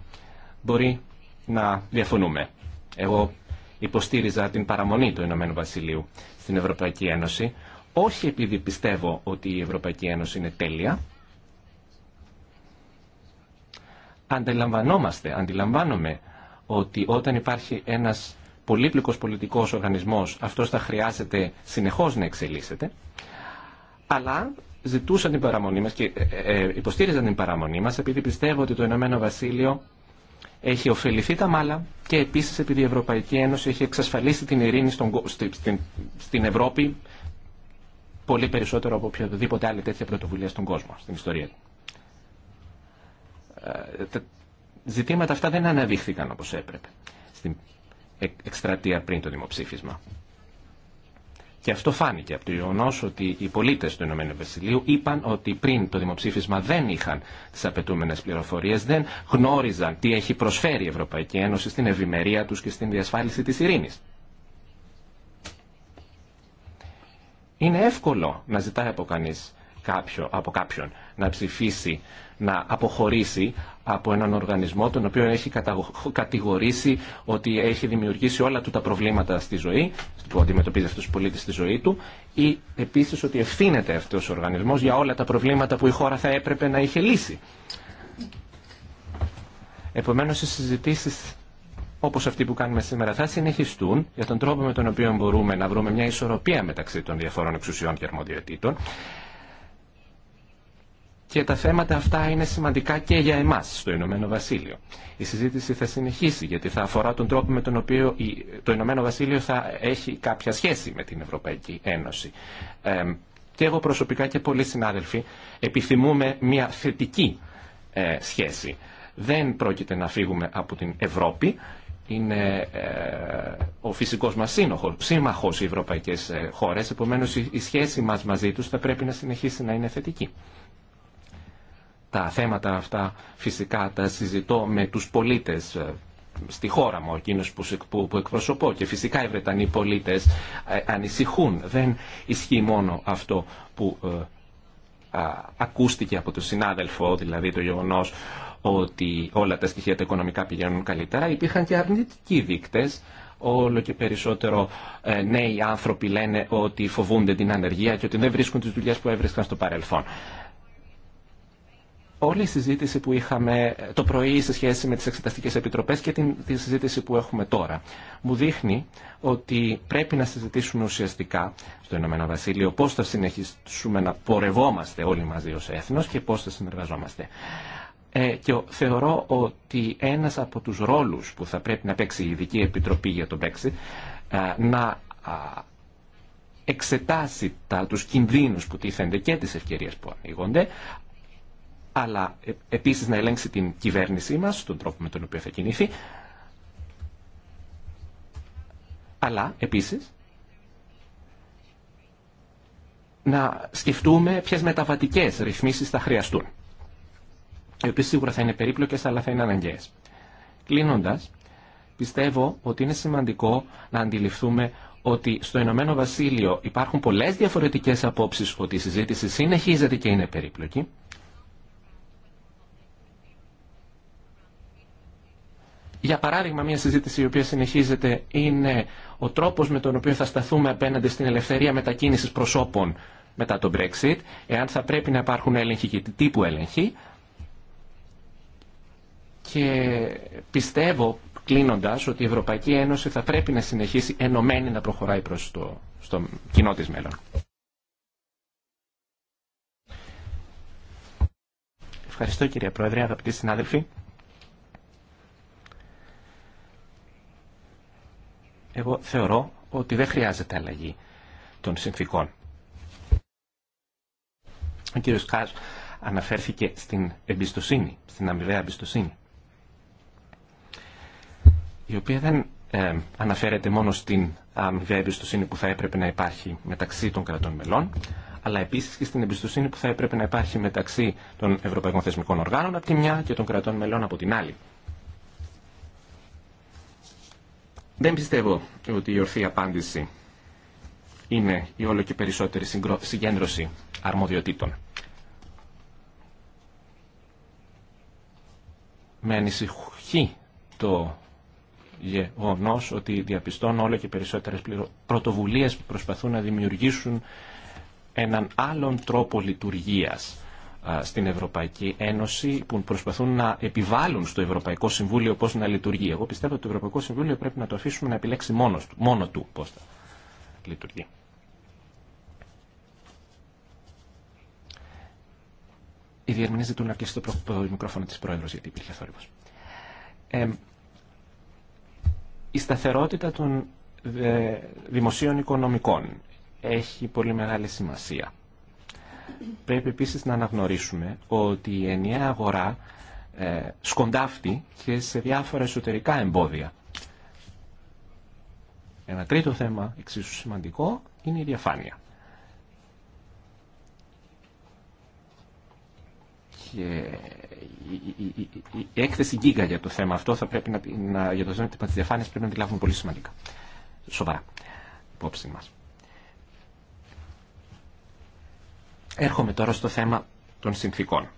μπορεί να διαφωνούμε. Εγώ υποστήριζα την παραμονή του Ηνωμένου Βασιλείου στην Ευρωπαϊκή Ένωση, όχι επειδή πιστεύω ότι η Ευρωπαϊκή Ένωση είναι τέλεια. Αντιλαμβανόμαστε, αντιλαμβάνομαι ότι όταν υπάρχει ένας πολύπλοκος πολιτικός οργανισμός, αυτός θα χρειάζεται συνεχώς να εξελίσσεται, αλλά ζητούσαν την παραμονή μας και ε, ε, ε, υποστήριζαν την παραμονή μας επειδή πιστεύω ότι το Ηνωμένο Βασίλειο έχει ωφεληθεί τα μάλα και επίσης επειδή η Ευρωπαϊκή Ένωση έχει εξασφαλίσει την ειρήνη στον, στην, στην Ευρώπη πολύ περισσότερο από οποιαδήποτε άλλη τέτοια πρωτοβουλία στον κόσμο, στην ιστορία. Τα ζητήματα αυτά δεν αναδείχθηκαν όπως έπρεπε στην εκστρατεία πριν το δημοψήφισμα. Και αυτό φάνηκε από το γεγονό ότι οι πολίτε του Ηνωμένου Βασιλείου είπαν ότι πριν το δημοψήφισμα δεν είχαν τι απαιτούμενε πληροφορίε, δεν γνώριζαν τι έχει προσφέρει η Ευρωπαϊκή Ένωση στην ευημερία του και στην διασφάλιση τη ειρήνη. Είναι εύκολο να ζητάει από, από κάποιον να ψηφίσει να αποχωρήσει από έναν οργανισμό τον οποίο έχει κατηγορήσει ότι έχει δημιουργήσει όλα του τα προβλήματα στη ζωή που αντιμετωπίζει αυτός ο πολίτης στη ζωή του ή επίσης ότι ευθύνεται αυτός ο οργανισμός για όλα τα προβλήματα που η χώρα θα έπρεπε να είχε λύσει. Επομένως οι συζητήσεις όπως αυτή που κάνουμε σήμερα θα συνεχιστούν για τον τρόπο με τον οποίο μπορούμε να βρούμε μια ισορροπία μεταξύ των διαφορών εξουσιών και αρμοδιοτήτων και τα θέματα αυτά είναι σημαντικά και για εμάς στο Ηνωμένο Βασίλειο. Η συζήτηση θα συνεχίσει γιατί θα αφορά τον τρόπο με τον οποίο το Ηνωμένο Βασίλειο θα έχει κάποια σχέση με την Ευρωπαϊκή Ένωση. Και εγώ προσωπικά και πολλοί συνάδελφοι επιθυμούμε μια θετική ε, σχέση. Δεν πρόκειται να φύγουμε από την Ευρώπη. Είναι ε, ο φυσικός μας σύνοχος, σύμμαχος οι ευρωπαϊκές ε, χώρες. Επομένως η σχέση μας μαζί τους θα πρέπει να συνεχίσει να είναι θετική τα θέματα αυτά φυσικά τα συζητώ με τους πολίτες ε, στη χώρα μου, εκείνους που, που εκπροσωπώ και φυσικά οι Βρετανοί πολίτες ε, ανησυχούν. Δεν ισχύει μόνο αυτό που ε, ακούστηκε από τον συνάδελφο, δηλαδή το γεγονός ότι όλα τα στοιχεία τα οικονομικά πηγαίνουν καλύτερα, υπήρχαν και αρνητικοί δείκτες. Όλο και περισσότερο νέοι άνθρωποι λένε ότι φοβούνται την ανεργία και ότι δεν βρίσκουν τις δουλειές που έβρισκαν στο παρελθόν όλη η συζήτηση που είχαμε το πρωί σε σχέση με τις εξεταστικές επιτροπές και την, τη συζήτηση που έχουμε τώρα μου δείχνει ότι πρέπει να συζητήσουμε ουσιαστικά στο Ηνωμένο Βασίλειο πώς θα συνεχίσουμε να πορευόμαστε όλοι μαζί ως έθνος και πώς θα συνεργαζόμαστε. Ε, και θεωρώ ότι ένας από τους ρόλους που θα πρέπει να παίξει η Ειδική Επιτροπή για τον Brexit ε, να εξετάσει τα, τους κινδύνους που τίθενται και τις ευκαιρίες που ανοίγονται, αλλά ε, επίσης να ελέγξει την κυβέρνησή μας, τον τρόπο με τον οποίο θα κινηθεί, αλλά επίσης να σκεφτούμε ποιες μεταβατικές ρυθμίσεις θα χρειαστούν, οι οποίες σίγουρα θα είναι περίπλοκες αλλά θα είναι αναγκαίες. Κλείνοντας, πιστεύω ότι είναι σημαντικό να αντιληφθούμε ότι στο Ηνωμένο Βασίλειο υπάρχουν πολλές διαφορετικές απόψεις ότι η συζήτηση συνεχίζεται και είναι περίπλοκη. Για παράδειγμα, μια συζήτηση η οποία συνεχίζεται είναι ο τρόπος με τον οποίο θα σταθούμε απέναντι στην ελευθερία μετακίνησης προσώπων μετά το Brexit, εάν θα πρέπει να υπάρχουν έλεγχοι και τύπου έλεγχοι. Και πιστεύω, κλείνοντας, ότι η Ευρωπαϊκή Ένωση θα πρέπει να συνεχίσει ενωμένη να προχωράει προς το στο κοινό της μέλλον. Ευχαριστώ κύριε Πρόεδρε, αγαπητοί συνάδελφοι. εγώ θεωρώ ότι δεν χρειάζεται αλλαγή των συνθήκων. Ο κύριος Κάζ αναφέρθηκε στην εμπιστοσύνη, στην αμοιβαία εμπιστοσύνη, η οποία δεν ε, αναφέρεται μόνο στην αμοιβαία εμπιστοσύνη που θα έπρεπε να υπάρχει μεταξύ των κρατών μελών, αλλά επίση και στην εμπιστοσύνη που θα έπρεπε να υπάρχει μεταξύ των ευρωπαϊκών θεσμικών οργάνων από τη μια και των κρατών μελών από την άλλη. Δεν πιστεύω ότι η ορθή απάντηση είναι η όλο και περισσότερη συγκέντρωση αρμοδιοτήτων. Με ανησυχεί το γεγονό ότι διαπιστώνω όλο και περισσότερες πρωτοβουλίες που προσπαθούν να δημιουργήσουν έναν άλλον τρόπο λειτουργίας στην Ευρωπαϊκή Ένωση που προσπαθούν να επιβάλλουν στο Ευρωπαϊκό Συμβούλιο πώς να λειτουργεί. Εγώ πιστεύω ότι το Ευρωπαϊκό Συμβούλιο πρέπει να το αφήσουμε να επιλέξει μόνος του, μόνο του πώς θα λειτουργεί. Οι διερμηνεία ζητούν να κλείσει το μικρόφωνο της Πρόεδρος γιατί υπήρχε θόρυβος. Ε, η σταθερότητα των ε, δημοσίων οικονομικών έχει πολύ μεγάλη σημασία Πρέπει επίσης να αναγνωρίσουμε ότι η ενιαία αγορά ε, σκοντάφτει και σε διάφορα εσωτερικά εμπόδια. Ένα τρίτο θέμα εξίσου σημαντικό είναι η διαφάνεια. Και η έκθεση γίγκα για το θέμα αυτό θα πρέπει να, για το θέμα της διαφάνειας πρέπει να τη λάβουμε πολύ σημαντικά. Σοβαρά. Υπόψη μας. Έρχομαι τώρα στο θέμα των συνθήκων.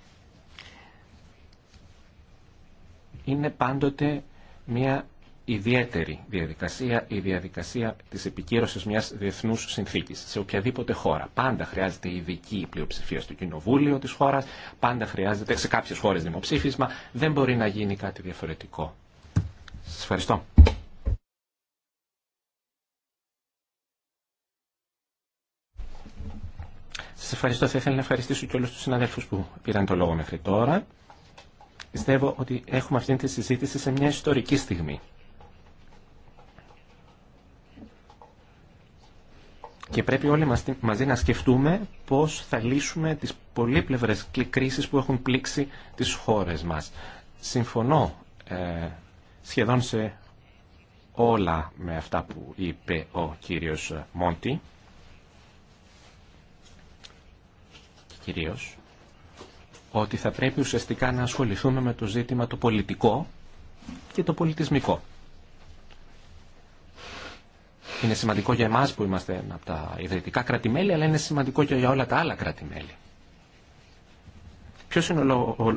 Είναι πάντοτε μια ιδιαίτερη διαδικασία, η διαδικασία της επικύρωσης μιας διεθνούς συνθήκης σε οποιαδήποτε χώρα. Πάντα χρειάζεται ειδική πλειοψηφία στο κοινοβούλιο της χώρας, πάντα χρειάζεται σε κάποιες χώρες δημοψήφισμα, δεν μπορεί να γίνει κάτι διαφορετικό. Σας ευχαριστώ. Σας ευχαριστώ. Θα ήθελα να ευχαριστήσω και όλους τους συναδέλφους που πήραν το λόγο μέχρι τώρα. Πιστεύω ότι έχουμε αυτή τη συζήτηση σε μια ιστορική στιγμή. Και πρέπει όλοι μαζί να σκεφτούμε πώς θα λύσουμε τις πολύπλευρες κρίσεις που έχουν πλήξει τις χώρες μας. Συμφωνώ ε, σχεδόν σε όλα με αυτά που είπε ο κύριος Μόντι. κυρίως ότι θα πρέπει ουσιαστικά να ασχοληθούμε με το ζήτημα το πολιτικό και το πολιτισμικό. Είναι σημαντικό για εμάς που είμαστε από τα ιδρυτικά κρατημέλη, αλλά είναι σημαντικό και για όλα τα άλλα κρατημέλη. Ποιος είναι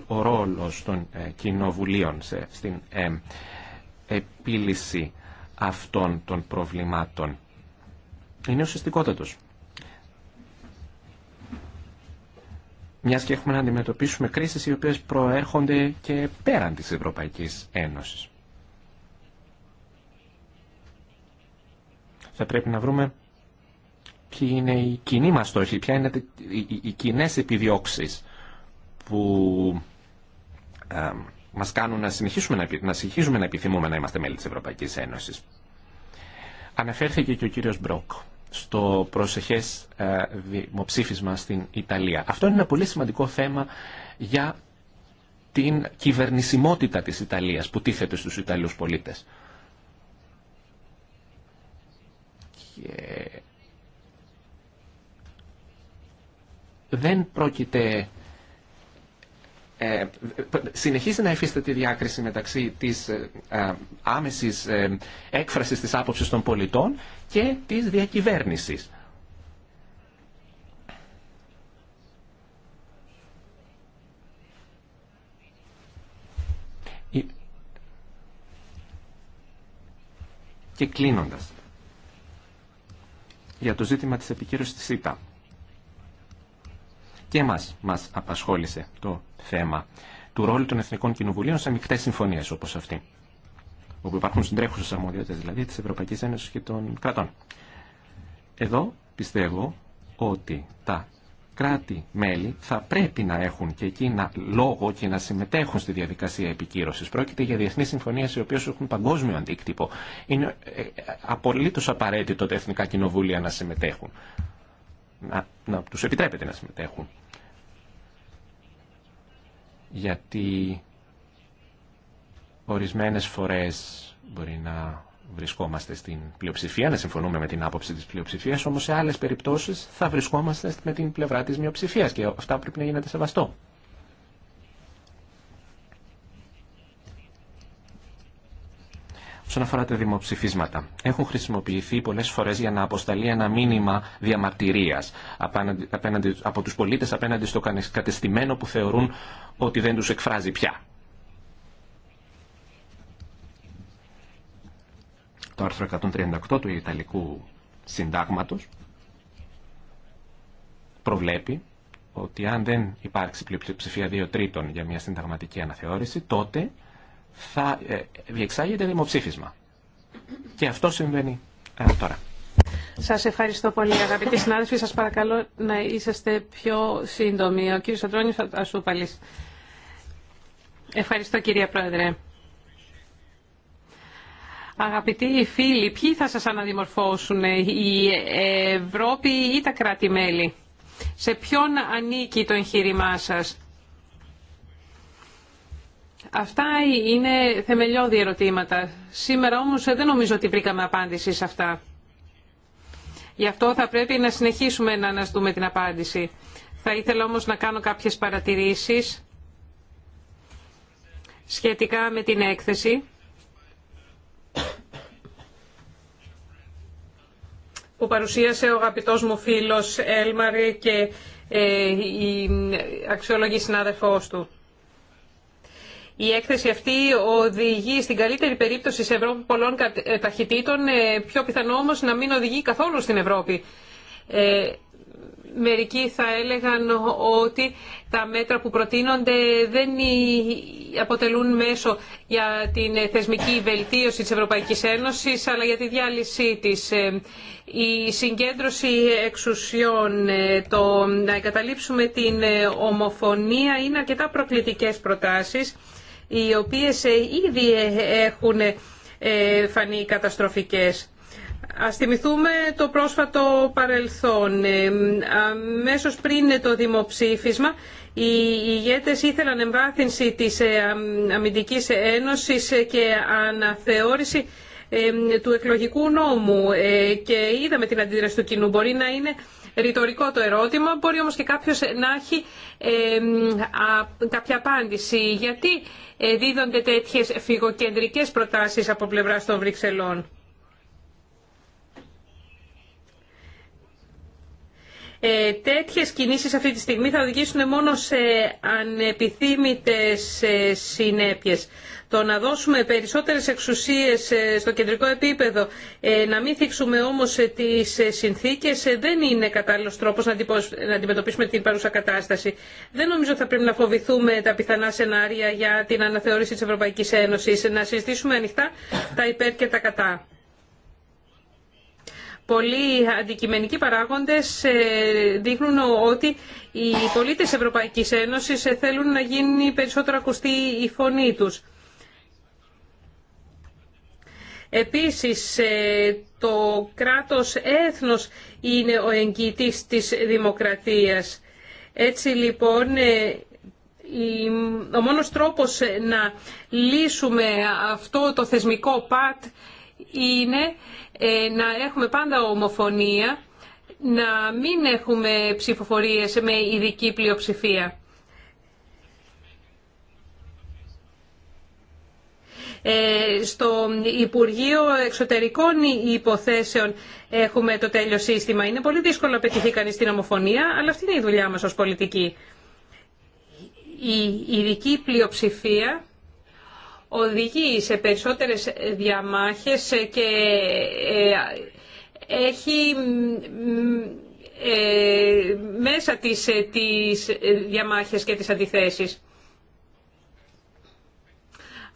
ο ρόλος των ε, κοινοβουλίων στην ε, επίλυση αυτών των προβλημάτων. Είναι ουσιαστικότατος. μιας και έχουμε να αντιμετωπίσουμε κρίσεις οι οποίες προέρχονται και πέραν της Ευρωπαϊκής Ένωσης. Θα πρέπει να βρούμε ποιοι είναι οι κοινοί μας στόχοι, ποια είναι οι κοινέ επιδιώξεις που μας κάνουν να συνεχίσουμε να, συνεχίζουμε να επιθυμούμε να είμαστε μέλη της Ευρωπαϊκής Ένωσης. Αναφέρθηκε και ο κύριος Μπρόκ στο προσεχές ε, δημοψήφισμα στην Ιταλία. Αυτό είναι ένα πολύ σημαντικό θέμα για την κυβερνησιμότητα της Ιταλίας που τίθεται στους Ιταλούς πολίτες. δεν πρόκειται ε, συνεχίζει να υφίσταται τη διάκριση μεταξύ της ε, ε, άμεσης έκφρασης της άποψης των πολιτών και της διακυβέρνησης. Και κλείνοντας, για το ζήτημα της επικύρωσης της ΣΥΤΑ και μας, μας απασχόλησε το θέμα του ρόλου των Εθνικών Κοινοβουλίων σε μεικτές συμφωνίες όπως αυτή όπου υπάρχουν συντρέχουσες αρμοδιότητες δηλαδή της Ευρωπαϊκής Ένωσης και των κρατών. Εδώ πιστεύω ότι τα κράτη-μέλη θα πρέπει να έχουν και εκείνα λόγο και να συμμετέχουν στη διαδικασία επικύρωσης. Πρόκειται για διεθνείς συμφωνίες οι οποίες έχουν παγκόσμιο αντίκτυπο. Είναι ε, ε, απολύτως απαραίτητο τα εθνικά κοινοβούλια να συμμετέχουν να, να τους επιτρέπεται να συμμετέχουν. Γιατί ορισμένες φορές μπορεί να βρισκόμαστε στην πλειοψηφία, να συμφωνούμε με την άποψη της πλειοψηφίας, όμως σε άλλες περιπτώσεις θα βρισκόμαστε με την πλευρά της μειοψηφίας και αυτά πρέπει να γίνεται σεβαστό. Όσον αφορά τα δημοψηφίσματα, έχουν χρησιμοποιηθεί πολλέ φορέ για να αποσταλεί ένα μήνυμα διαμαρτυρία από του πολίτε απέναντι στο κατεστημένο που θεωρούν ότι δεν του εκφράζει πια. Το άρθρο 138 του Ιταλικού Συντάγματος προβλέπει ότι αν δεν υπάρξει πλειοψηφία δύο τρίτων για μια συνταγματική αναθεώρηση, τότε θα ε, διεξάγεται δημοψήφισμα. Και αυτό συμβαίνει ε, τώρα. Σας ευχαριστώ πολύ αγαπητοί συνάδελφοι. Σας παρακαλώ να είσαστε πιο σύντομοι. Ο κύριο Αντρώνη Ασούπαλης. Ευχαριστώ κυρία Πρόεδρε. Αγαπητοί φίλοι, ποιοι θα σας αναδημορφώσουν, η Ευρώπη ή τα κράτη-μέλη. Σε ποιον ανήκει το εγχείρημά σας. Αυτά είναι θεμελιώδη ερωτήματα. Σήμερα όμως δεν νομίζω ότι βρήκαμε απάντηση σε αυτά. Γι' αυτό θα πρέπει να συνεχίσουμε να αναστούμε την απάντηση. Θα ήθελα όμως να κάνω κάποιες παρατηρήσεις σχετικά με την έκθεση που παρουσίασε ο αγαπητός μου φίλος Έλμαρ και ε, η αξιολογή συνάδελφός του. Η έκθεση αυτή οδηγεί στην καλύτερη περίπτωση σε Ευρώπη πολλών ε, ταχυτήτων, ε, πιο πιθανό όμω να μην οδηγεί καθόλου στην Ευρώπη. Ε, μερικοί θα έλεγαν ότι τα μέτρα που προτείνονται δεν αποτελούν μέσο για την θεσμική βελτίωση της Ευρωπαϊκής Ένωσης, αλλά για τη διάλυσή της. Η συγκέντρωση εξουσιών, το να εγκαταλείψουμε την ομοφωνία είναι αρκετά προκλητικές προτάσεις οι οποίες ε, ήδη ε, έχουν ε, φανεί καταστροφικές. Ας θυμηθούμε το πρόσφατο παρελθόν. Μέσως πριν το δημοψήφισμα, οι ηγέτες ήθελαν εμβάθυνση της Αμυντικής Ένωσης και αναθεώρηση του εκλογικού νόμου και είδαμε την αντίδραση του κοινού. Μπορεί να είναι ρητορικό το ερώτημα, μπορεί όμως και κάποιος να έχει κάποια απάντηση. Γιατί ε, δίδονται τέτοιες φυγοκεντρικές προτάσεις από πλευράς των Βρυξελών. Ε, τέτοιες κινήσεις αυτή τη στιγμή θα οδηγήσουν μόνο σε ανεπιθύμητες ε, συνέπειες. Το να δώσουμε περισσότερες εξουσίες ε, στο κεντρικό επίπεδο, ε, να μην θίξουμε όμως ε, τις συνθήκες, δεν είναι κατάλληλος τρόπος να αντιμετωπίσουμε την παρούσα κατάσταση. Δεν νομίζω θα πρέπει να φοβηθούμε τα πιθανά σενάρια για την αναθεώρηση της Ευρωπαϊκής Ένωσης, να συζητήσουμε ανοιχτά τα υπέρ και τα κατά. Πολλοί αντικειμενικοί παράγοντες δείχνουν ότι οι πολίτες Ευρωπαϊκής Ένωσης θέλουν να γίνει περισσότερο ακουστή η φωνή τους. Επίσης, ε, το κράτος έθνος είναι ο εγγυητής της δημοκρατίας. Έτσι λοιπόν, ε, ο μόνος τρόπος να λύσουμε αυτό το θεσμικό πατ είναι ε, να έχουμε πάντα ομοφωνία, να μην έχουμε ψηφοφορίες με ειδική πλειοψηφία. Ε, στο Υπουργείο Εξωτερικών Υποθέσεων έχουμε το τέλειο σύστημα. Είναι πολύ δύσκολο να πετυχεί κανεί την ομοφωνία, αλλά αυτή είναι η δουλειά μα ως πολιτική. Η ειδική πλειοψηφία οδηγεί σε περισσότερες διαμάχες και ε, έχει ε, μέσα τις, τις διαμάχες και τις αντιθέσεις.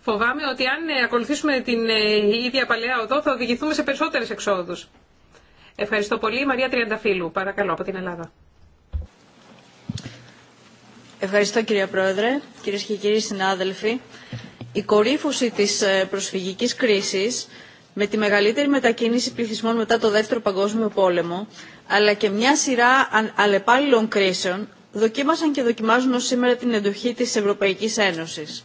Φοβάμαι ότι αν ε, ακολουθήσουμε την ε, ίδια παλαιά οδό θα οδηγηθούμε σε περισσότερες εξόδους. Ευχαριστώ πολύ. Μαρία Τριανταφύλου, παρακαλώ, από την Ελλάδα. Ευχαριστώ κυρία Πρόεδρε, κυρίε και κύριοι συνάδελφοι. Η κορύφωση της ε, προσφυγικής κρίσης με τη μεγαλύτερη μετακίνηση πληθυσμών μετά το Δεύτερο Παγκόσμιο Πόλεμο, αλλά και μια σειρά αλλεπάλληλων κρίσεων, δοκίμασαν και δοκιμάζουν ως σήμερα την εντοχή της Ευρωπαϊκής Ένωσης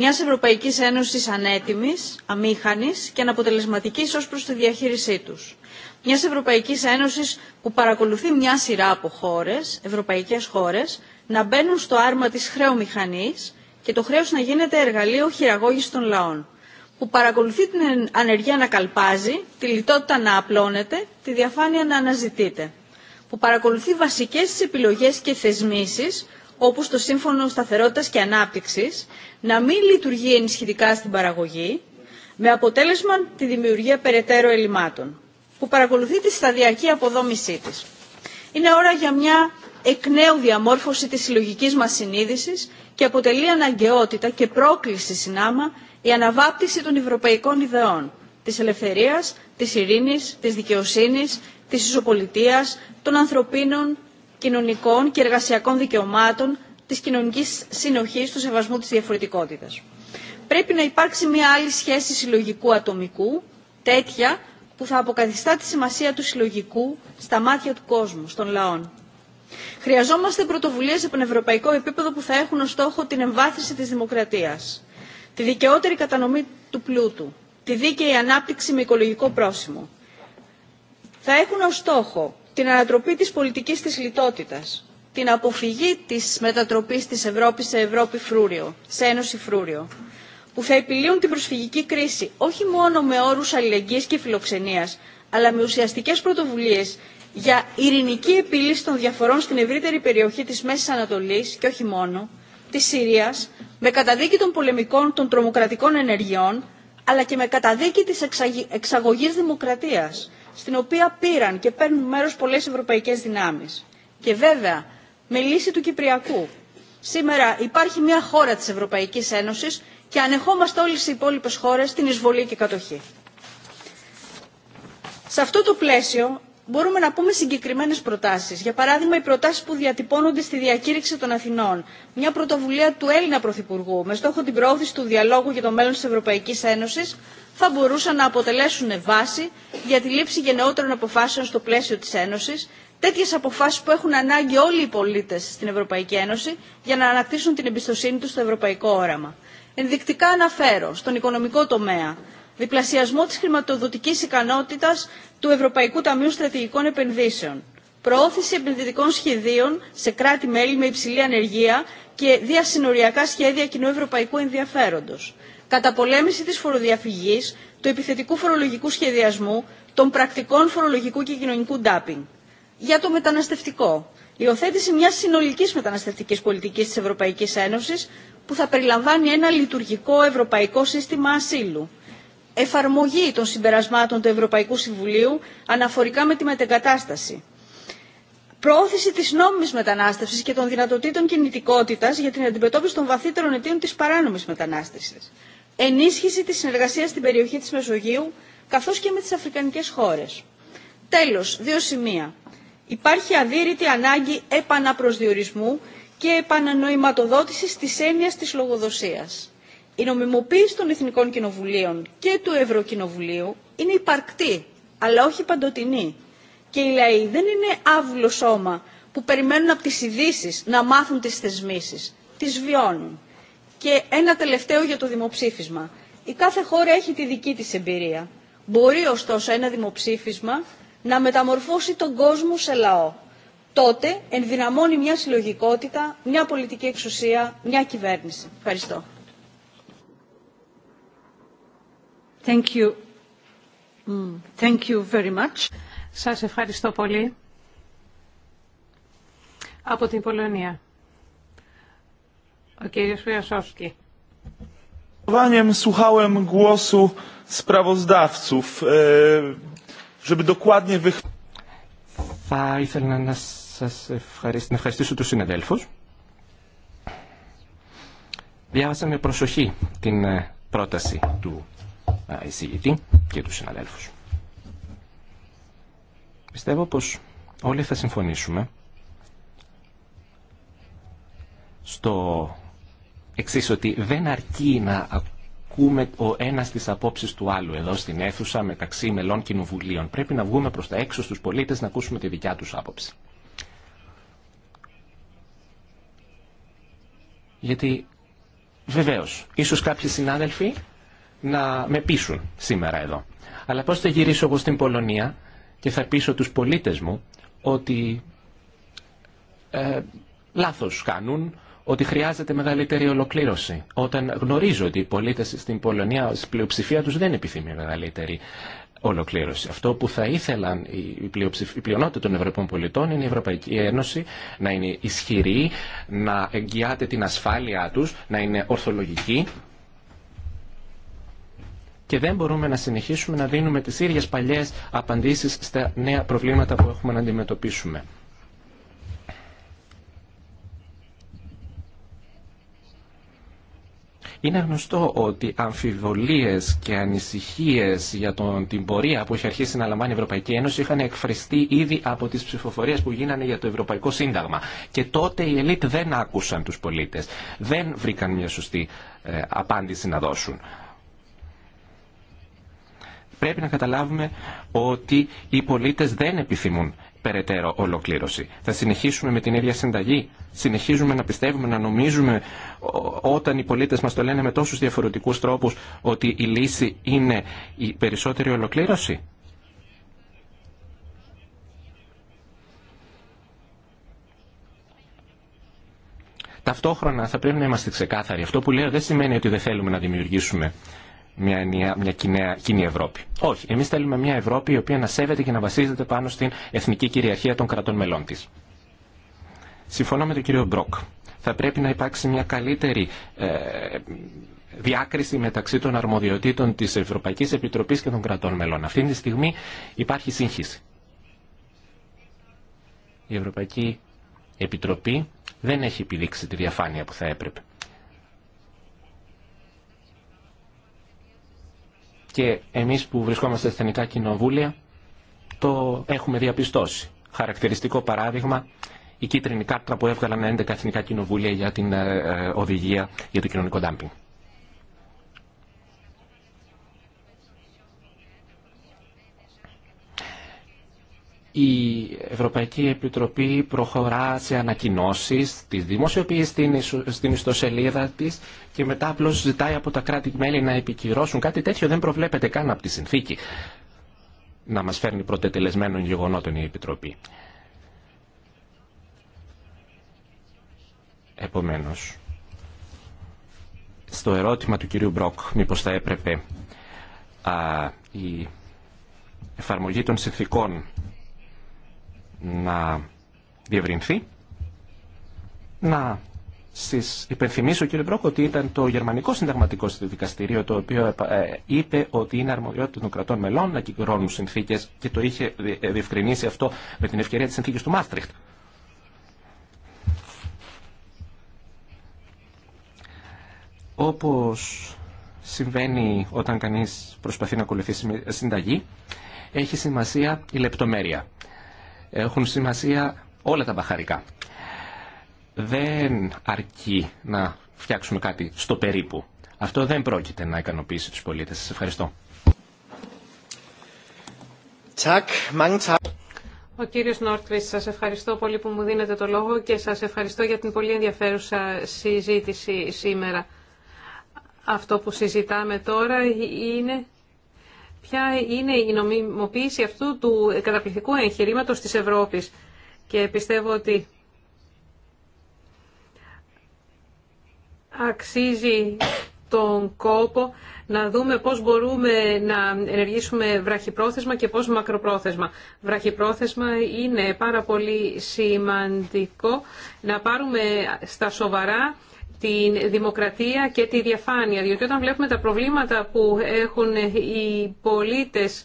μιας Ευρωπαϊκής Ένωσης ανέτοιμη, αμήχανη και αναποτελεσματικής ως προς τη διαχείρισή τους. Μιας Ευρωπαϊκής Ένωσης που παρακολουθεί μια σειρά από χώρες, ευρωπαϊκές χώρες, να μπαίνουν στο άρμα της χρεομηχανής και το χρέος να γίνεται εργαλείο χειραγώγηση των λαών που παρακολουθεί την ανεργία να καλπάζει, τη λιτότητα να απλώνεται, τη διαφάνεια να αναζητείται, που παρακολουθεί βασικέ τις επιλογές και θεσμίσει όπως το Σύμφωνο Σταθερότητας και Ανάπτυξης, να μην λειτουργεί ενισχυτικά στην παραγωγή, με αποτέλεσμα τη δημιουργία περαιτέρω ελλημάτων, που παρακολουθεί τη σταδιακή αποδόμησή της. Είναι ώρα για μια εκ νέου διαμόρφωση της συλλογική μας συνείδησης και αποτελεί αναγκαιότητα και πρόκληση συνάμα η αναβάπτιση των ευρωπαϊκών ιδεών, της ελευθερίας, της ειρήνης, της δικαιοσύνης, της ισοπολιτείας, των ανθρωπίνων, κοινωνικών και εργασιακών δικαιωμάτων, τη κοινωνική συνοχή του σεβασμού της διαφορετικότητα. Πρέπει να υπάρξει μια άλλη σχέση συλλογικού ατομικού, τέτοια που θα αποκαθιστά τη σημασία του συλλογικού στα μάτια του κόσμου, των λαών. Χρειαζόμαστε πρωτοβουλίες σε ευρωπαϊκό επίπεδο που θα έχουν ως στόχο την εμβάθυνση τη δημοκρατία, τη δικαιότερη κατανομή του πλούτου, τη δίκαιη ανάπτυξη με οικολογικό πρόσημο. Θα έχουν ως στόχο την ανατροπή της πολιτικής της λιτότητας, την αποφυγή της μετατροπής της Ευρώπης σε Ευρώπη φρούριο, σε Ένωση φρούριο, που θα επιλύουν την προσφυγική κρίση όχι μόνο με όρους αλληλεγγύης και φιλοξενίας, αλλά με ουσιαστικές πρωτοβουλίες για ειρηνική επίλυση των διαφορών στην ευρύτερη περιοχή της Μέσης Ανατολής και όχι μόνο, της Συρίας, με καταδίκη των πολεμικών των τρομοκρατικών ενεργειών, αλλά και με καταδίκη της εξαγωγής δημοκρατίας στην οποία πήραν και παίρνουν μέρος πολλές ευρωπαϊκές δυνάμεις. Και βέβαια, με λύση του Κυπριακού. Σήμερα υπάρχει μια χώρα της Ευρωπαϊκής Ένωσης και ανεχόμαστε όλες οι υπόλοιπες χώρες την εισβολή και κατοχή. Σε αυτό το πλαίσιο μπορούμε να πούμε συγκεκριμένε προτάσει. Για παράδειγμα, οι προτάσει που διατυπώνονται στη διακήρυξη των Αθηνών. Μια πρωτοβουλία του Έλληνα Πρωθυπουργού με στόχο την προώθηση του διαλόγου για το μέλλον τη Ευρωπαϊκή Ένωση θα μπορούσαν να αποτελέσουν βάση για τη λήψη γενναιότερων αποφάσεων στο πλαίσιο τη Ένωση, τέτοιε αποφάσει που έχουν ανάγκη όλοι οι πολίτε στην Ευρωπαϊκή Ένωση για να ανακτήσουν την εμπιστοσύνη του στο ευρωπαϊκό όραμα. Ενδεικτικά αναφέρω στον οικονομικό τομέα διπλασιασμό της χρηματοδοτικής ικανότητας του Ευρωπαϊκού Ταμείου Στρατηγικών Επενδύσεων, προώθηση επενδυτικών σχεδίων σε κράτη-μέλη με υψηλή ανεργία και διασυνοριακά σχέδια κοινού ευρωπαϊκού ενδιαφέροντος, καταπολέμηση της φοροδιαφυγής, του επιθετικού φορολογικού σχεδιασμού, των πρακτικών φορολογικού και κοινωνικού ντάπινγκ. Για το μεταναστευτικό, υιοθέτηση μιας συνολικής μεταναστευτικής πολιτικής της Ευρωπαϊκής Ένωσης που θα περιλαμβάνει ένα λειτουργικό ευρωπαϊκό σύστημα ασύλου εφαρμογή των συμπερασμάτων του Ευρωπαϊκού Συμβουλίου αναφορικά με τη μετεγκατάσταση. Προώθηση της νόμιμης μετανάστευσης και των δυνατοτήτων κινητικότητας για την αντιμετώπιση των βαθύτερων αιτίων της παράνομης μετανάστευσης. Ενίσχυση της συνεργασίας στην περιοχή της Μεσογείου, καθώς και με τις αφρικανικές χώρες. Τέλος, δύο σημεία. Υπάρχει αδύρυτη ανάγκη επαναπροσδιορισμού και επανανοηματοδότησης τη έννοια της λογοδοσία η νομιμοποίηση των Εθνικών Κοινοβουλίων και του Ευρωκοινοβουλίου είναι υπαρκτή, αλλά όχι παντοτινή. Και οι λαοί δεν είναι άβουλο σώμα που περιμένουν από τις ειδήσει να μάθουν τις θεσμίσεις. Τις βιώνουν. Και ένα τελευταίο για το δημοψήφισμα. Η κάθε χώρα έχει τη δική της εμπειρία. Μπορεί ωστόσο ένα δημοψήφισμα να μεταμορφώσει τον κόσμο σε λαό. Τότε ενδυναμώνει μια συλλογικότητα, μια πολιτική εξουσία, μια κυβέρνηση. Ευχαριστώ. Mm, σας ευχαριστώ πολύ. Από την Πολωνία. Ο κύριος Βιασόσκη. Słuchałem głosu sprawozdawców, e, żeby dokładnie wych... Θα ήθελα να σας ευχαριστήσω, να ευχαριστήσω τους συναδέλφους. Διάβασα με προσοχή την ε, πρόταση του ε, εισηγητή και τους συναδέλφους. Πιστεύω πως όλοι θα συμφωνήσουμε στο εξής ότι δεν αρκεί να ακούμε ο ένας τις απόψεις του άλλου εδώ στην αίθουσα μεταξύ μελών κοινοβουλίων. Πρέπει να βγούμε προς τα έξω στους πολίτες να ακούσουμε τη δικιά τους άποψη. Γιατί βεβαίως ίσως κάποιοι συνάδελφοι να με πείσουν σήμερα εδώ. Αλλά πώς θα γυρίσω εγώ στην Πολωνία και θα πείσω τους πολίτες μου ότι ε, λάθος κάνουν, ότι χρειάζεται μεγαλύτερη ολοκλήρωση. Όταν γνωρίζω ότι οι πολίτες στην Πολωνία, η πλειοψηφία τους δεν επιθυμεί μεγαλύτερη ολοκλήρωση. Αυτό που θα ήθελαν η, πλειονότητα των Ευρωπαϊκών πολιτών είναι η Ευρωπαϊκή Ένωση να είναι ισχυρή, να εγγυάται την ασφάλειά τους, να είναι ορθολογική και δεν μπορούμε να συνεχίσουμε να δίνουμε τις ίδιες παλιές απαντήσεις στα νέα προβλήματα που έχουμε να αντιμετωπίσουμε. Είναι γνωστό ότι αμφιβολίες και ανησυχίες για τον, την πορεία που έχει αρχίσει να λαμβάνει η Ευρωπαϊκή Ένωση είχαν εκφραστεί ήδη από τις ψηφοφορίες που γίνανε για το Ευρωπαϊκό Σύνταγμα. Και τότε οι ελίτ δεν άκουσαν τους πολίτες. Δεν βρήκαν μια σωστή ε, απάντηση να δώσουν. Πρέπει να καταλάβουμε ότι οι πολίτες δεν επιθυμούν περαιτέρω ολοκλήρωση. Θα συνεχίσουμε με την ίδια συνταγή. Συνεχίζουμε να πιστεύουμε, να νομίζουμε όταν οι πολίτες μας το λένε με τόσους διαφορετικούς τρόπους ότι η λύση είναι η περισσότερη ολοκλήρωση. Ταυτόχρονα θα πρέπει να είμαστε ξεκάθαροι. Αυτό που λέω δεν σημαίνει ότι δεν θέλουμε να δημιουργήσουμε μια, μια κοινή, Ευρώπη. Όχι, εμεί θέλουμε μια Ευρώπη η οποία να σέβεται και να βασίζεται πάνω στην εθνική κυριαρχία των κρατών μελών τη. Συμφωνώ με τον κύριο Μπροκ. Θα πρέπει να υπάρξει μια καλύτερη ε, διάκριση μεταξύ των αρμοδιοτήτων της Ευρωπαϊκής Επιτροπής και των κρατών μελών. Αυτή τη στιγμή υπάρχει σύγχυση. Η Ευρωπαϊκή Επιτροπή δεν έχει επιδείξει τη διαφάνεια που θα έπρεπε. και εμείς που βρισκόμαστε στα εθνικά κοινοβούλια το έχουμε διαπιστώσει. Χαρακτηριστικό παράδειγμα, η κίτρινη κάρτα που έβγαλαν 11 εθνικά κοινοβούλια για την ε, ε, οδηγία για το κοινωνικό ντάμπινγκ. η Ευρωπαϊκή Επιτροπή προχωρά σε ανακοινώσεις, τις δημοσιοποιεί στην ιστοσελίδα της και μετά απλώ ζητάει από τα κράτη-μέλη να επικυρώσουν. Κάτι τέτοιο δεν προβλέπεται καν από τη συνθήκη να μας φέρνει πρωτετελεσμένων γεγονότων η Επιτροπή. Επομένως, στο ερώτημα του κυρίου Μπροκ, μήπως θα έπρεπε α, η εφαρμογή των συνθήκων να διευρυνθεί. Να σας υπενθυμίσω κύριε Μπρόκο ότι ήταν το γερμανικό συνταγματικό δικαστηρίο το οποίο ε, είπε ότι είναι αρμοδιότητα των κρατών μελών να κυκλώνουν συνθήκες και το είχε ε, διευκρινίσει αυτό με την ευκαιρία της συνθήκης του Μάστριχτ. Όπως συμβαίνει όταν κανείς προσπαθεί να ακολουθήσει συνταγή, έχει σημασία η λεπτομέρεια. Έχουν σημασία όλα τα μπαχαρικά. Δεν αρκεί να φτιάξουμε κάτι στο περίπου. Αυτό δεν πρόκειται να ικανοποιήσει τους πολίτες. Σας ευχαριστώ. Ο κύριος Νόρτβις, σας ευχαριστώ πολύ που μου δίνετε το λόγο και σας ευχαριστώ για την πολύ ενδιαφέρουσα συζήτηση σήμερα. Αυτό που συζητάμε τώρα είναι ποια είναι η νομιμοποίηση αυτού του καταπληκτικού εγχειρήματος της Ευρώπη Και πιστεύω ότι αξίζει τον κόπο να δούμε πώς μπορούμε να ενεργήσουμε βραχυπρόθεσμα και πώς μακροπρόθεσμα. Βραχυπρόθεσμα είναι πάρα πολύ σημαντικό να πάρουμε στα σοβαρά την δημοκρατία και τη διαφάνεια. Διότι όταν βλέπουμε τα προβλήματα που έχουν οι πολίτες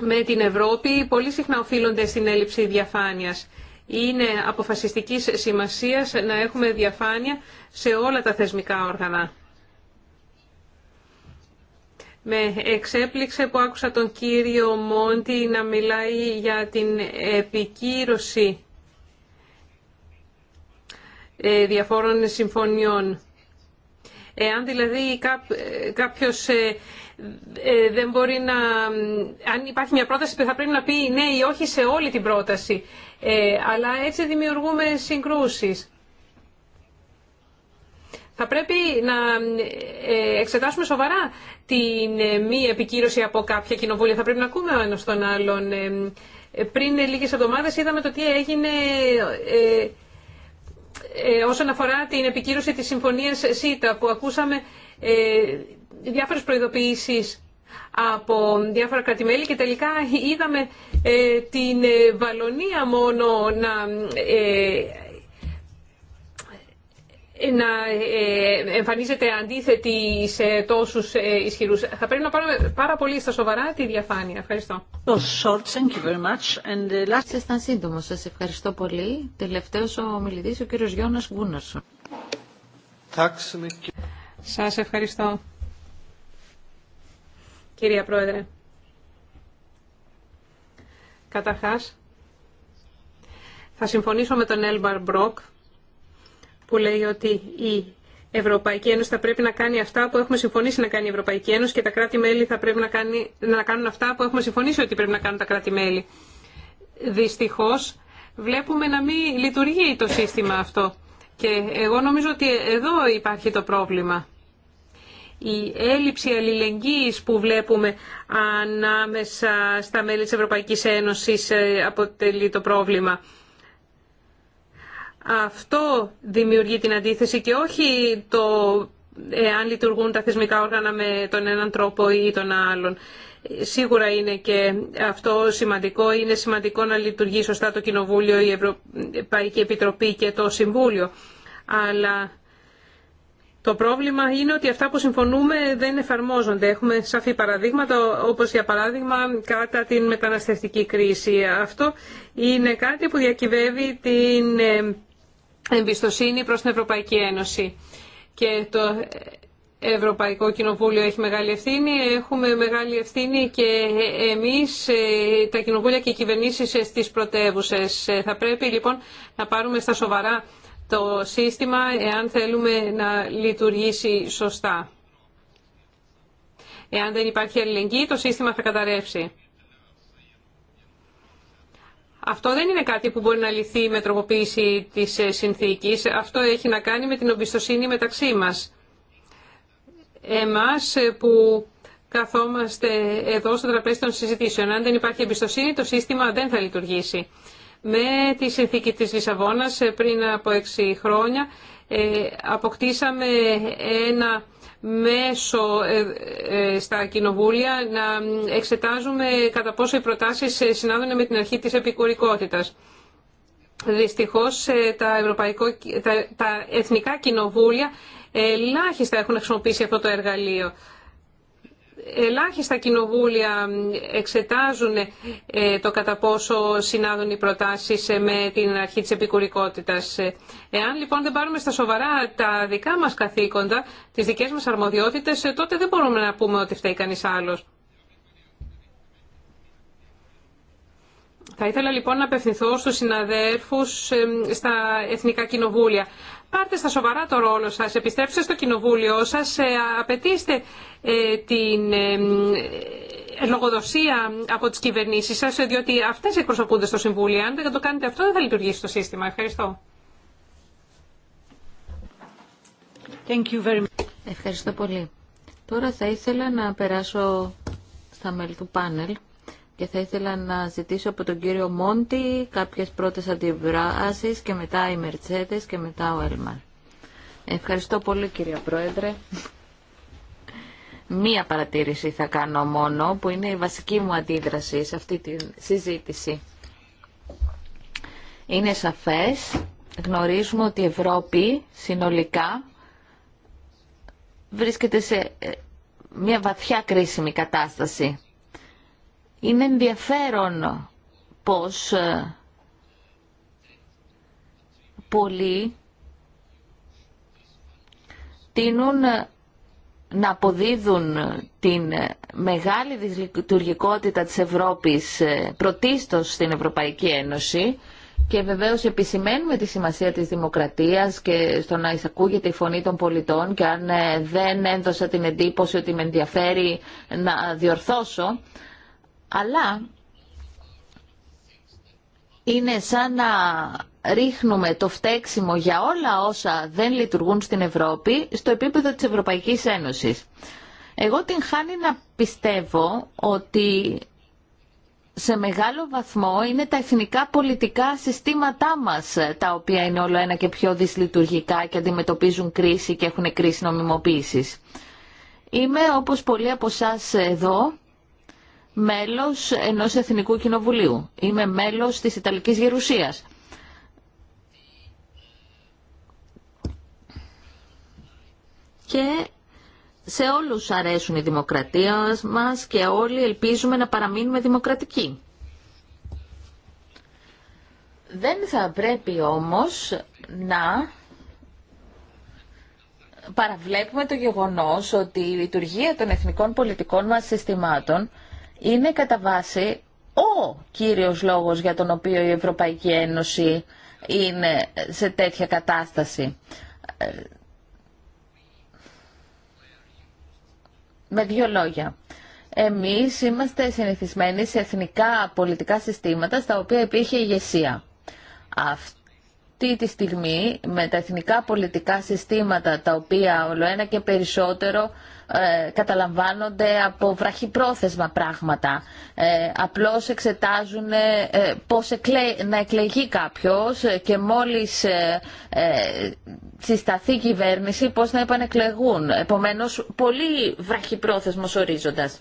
με την Ευρώπη, πολύ συχνά οφείλονται στην έλλειψη διαφάνειας. Είναι αποφασιστικής σημασίας να έχουμε διαφάνεια σε όλα τα θεσμικά όργανα. Με εξέπληξε που άκουσα τον κύριο Μόντι να μιλάει για την επικύρωση ε, διαφόρων συμφωνιών. Εάν δηλαδή ε, κάποιος ε, δεν μπορεί να... Αν υπάρχει μια πρόταση που θα πρέπει να πει ναι ή όχι σε όλη την πρόταση. Αλλά έτσι δημιουργούμε συγκρούσεις. Θα πρέπει να εξετάσουμε σοβαρά την μη επικύρωση από κάποια κοινοβούλια. Θα πρέπει να ακούμε ο ένας τον άλλον. Πριν λίγες εβδομάδες είδαμε το τι έγινε ε, όσον αφορά την επικύρωση της συμφωνίας ΣΥΤΑ που ακούσαμε ε, διάφορες προειδοποιήσεις από διάφορα κρατημέλη και τελικά είδαμε ε, την Βαλονία μόνο να να ε, εμφανίζεται αντίθετη σε τόσους ε, ισχυρού. Θα πρέπει να πάρουμε πάρα πολύ στα σοβαρά τη διαφάνεια. Ευχαριστώ. Oh, uh, Ήσασταν σύντομο. Σας ευχαριστώ πολύ. Τελευταίο ο μιλητής, ο κύριο Γιώνα Γκούναρσον. Σα ευχαριστώ. Κυρία Πρόεδρε. Καταρχάς, θα συμφωνήσω με τον Έλμπαρ Μπροκ που λέει ότι η Ευρωπαϊκή Ένωση θα πρέπει να κάνει αυτά που έχουμε συμφωνήσει να κάνει η Ευρωπαϊκή Ένωση και τα κράτη-μέλη θα πρέπει να, κάνουν αυτά που έχουμε συμφωνήσει ότι πρέπει να κάνουν τα κράτη-μέλη. Δυστυχώς βλέπουμε να μην λειτουργεί το σύστημα αυτό. Και εγώ νομίζω ότι εδώ υπάρχει το πρόβλημα. Η έλλειψη αλληλεγγύης που βλέπουμε ανάμεσα στα μέλη της Ευρωπαϊκής Ένωσης ε, αποτελεί το πρόβλημα. Αυτό δημιουργεί την αντίθεση και όχι το αν λειτουργούν τα θεσμικά όργανα με τον έναν τρόπο ή τον άλλον. Σίγουρα είναι και αυτό σημαντικό. Είναι σημαντικό να λειτουργεί σωστά το Κοινοβούλιο, η Ευρωπαϊκή Επιτροπή και το Συμβούλιο. Αλλά το πρόβλημα είναι ότι αυτά που συμφωνούμε δεν εφαρμόζονται. Έχουμε σαφή παραδείγματα, όπως για παράδειγμα κατά την μεταναστευτική κρίση. Αυτό είναι κάτι που διακυβεύει την ε, εμπιστοσύνη προς την Ευρωπαϊκή Ένωση. Και το Ευρωπαϊκό Κοινοβούλιο έχει μεγάλη ευθύνη, έχουμε μεγάλη ευθύνη και εμείς, ε, τα κοινοβούλια και οι κυβερνήσεις στις πρωτεύουσε. Ε, θα πρέπει λοιπόν να πάρουμε στα σοβαρά το σύστημα εάν θέλουμε να λειτουργήσει σωστά. Εάν δεν υπάρχει αλληλεγγύη, το σύστημα θα καταρρεύσει. Αυτό δεν είναι κάτι που μπορεί να λυθεί με τροποποίηση της ε, συνθήκης. Αυτό έχει να κάνει με την εμπιστοσύνη μεταξύ μας. Εμάς ε, που καθόμαστε εδώ στο τραπέζι των συζητήσεων. Αν δεν υπάρχει εμπιστοσύνη, το σύστημα δεν θα λειτουργήσει. Με τη συνθήκη της Λισαβόνας ε, πριν από έξι χρόνια αποκτήσαμε ένα μέσω ε, ε, στα κοινοβούλια να εξετάζουμε κατά πόσο οι προτάσεις ε, συνάδουν με την αρχή της επικουρικότητας. Δυστυχώς τα, ευρωπαϊκό, τα, τα εθνικά κοινοβούλια ελάχιστα έχουν χρησιμοποιήσει αυτό το εργαλείο ελάχιστα κοινοβούλια εξετάζουν ε, το κατά πόσο συνάδουν οι προτάσεις ε, με την αρχή της επικουρικότητας. Ε, εάν λοιπόν δεν πάρουμε στα σοβαρά τα δικά μας καθήκοντα, τις δικές μας αρμοδιότητες, τότε δεν μπορούμε να πούμε ότι φταίει κανείς άλλος. Θα ήθελα λοιπόν να απευθυνθώ στους συναδέρφους στα Εθνικά Κοινοβούλια. Πάρτε στα σοβαρά το ρόλο σας, επιστρέψτε στο κοινοβούλιο σας, ε, απαιτήστε ε, την ε, λογοδοσία από τις κυβερνήσεις σας, διότι αυτές εκπροσωπούνται στο Συμβούλιο. Αν δεν το κάνετε αυτό, δεν θα λειτουργήσει το σύστημα. Ευχαριστώ. Thank you very much. Ευχαριστώ πολύ. Τώρα θα ήθελα να περάσω στα μέλη του πάνελ και θα ήθελα να ζητήσω από τον κύριο Μόντι κάποιες πρώτες αντιδράσεις και μετά οι Μερτσέτες και μετά ο Έλμαρ. Ευχαριστώ πολύ κύριε Πρόεδρε. Μία παρατήρηση θα κάνω μόνο που είναι η βασική μου αντίδραση σε αυτή τη συζήτηση. Είναι σαφές, γνωρίζουμε ότι η Ευρώπη συνολικά βρίσκεται σε ε, μια βαθιά κρίσιμη κατάσταση είναι ενδιαφέρον πως ε, πολλοί τείνουν ε, να αποδίδουν την μεγάλη δυσλειτουργικότητα της Ευρώπης ε, πρωτίστως στην Ευρωπαϊκή Ένωση και βεβαίως επισημαίνουμε τη σημασία της δημοκρατίας και στο να εισακούγεται η φωνή των πολιτών και αν δεν έδωσα την εντύπωση ότι με ενδιαφέρει να διορθώσω αλλά είναι σαν να ρίχνουμε το φταίξιμο για όλα όσα δεν λειτουργούν στην Ευρώπη στο επίπεδο της Ευρωπαϊκής Ένωσης. Εγώ την χάνει να πιστεύω ότι σε μεγάλο βαθμό είναι τα εθνικά πολιτικά συστήματά μας τα οποία είναι όλο ένα και πιο δυσλειτουργικά και αντιμετωπίζουν κρίση και έχουν κρίση νομιμοποίησης. Είμαι όπως πολλοί από εσά εδώ μέλος ενός Εθνικού Κοινοβουλίου. Είμαι μέλος της Ιταλικής Γερουσίας. Και σε όλους αρέσουν οι δημοκρατία μας και όλοι ελπίζουμε να παραμείνουμε δημοκρατικοί. Δεν θα πρέπει όμως να παραβλέπουμε το γεγονός ότι η λειτουργία των εθνικών πολιτικών μας συστημάτων είναι κατά βάση ο κύριος λόγος για τον οποίο η Ευρωπαϊκή Ένωση είναι σε τέτοια κατάσταση. Με δύο λόγια. Εμείς είμαστε συνηθισμένοι σε εθνικά πολιτικά συστήματα στα οποία υπήρχε ηγεσία. Αυτό αυτή τη στιγμή με τα εθνικά πολιτικά συστήματα τα οποία ολοένα και περισσότερο ε, καταλαμβάνονται από βραχυπρόθεσμα πράγματα. Ε, απλώς εξετάζουν ε, ε πώς να εκλεγεί κάποιος ε, και μόλις συσταθεί η κυβέρνηση πώς να επανεκλεγούν. Επομένως, πολύ βραχυπρόθεσμος ορίζοντας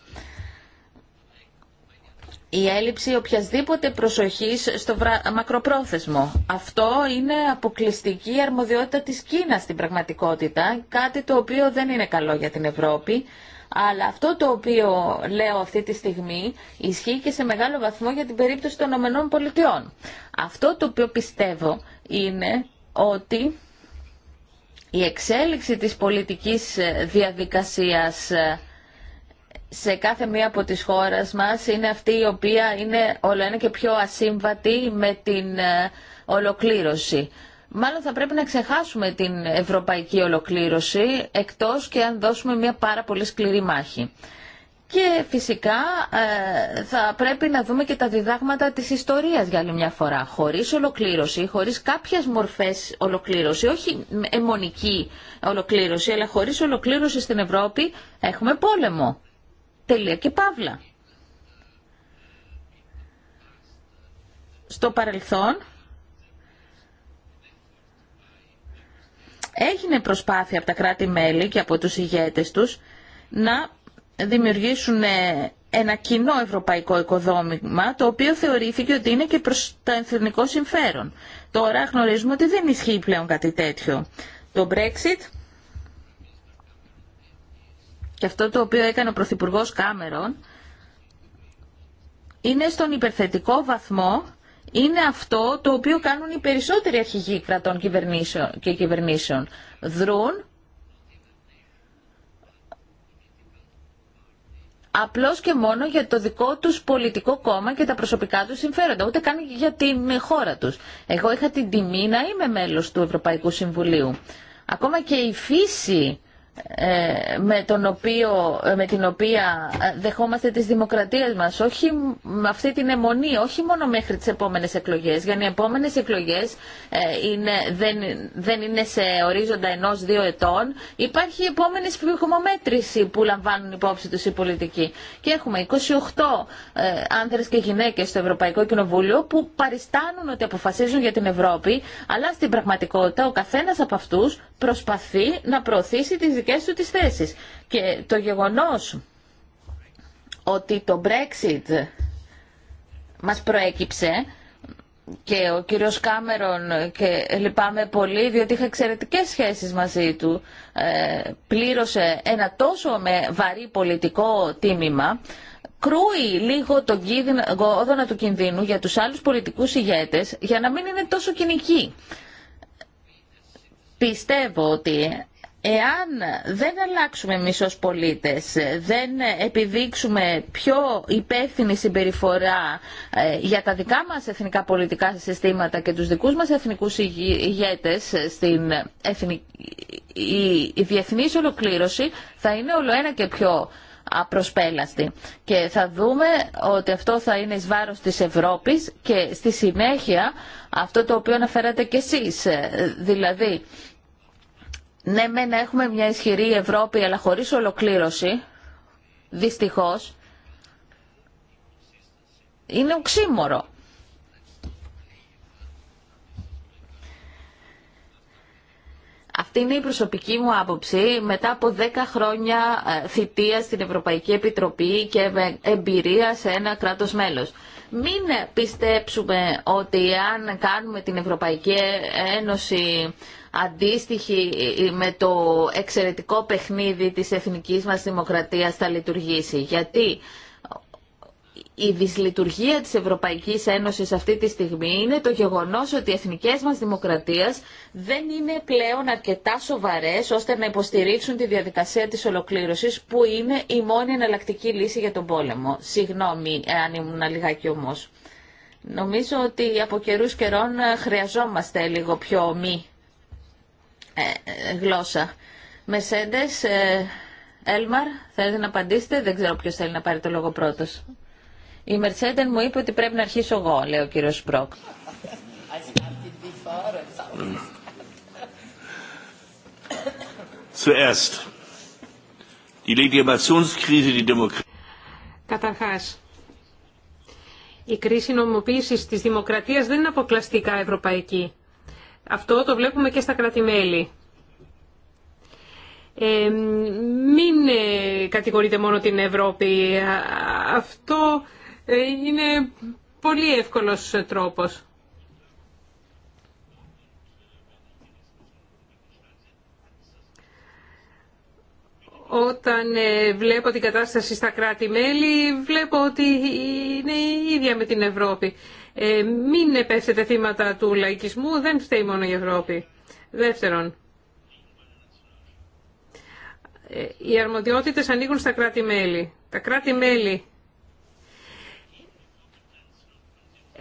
η έλλειψη οποιασδήποτε προσοχής στο μακροπρόθεσμο. Αυτό είναι αποκλειστική αρμοδιότητα της Κίνας στην πραγματικότητα, κάτι το οποίο δεν είναι καλό για την Ευρώπη. Αλλά αυτό το οποίο λέω αυτή τη στιγμή ισχύει και σε μεγάλο βαθμό για την περίπτωση των ΗΠΑ. Αυτό το οποίο πιστεύω είναι ότι η εξέλιξη της πολιτικής διαδικασίας σε κάθε μία από τις χώρες μας είναι αυτή η οποία είναι όλο ένα και πιο ασύμβατη με την ε, ολοκλήρωση. Μάλλον θα πρέπει να ξεχάσουμε την ευρωπαϊκή ολοκλήρωση εκτός και αν δώσουμε μια πάρα πολύ σκληρή μάχη. Και φυσικά ε, θα πρέπει να δούμε και τα διδάγματα της ιστορίας για άλλη μια φορά. Χωρίς ολοκλήρωση, χωρίς κάποιες μορφές ολοκλήρωση, όχι αιμονική ολοκλήρωση, αλλά χωρίς ολοκλήρωση στην Ευρώπη έχουμε πόλεμο. Τελεία και παύλα. Στο παρελθόν έγινε προσπάθεια από τα κράτη-μέλη και από τους ηγέτες τους να δημιουργήσουν ε, ένα κοινό ευρωπαϊκό οικοδόμημα το οποίο θεωρήθηκε ότι είναι και προς τα εθνικό συμφέρον. Τώρα γνωρίζουμε ότι δεν ισχύει πλέον κάτι τέτοιο. Το Brexit και αυτό το οποίο έκανε ο Πρωθυπουργό Κάμερον, είναι στον υπερθετικό βαθμό, είναι αυτό το οποίο κάνουν οι περισσότεροι αρχηγοί κρατών και κυβερνήσεων. Δρούν απλώς και μόνο για το δικό τους πολιτικό κόμμα και τα προσωπικά τους συμφέροντα, ούτε καν για την χώρα τους. Εγώ είχα την τιμή να είμαι μέλος του Ευρωπαϊκού Συμβουλίου. Ακόμα και η φύση ε, με, τον οποίο, ε, με την οποία ε, δεχόμαστε τις δημοκρατίες μας, όχι με αυτή την αιμονή, όχι μόνο μέχρι τις επόμενες εκλογές, γιατί οι επόμενες εκλογές είναι, δεν, δεν είναι σε ορίζοντα ενός-δύο ετών, υπάρχει η επόμενη σπιχομομέτρηση που λαμβάνουν υπόψη τους οι πολιτικοί. Και έχουμε 28 άνδρες και γυναίκες στο Ευρωπαϊκό Κοινοβούλιο που παριστάνουν ότι αποφασίζουν για την Ευρώπη, αλλά στην πραγματικότητα ο καθένας από αυτούς προσπαθεί να προωθήσει τις δικές του τις θέσεις. Και το γεγονός ότι το Brexit μας προέκυψε και ο κύριος Κάμερον και λυπάμαι πολύ διότι είχα εξαιρετικές σχέσεις μαζί του ε, πλήρωσε ένα τόσο με βαρύ πολιτικό τίμημα κρούει λίγο τον κόδωνα του κινδύνου για τους άλλους πολιτικούς ηγέτες για να μην είναι τόσο κοινικοί πιστεύω ότι εάν δεν αλλάξουμε εμεί ως πολίτες, δεν επιδείξουμε πιο υπεύθυνη συμπεριφορά ε, για τα δικά μας εθνικά πολιτικά συστήματα και τους δικούς μας εθνικούς ηγέτες στην εθνική, η διεθνή ολοκλήρωση, θα είναι όλο ένα και πιο απροσπέλαστη. Και θα δούμε ότι αυτό θα είναι εις βάρος της Ευρώπης και στη συνέχεια αυτό το οποίο αναφέρατε κι εσείς, ε, δηλαδή ναι με να έχουμε μια ισχυρή Ευρώπη αλλά χωρίς ολοκλήρωση, δυστυχώς, είναι οξύμορο. Αυτή είναι η προσωπική μου άποψη μετά από 10 χρόνια ε, θητεία στην Ευρωπαϊκή Επιτροπή και εμπειρία σε ένα κράτος μέλος. Μην πιστέψουμε ότι αν κάνουμε την Ευρωπαϊκή Ένωση αντίστοιχη ε, με το εξαιρετικό παιχνίδι της εθνικής μας δημοκρατίας θα λειτουργήσει. Γιατί η δυσλειτουργία της Ευρωπαϊκής Ένωσης αυτή τη στιγμή είναι το γεγονός ότι οι εθνικές μας δημοκρατίες δεν είναι πλέον αρκετά σοβαρές ώστε να υποστηρίξουν τη διαδικασία της ολοκλήρωσης που είναι η μόνη εναλλακτική λύση για τον πόλεμο. Συγγνώμη αν ήμουν λιγάκι όμως. Νομίζω ότι από καιρούς καιρών χρειαζόμαστε λίγο πιο ε, ε, γλώσσα. Μεσέντες, Έλμαρ, θέλετε να απαντήσετε. Δεν ξέρω ποιος θέλει να πάρει το λόγο πρώτος. Η Μερσέντεν μου είπε ότι πρέπει να αρχίσω εγώ, λέει ο κύριος Σπρόκ. Καταρχά η κρίση νομοποίησης τη δημοκρατία δεν είναι αποκλαστικά ευρωπαϊκή. Αυτό το βλέπουμε και στα κράτη-μέλη. Ε, μην ε, κατηγορείτε μόνο την Ευρώπη. Αυτό ε, είναι πολύ εύκολος τρόπος. Όταν ε, βλέπω την κατάσταση στα κράτη-μέλη, βλέπω ότι είναι η ίδια με την Ευρώπη. Ε, μην πέσετε θύματα του λαϊκισμού, δεν φταίει μόνο η Ευρώπη. Δεύτερον, ε, οι αρμοδιότητες ανοίγουν στα κράτη-μέλη. Τα κράτη-μέλη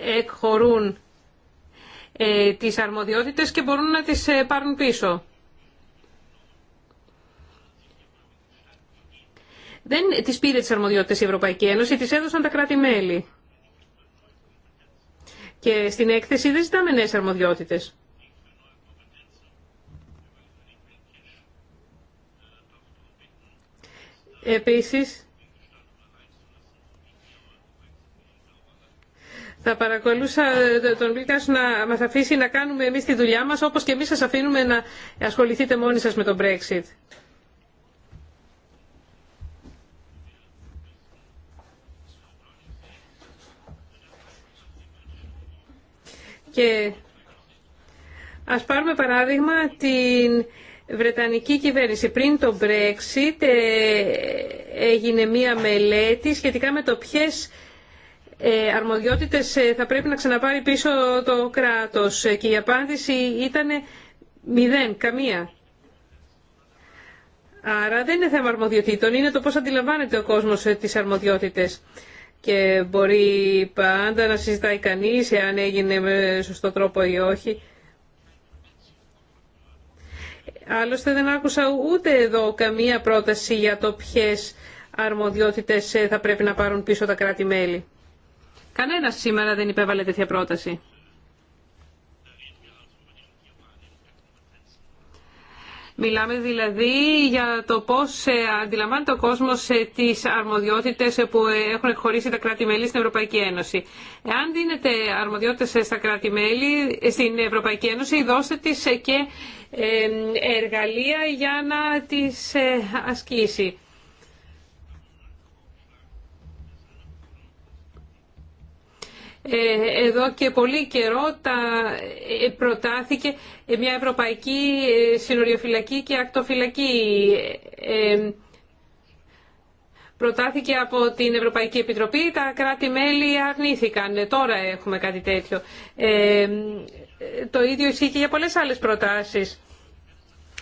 εκχωρούν ε, τις αρμοδιότητες και μπορούν να τις ε, πάρουν πίσω. Δεν τις πήρε τις αρμοδιότητες η Ευρωπαϊκή Ένωση, τις έδωσαν τα κράτη-μέλη. Και στην έκθεση δεν ζητάμε νέες αρμοδιότητες. Επίσης, Θα παρακολούσα ε, τον Λούκα να μα αφήσει να κάνουμε εμεί τη δουλειά μα, όπω και εμεί σα αφήνουμε να ασχοληθείτε μόνοι σα με τον Brexit. Και ας πάρουμε παράδειγμα την Βρετανική κυβέρνηση. Πριν το Brexit ε, έγινε μία μελέτη σχετικά με το ποιες ε, αρμοδιότητες ε, θα πρέπει να ξαναπάρει πίσω το κράτος ε, και η απάντηση ήταν μηδέν, καμία. Άρα δεν είναι θέμα αρμοδιοτήτων, είναι το πώς αντιλαμβάνεται ο κόσμος τις αρμοδιότητες. Και μπορεί πάντα να συζητάει κανείς εάν έγινε με σωστό τρόπο ή όχι. Άλλωστε δεν άκουσα ούτε εδώ καμία πρόταση για το ποιες αρμοδιότητες θα πρέπει να πάρουν πίσω τα κράτη-μέλη. Κανένας σήμερα δεν υπέβαλε τέτοια πρόταση. Μιλάμε δηλαδή για το πώς ε, αντιλαμβάνεται ο κόσμος ε, τις αρμοδιότητες ε, που έχουν εκχωρήσει τα κράτη-μέλη στην Ευρωπαϊκή Ένωση. Εάν δίνετε αρμοδιότητες στα κράτη-μέλη στην Ευρωπαϊκή Ένωση, δώστε τις και εργαλεία για να τις ασκήσει. Ε, εδώ και πολύ καιρό τα, ε, προτάθηκε μια ευρωπαϊκή ε, συνοριοφυλακή και ακτοφυλακή. Προτάθηκε από την Ευρωπαϊκή Επιτροπή, τα κράτη-μέλη αρνήθηκαν. Τώρα έχουμε κάτι τέτοιο. το ίδιο ισχύει και για πολλές άλλες προτάσεις.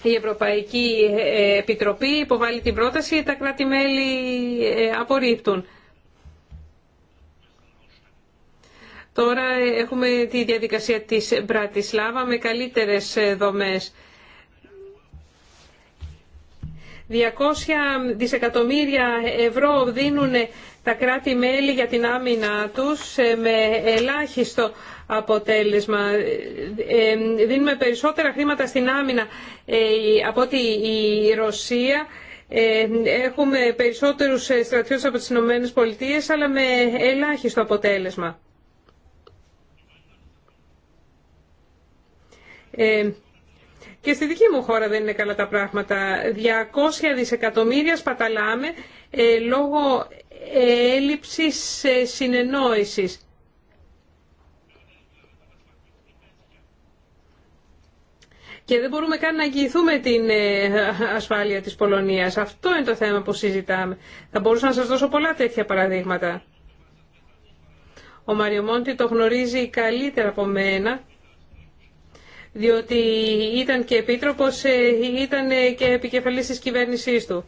Η Ευρωπαϊκή Επιτροπή υποβάλλει την πρόταση, τα κράτη-μέλη απορρίπτουν. Τώρα έχουμε τη διαδικασία της Μπρατισλάβα με καλύτερες ε, δομές. 200 δισεκατομμύρια ευρώ δίνουν τα κράτη-μέλη για την άμυνα τους ε, με ελάχιστο αποτέλεσμα. Ε, δίνουμε περισσότερα χρήματα στην άμυνα από ότι η Ρωσία. Έχουμε περισσότερους στρατιώτες από τις Ηνωμένες Πολιτείες, αλλά με ελάχιστο αποτέλεσμα. Ε, και στη δική μου χώρα δεν είναι καλά τα πράγματα. 200 δισεκατομμύρια σπαταλάμε ε, λόγω έλλειψης ε, συνεννόησης. Και δεν μπορούμε καν να αγγιηθούμε την ασφάλεια της Πολωνίας. Αυτό είναι το θέμα που συζητάμε. Θα μπορούσα να σας δώσω πολλά τέτοια παραδείγματα. Ο Μαριομόντι το γνωρίζει καλύτερα από μένα διότι ήταν και επίτροπος, ε, ήταν και επικεφαλής της κυβέρνησής του.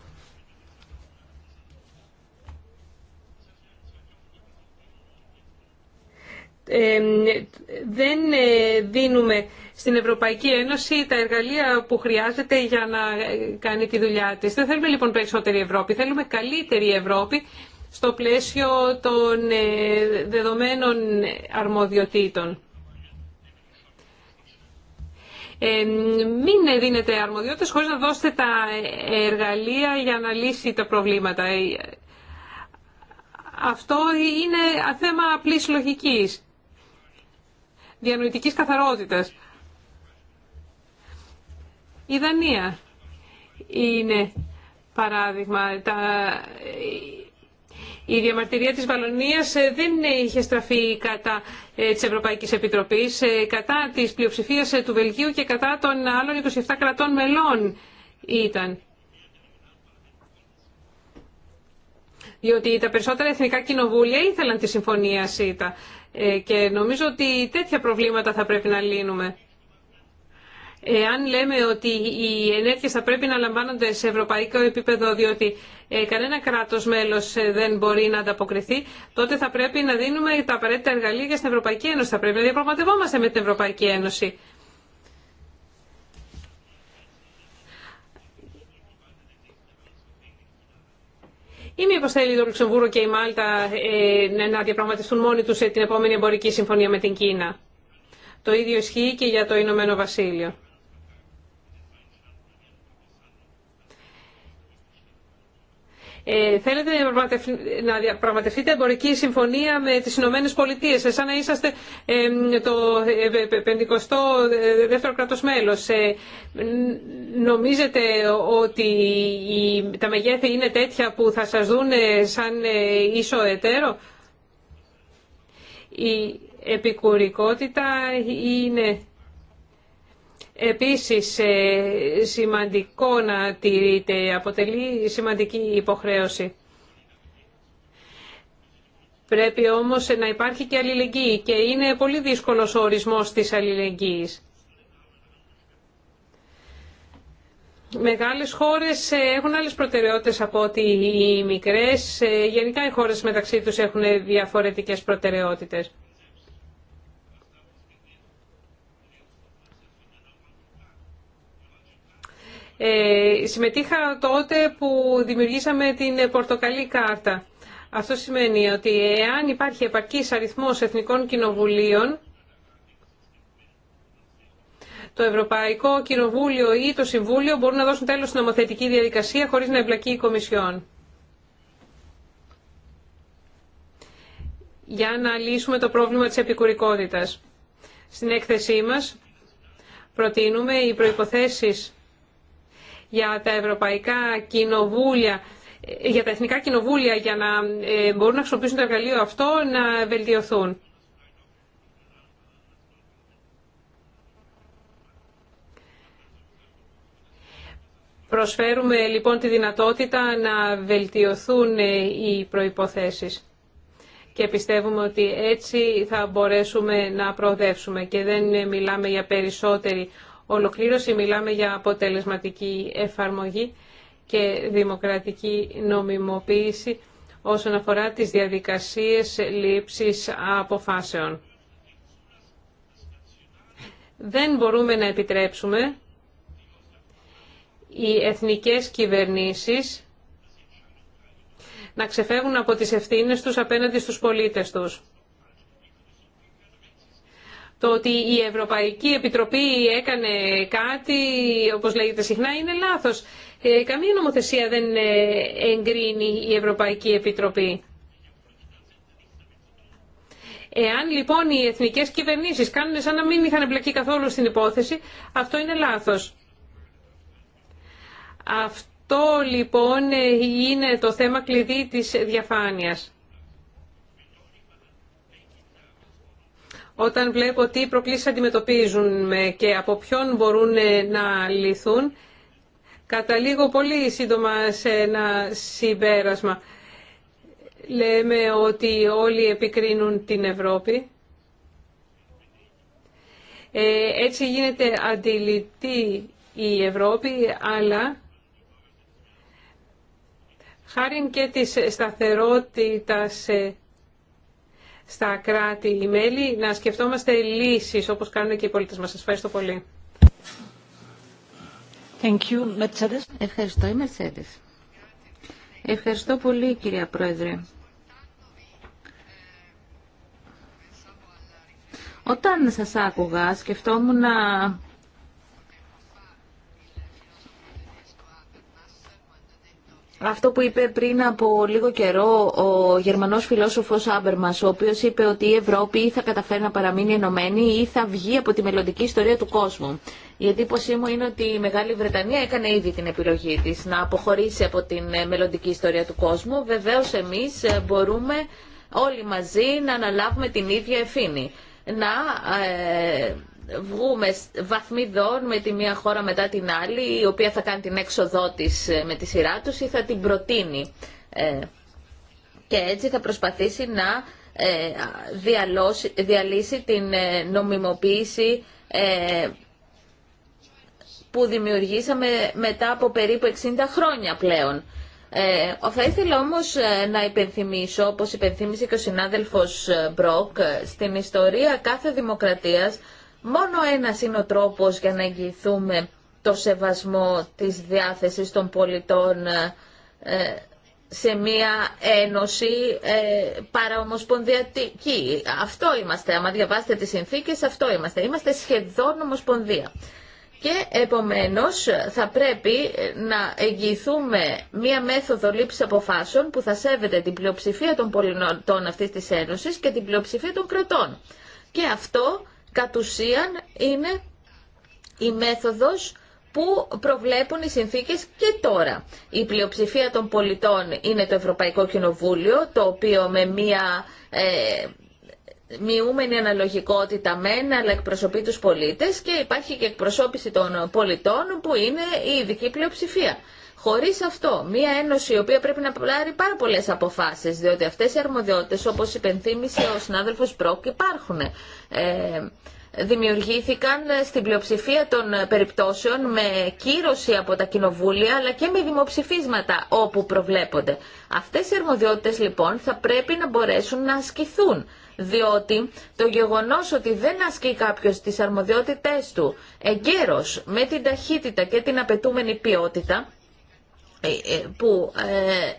δεν ε, δίνουμε στην Ευρωπαϊκή Ένωση τα εργαλεία που χρειάζεται για να ε, κάνει τη δουλειά της. Δεν θέλουμε λοιπόν περισσότερη Ευρώπη, θέλουμε καλύτερη Ευρώπη στο πλαίσιο των δεδομένων αρμοδιοτήτων. Ε, μην δίνετε αρμοδιότητες χωρίς να δώσετε τα εργαλεία για να λύσει τα προβλήματα. Ε, αυτό είναι θέμα απλής λογικής, διανοητικής καθαρότητας. Η Δανία είναι παράδειγμα. Τα... Η διαμαρτυρία της Βαλονίας ε, δεν είχε στραφεί κατά ε, της Ευρωπαϊκής Επιτροπής, ε, κατά της πλειοψηφίας του Βελγίου και κατά των άλλων 27 κρατών μελών ήταν. Διότι τα περισσότερα εθνικά κοινοβούλια ήθελαν τη συμφωνία ΣΥΤΑ και νομίζω ότι τέτοια προβλήματα θα πρέπει να λύνουμε αν λέμε ότι οι ενέργειες θα πρέπει να λαμβάνονται σε ευρωπαϊκό επίπεδο διότι ε, κανένα κράτος μέλος ε, δεν μπορεί να ανταποκριθεί, τότε θα πρέπει να δίνουμε τα απαραίτητα εργαλεία για στην Ευρωπαϊκή Ένωση. Θα πρέπει να διαπραγματευόμαστε με την Ευρωπαϊκή Ένωση. Ή μήπω θέλει το Λουξεμβούργο και η Μάλτα ε, να διαπραγματευτούν μόνοι του την επόμενη εμπορική συμφωνία με την Κίνα. Το ίδιο ισχύει και για το Ηνωμένο Βασίλειο. Ε, θέλετε να διαπραγματευτείτε εμπορική συμφωνία με τις Ηνωμένες Πολιτείες, ε, σαν να είσαστε το 52ο ε, κράτος μέλος. νομίζετε ότι τα μεγέθη είναι τέτοια που θα σας δουν σαν ίσο εταίρο. Η επικουρικότητα είναι Επίσης, ε, σημαντικό να τηρείται, αποτελεί σημαντική υποχρέωση. Πρέπει όμως να υπάρχει και αλληλεγγύη και είναι πολύ δύσκολος ο ορισμός της αλληλεγγύης. Μεγάλες χώρες ε, έχουν άλλες προτεραιότητες από ότι οι μικρές. Ε, γενικά οι χώρες μεταξύ τους έχουν διαφορετικές προτεραιότητες. Ε, συμμετείχα τότε που δημιουργήσαμε την πορτοκαλί κάρτα. Αυτό σημαίνει ότι εάν υπάρχει επαρκής αριθμός εθνικών κοινοβουλίων, το Ευρωπαϊκό Κοινοβούλιο ή το Συμβούλιο μπορούν να δώσουν τέλος στην νομοθετική διαδικασία χωρίς να εμπλακεί η Κομισιόν. για να λύσουμε το πρόβλημα της επικουρικότητας. Στην έκθεσή μας προτείνουμε οι προϋποθέσεις για τα ευρωπαϊκά κοινοβούλια για τα εθνικά κοινοβούλια για να ε, μπορούν να χρησιμοποιήσουν το εργαλείο αυτό να βελτιωθούν. Προσφέρουμε λοιπόν τη δυνατότητα να βελτιωθούν ε, οι προϋποθέσεις και πιστεύουμε ότι έτσι θα μπορέσουμε να προοδεύσουμε και δεν ε, μιλάμε για περισσότερη ολοκλήρωση, μιλάμε για αποτελεσματική εφαρμογή και δημοκρατική νομιμοποίηση όσον αφορά τις διαδικασίες λήψης αποφάσεων. Δεν μπορούμε να επιτρέψουμε οι εθνικές κυβερνήσεις να ξεφεύγουν από τις ευθύνες τους απέναντι στους πολίτες τους. Το ότι η Ευρωπαϊκή Επιτροπή έκανε κάτι, όπως λέγεται συχνά, είναι λάθος. Ε, καμία νομοθεσία δεν ε, εγκρίνει η Ευρωπαϊκή Επιτροπή. Εάν λοιπόν οι εθνικές κυβερνήσεις κάνουν σαν να μην είχαν εμπλακεί καθόλου στην υπόθεση, αυτό είναι λάθος. Αυτό λοιπόν ε, είναι το θέμα κλειδί της διαφάνειας. όταν βλέπω τι προκλήσεις αντιμετωπίζουν και από ποιον μπορούν ε, να λυθούν, καταλήγω πολύ σύντομα σε ένα συμπέρασμα. Λέμε ότι όλοι επικρίνουν την Ευρώπη. Ε, έτσι γίνεται αντιληπτή η Ευρώπη, αλλά χάρη και της σταθερότητας ε, στα κράτη ή μέλη να σκεφτόμαστε λύσεις όπως κάνουν και οι πολίτες μας. Σας ευχαριστώ πολύ. Thank you, Ευχαριστώ η Mercedes. Ευχαριστώ πολύ κυρία Πρόεδρε. Όταν σας άκουγα σκεφτόμουν να αυτό που είπε πριν από λίγο καιρό ο γερμανός φιλόσοφος Άμπερμας, ο οποίος είπε ότι η Ευρώπη ή θα καταφέρει να παραμείνει ενωμένη ή θα βγει από τη μελλοντική ιστορία του κόσμου. Η εντύπωσή μου είναι ότι η Μεγάλη Βρετανία έκανε ήδη την επιλογή της να αποχωρήσει από τη μελλοντική ιστορία του κόσμου. Βεβαίως εμείς μπορούμε όλοι μαζί να αναλάβουμε την ίδια ευθύνη. Να ε, βγούμε βαθμιδών με τη μία χώρα μετά την άλλη, η οποία θα κάνει την έξοδό τη ε, με τη σειρά τους ή θα την προτείνει. Ε, και έτσι θα προσπαθήσει να ε, διαλώσει, διαλύσει την νομιμοποίηση που δημιουργήσαμε μετά από περίπου 60 χρόνια πλέον. Ε, θα ήθελα όμως να υπενθυμίσω, όπως υπενθύμησε και ο συνάδελφος Μπροκ, στην ιστορία κάθε δημοκρατίας Μόνο ένας είναι ο τρόπος για να εγγυηθούμε το σεβασμό της διάθεσης των πολιτών ε, ε, σε μια ένωση ε, Αυτό είμαστε. Αν διαβάσετε τις συνθήκες, αυτό είμαστε. Είμαστε σχεδόν ομοσπονδία. Και επομένως θα πρέπει να εγγυηθούμε μία μέθοδο λήψης αποφάσεων που θα σέβεται την πλειοψηφία των πολιτών αυτής της Ένωσης και την πλειοψηφία των κρατών. Και αυτό κατ' ουσίαν είναι η μέθοδος που προβλέπουν οι συνθήκες και τώρα. Η πλειοψηφία των πολιτών είναι το Ευρωπαϊκό Κοινοβούλιο, το οποίο με μία ε, μειούμενη αναλογικότητα μεν, αλλά εκπροσωπεί τους πολίτες και υπάρχει και εκπροσώπηση των πολιτών που είναι η ειδική πλειοψηφία. Χωρί αυτό, μία ένωση η οποία πρέπει να πάρει πάρα πολλέ αποφάσει, διότι αυτές οι αρμοδιότητες, όπως υπενθύμησε ο συνάδελφος Μπρόκ, υπάρχουν. Ε, δημιουργήθηκαν στην πλειοψηφία των περιπτώσεων με κύρωση από τα κοινοβούλια αλλά και με δημοψηφίσματα όπου προβλέπονται. Αυτές οι αρμοδιότητες λοιπόν θα πρέπει να μπορέσουν να ασκηθούν διότι το γεγονός ότι δεν ασκεί κάποιος τις αρμοδιότητές του εγκαίρως με την ταχύτητα και την απαιτούμενη ποιότητα ε, ε, που ε,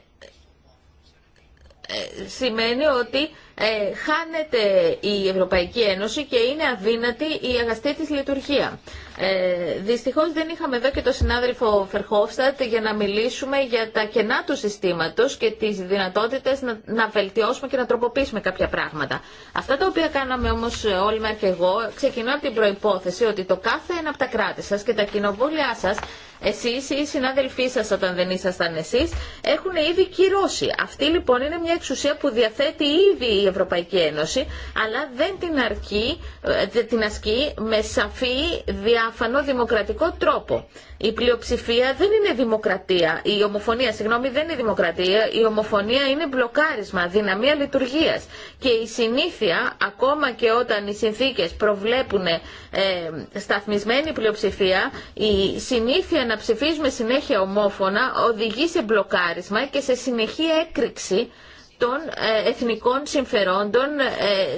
σημαίνει ότι ε, χάνεται η Ευρωπαϊκή Ένωση και είναι αδύνατη η αγαστή της λειτουργία. Ε, Δυστυχώ δεν είχαμε εδώ και τον συνάδελφο Φερχόφστατ για να μιλήσουμε για τα κενά του συστήματος και τις δυνατότητες να, να βελτιώσουμε και να τροποποιήσουμε κάποια πράγματα. Αυτά τα οποία κάναμε όμως όλοι μα και εγώ ξεκινώ από την προϋπόθεση ότι το κάθε ένα από τα κράτη σα και τα κοινοβούλια σα, εσεί ή οι συνάδελφοί σα όταν δεν ήσασταν εσεί, έχουν ήδη κυρώσει. Αυτή λοιπόν είναι μια εξουσία που διαθέτει ήδη η οι συναδελφοι σα οταν δεν ησασταν εσει εχουν ηδη κυρωσει αυτη λοιπον ειναι μια εξουσια που διαθετει ηδη Ευρωπαϊκή Ένωση, αλλά δεν την, αρκεί, ε, την ασκεί με σαφή, διαφανό, δημοκρατικό τρόπο. Η πλειοψηφία δεν είναι δημοκρατία. Η ομοφωνία, συγγνώμη, δεν είναι δημοκρατία. Η ομοφωνία είναι μπλοκάρισμα, δυναμία λειτουργία. Και η συνήθεια, ακόμα και όταν οι συνθήκε προβλέπουν ε, σταθμισμένη πλειοψηφία, η συνήθεια να ψηφίζουμε συνέχεια ομόφωνα οδηγεί σε μπλοκάρισμα και σε συνεχή έκρηξη των ε, εθνικών συμφερόντων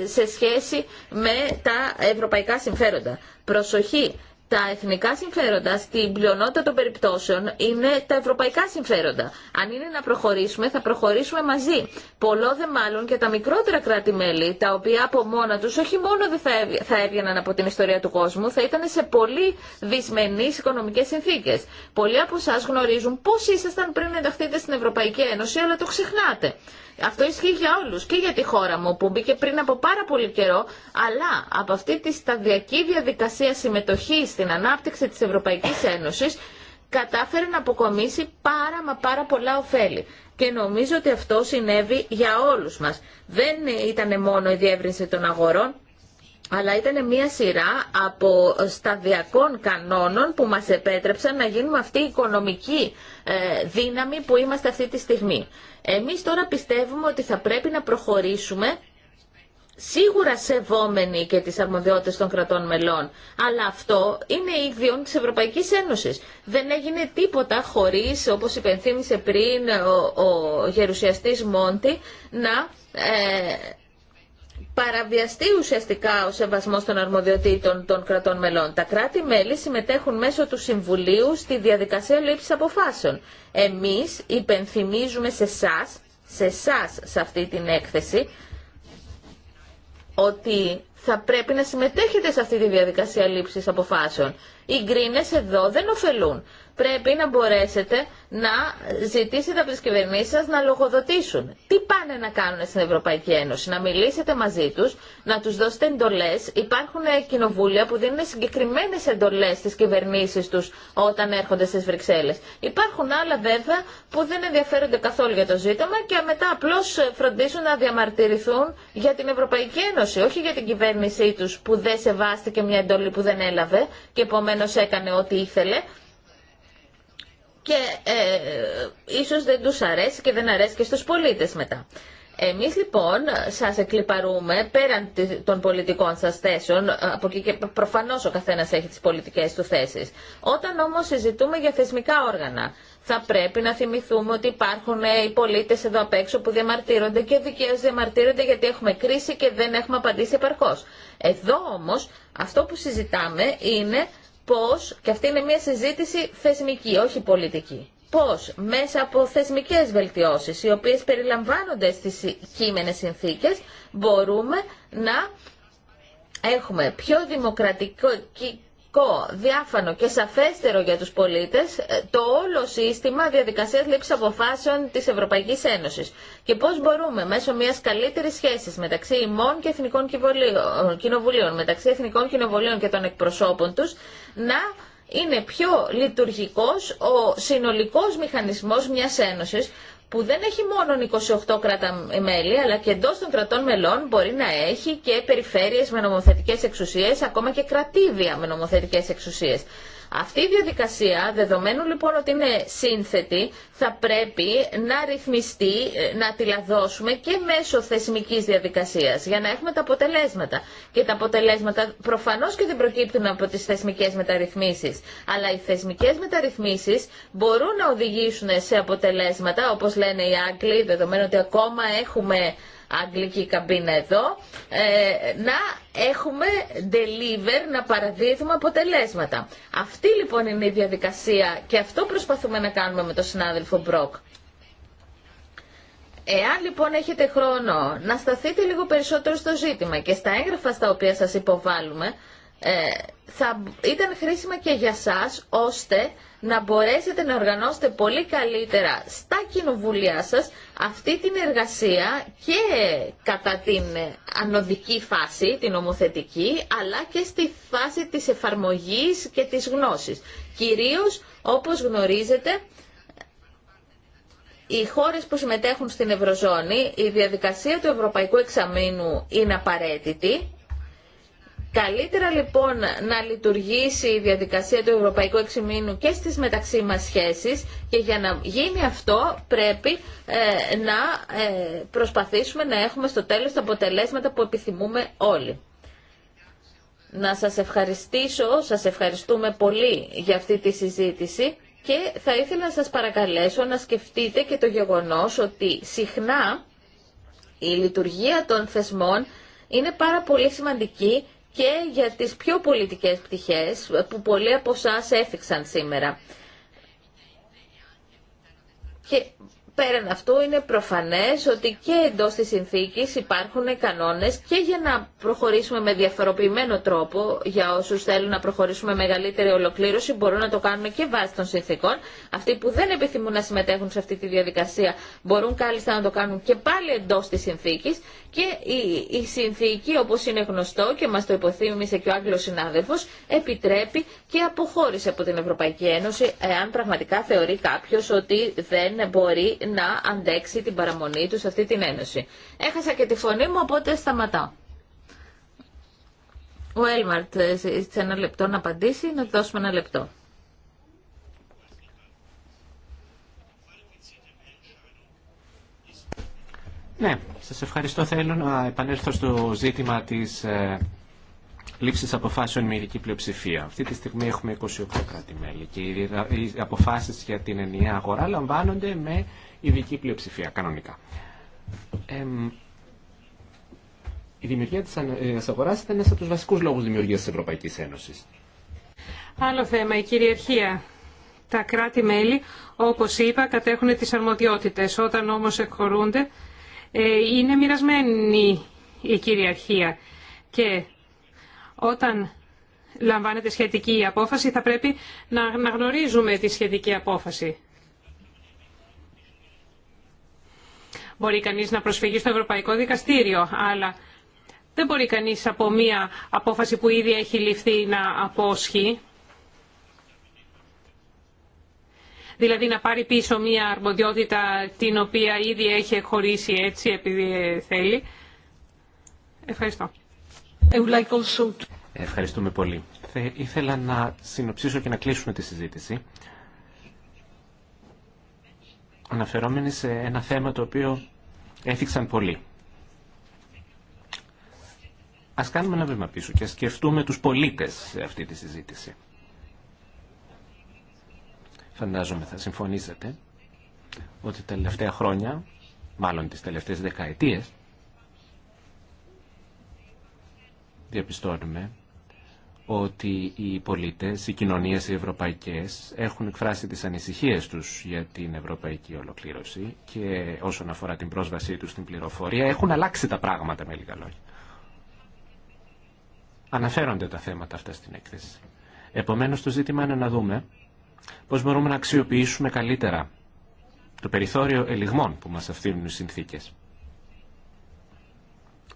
ε, σε σχέση με τα ευρωπαϊκά συμφέροντα. Προσοχή! Τα εθνικά συμφέροντα στην πλειονότητα των περιπτώσεων είναι τα ευρωπαϊκά συμφέροντα. Αν είναι να προχωρήσουμε, θα προχωρήσουμε μαζί. Πολλό δε μάλλον και τα μικρότερα κράτη-μέλη, τα οποία από μόνα του όχι μόνο δεν θα έβγαιναν από την ιστορία του κόσμου, θα ήταν σε πολύ δυσμενεί οικονομικέ συνθήκε. Πολλοί από εσά γνωρίζουν πώ ήσασταν πριν ενταχθείτε στην Ευρωπαϊκή Ένωση, αλλά το ξεχνάτε. Αυτό ισχύει για όλους και για τη χώρα μου που μπήκε πριν από πάρα πολύ καιρό, αλλά από αυτή τη σταδιακή διαδικασία συμμετοχής στην ανάπτυξη της Ευρωπαϊκής Ένωσης κατάφερε να αποκομίσει πάρα μα πάρα πολλά ωφέλη. Και νομίζω ότι αυτό συνέβη για όλους μας. Δεν ήταν μόνο η διεύρυνση των αγορών, αλλά ήταν μια σειρά από σταδιακών κανόνων που μας επέτρεψαν να γίνουμε αυτή η οικονομική ε, δύναμη που είμαστε αυτή τη στιγμή. Εμείς τώρα πιστεύουμε ότι θα πρέπει να προχωρήσουμε σίγουρα σεβόμενοι και τις αρμοδιότητες των κρατών μελών. Αλλά αυτό είναι ίδιον της Ευρωπαϊκής Ένωσης. Δεν έγινε τίποτα χωρίς, όπως υπενθύμησε πριν ο, ο γερουσιαστής Μόντι, να ε, παραβιαστεί ουσιαστικά ο σεβασμός των αρμοδιοτήτων των κρατών μελών. Τα κράτη-μέλη συμμετέχουν μέσω του Συμβουλίου στη διαδικασία λήψης αποφάσεων. Εμείς υπενθυμίζουμε σε εσά, σε εσά σε αυτή την έκθεση, ότι θα πρέπει να συμμετέχετε σε αυτή τη διαδικασία λήψης αποφάσεων. Οι γκρινε εδώ δεν ωφελούν πρέπει να μπορέσετε να ζητήσετε από τι κυβερνήσει σα να λογοδοτήσουν. Τι πάνε να κάνουν στην Ευρωπαϊκή Ένωση, να μιλήσετε μαζί του, να του δώσετε εντολέ. Υπάρχουν κοινοβούλια που δίνουν συγκεκριμένε εντολέ στι κυβερνήσει του όταν έρχονται στι Βρυξέλλε. Υπάρχουν άλλα βέβαια που δεν ενδιαφέρονται καθόλου για το ζήτημα και μετά απλώ φροντίζουν να διαμαρτυρηθούν για την Ευρωπαϊκή Ένωση, όχι για την κυβέρνησή του που δεν σεβάστηκε μια εντολή που δεν έλαβε και επομένω έκανε ό,τι ήθελε και ε, ίσως δεν τους αρέσει και δεν αρέσει και στους πολίτες μετά. Εμείς λοιπόν σας εκλυπαρούμε πέραν των πολιτικών σας θέσεων, από εκεί και προφανώς ο καθένας έχει τις πολιτικές του θέσεις. Όταν όμως συζητούμε για θεσμικά όργανα, θα πρέπει να θυμηθούμε ότι υπάρχουν ε, οι πολίτες εδώ απ' έξω που διαμαρτύρονται και δικαίως διαμαρτύρονται γιατί έχουμε κρίση και δεν έχουμε απαντήσει επαρκώς. Εδώ όμως αυτό που συζητάμε είναι πώς, και αυτή είναι μια συζήτηση θεσμική, όχι πολιτική, πώς μέσα από θεσμικές βελτιώσεις, οι οποίες περιλαμβάνονται στις κείμενες συνθήκες, μπορούμε να έχουμε πιο δημοκρατικό διάφανο και σαφέστερο για τους πολίτες ε, το όλο σύστημα διαδικασίας λήψης αποφάσεων της Ευρωπαϊκής Ένωσης και πώς μπορούμε μέσω μιας καλύτερης σχέσης μεταξύ ημών και εθνικών ε, κοινοβουλίων, μεταξύ εθνικών κοινοβουλίων και των εκπροσώπων τους να είναι πιο λειτουργικός ο συνολικός μηχανισμός μιας Ένωσης που δεν έχει μόνο 28 κράτα μέλη, αλλά και εντό των κρατών μελών μπορεί να έχει και περιφέρειες με νομοθετικές εξουσίες, ακόμα και κρατήδια με νομοθετικές εξουσίες. Αυτή η διαδικασία, δεδομένου λοιπόν ότι είναι σύνθετη, θα πρέπει να ρυθμιστεί, ε, να τη λαδώσουμε και μέσω θεσμικής διαδικασίας για να έχουμε τα αποτελέσματα. Και τα αποτελέσματα προφανώς και δεν προκύπτουν από τις θεσμικές μεταρρυθμίσεις. Αλλά οι θεσμικές μεταρρυθμίσεις μπορούν να οδηγήσουν σε αποτελέσματα, όπως λένε οι Άγγλοι, δεδομένου ότι ακόμα έχουμε αγγλική καμπίνα εδώ, ε, να έχουμε deliver, να παραδίδουμε αποτελέσματα. Αυτή λοιπόν είναι η διαδικασία και αυτό προσπαθούμε να κάνουμε με τον συνάδελφο Μπροκ. Εάν λοιπόν έχετε χρόνο να σταθείτε λίγο περισσότερο στο ζήτημα και στα έγγραφα στα οποία σας υποβάλλουμε, ε, θα ήταν χρήσιμα και για σας, ώστε να μπορέσετε να οργανώσετε πολύ καλύτερα στα κοινοβούλια σας αυτή την εργασία και κατά την ανωδική φάση, την ομοθετική, αλλά και στη φάση της εφαρμογής και της γνώσης. Κυρίως, όπως γνωρίζετε, οι χώρες που συμμετέχουν στην Ευρωζώνη, η διαδικασία του Ευρωπαϊκού Εξαμήνου είναι απαραίτητη, Καλύτερα λοιπόν να λειτουργήσει η διαδικασία του Ευρωπαϊκού Εξημείνου και στις μεταξύ μας σχέσεις και για να γίνει αυτό πρέπει ε, να ε, προσπαθήσουμε να έχουμε στο τέλος τα αποτελέσματα που επιθυμούμε όλοι. Να σας ευχαριστήσω, σας ευχαριστούμε πολύ για αυτή τη συζήτηση και θα ήθελα να σας παρακαλέσω να σκεφτείτε και το γεγονός ότι συχνά η λειτουργία των θεσμών είναι πάρα πολύ σημαντική και για τις πιο πολιτικές πτυχές που πολλοί από εσά έφυξαν σήμερα. Και πέραν αυτού είναι προφανές ότι και εντός της συνθήκης υπάρχουν κανόνες και για να προχωρήσουμε με διαφοροποιημένο τρόπο για όσους θέλουν να προχωρήσουμε μεγαλύτερη ολοκλήρωση μπορούν να το κάνουν και βάσει των συνθήκων. Αυτοί που δεν επιθυμούν να συμμετέχουν σε αυτή τη διαδικασία μπορούν κάλλιστα να το κάνουν και πάλι εντός της συνθήκης και η, η συνθήκη, όπως είναι γνωστό και μας το υποθύμησε και ο Άγγλος συνάδελφος, επιτρέπει και αποχώρησε από την Ευρωπαϊκή Ένωση, εάν πραγματικά θεωρεί κάποιος ότι δεν μπορεί να αντέξει την παραμονή του σε αυτή την Ένωση. Έχασα και τη φωνή μου, οπότε σταματάω. Ο Έλμαρτ, ε, σε ένα λεπτό να απαντήσει, να δώσουμε ένα λεπτό. Ναι, σας ευχαριστώ. Θέλω να επανέλθω στο ζήτημα της ε, λήψης αποφάσεων με ειδική πλειοψηφία. Αυτή τη στιγμή έχουμε 28 κράτη-μέλη και οι αποφάσεις για την ενιαία αγορά λαμβάνονται με ειδική πλειοψηφία κανονικά. η δημιουργία της ε, αγοράς ήταν ένας από τους βασικούς λόγους δημιουργίας της Ευρωπαϊκής Ένωσης. Άλλο θέμα, η κυριαρχία. Τα κράτη-μέλη, όπως είπα, κατέχουν τις αρμοδιότητες. Όταν όμως εκχωρούνται, ε, είναι μοιρασμένη η κυριαρχία και όταν λαμβάνεται σχετική απόφαση θα πρέπει να, να γνωρίζουμε τη σχετική απόφαση. Μπορεί κανείς να προσφυγεί στο Ευρωπαϊκό Δικαστήριο, αλλά δεν μπορεί κανείς από μία απόφαση που ήδη έχει ληφθεί να απόσχει. δηλαδή να πάρει πίσω μία αρμοδιότητα την οποία ήδη έχει χωρίσει έτσι επειδή θέλει. Ευχαριστώ. Ευχαριστούμε πολύ. Ήθελα να συνοψίσω και να κλείσουμε τη συζήτηση. Αναφερόμενοι σε ένα θέμα το οποίο έφυξαν πολύ. Ας κάνουμε ένα βήμα πίσω και σκεφτούμε τους πολίτες σε αυτή τη συζήτηση φαντάζομαι θα συμφωνήσετε ότι τα τελευταία χρόνια, μάλλον τις τελευταίες δεκαετίες, διαπιστώνουμε ότι οι πολίτες, οι κοινωνίες οι ευρωπαϊκές έχουν εκφράσει τις ανησυχίες τους για την ευρωπαϊκή ολοκλήρωση και όσον αφορά την πρόσβασή τους στην πληροφορία έχουν αλλάξει τα πράγματα με λίγα λόγια. Αναφέρονται τα θέματα αυτά στην έκθεση. Επομένως το ζήτημα είναι να δούμε πώς μπορούμε να αξιοποιήσουμε καλύτερα το περιθώριο ελιγμών που μας αυθύνουν οι συνθήκες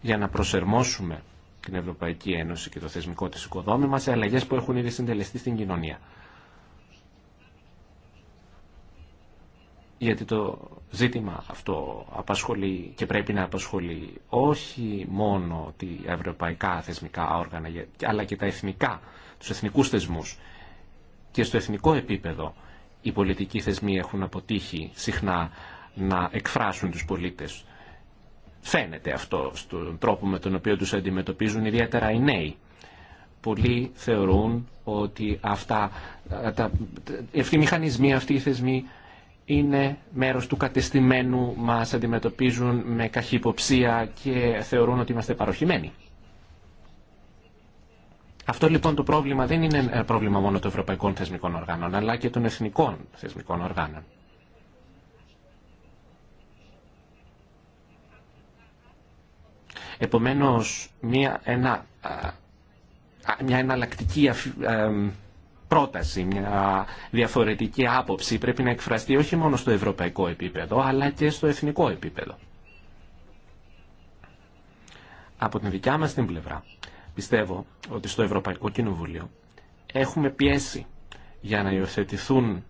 για να προσερμόσουμε την Ευρωπαϊκή Ένωση και το θεσμικό της οικοδόμημα σε αλλαγές που έχουν ήδη συντελεστεί στην κοινωνία. γιατί το ζήτημα αυτό απασχολεί και πρέπει να απασχολεί όχι μόνο τα ευρωπαϊκά θεσμικά όργανα, αλλά και τα εθνικά, τους εθνικούς θεσμούς και στο εθνικό επίπεδο οι πολιτικοί θεσμοί έχουν αποτύχει συχνά να εκφράσουν τους πολίτες. Φαίνεται αυτό στον τρόπο με τον οποίο τους αντιμετωπίζουν ιδιαίτερα οι νέοι. Πολλοί θεωρούν ότι αυτά, ε, τα, ε, αυτοί οι μηχανισμοί, αυτοί οι θεσμοί είναι μέρος του κατεστημένου, μας αντιμετωπίζουν με καχυποψία και θεωρούν ότι είμαστε παροχημένοι. Αυτό λοιπόν το πρόβλημα δεν είναι ένα ε, πρόβλημα μόνο των ευρωπαϊκών θεσμικών οργάνων, αλλά και των εθνικών θεσμικών οργάνων. Επομένως, μια, ένα, μια εναλλακτική πρόταση, μια διαφορετική άποψη πρέπει να εκφραστεί όχι μόνο στο ευρωπαϊκό επίπεδο, αλλά και στο εθνικό επίπεδο. Από την δικιά μας την πλευρά Πιστεύω ότι στο Ευρωπαϊκό Κοινοβούλιο έχουμε πιέσει για να υιοθετηθούν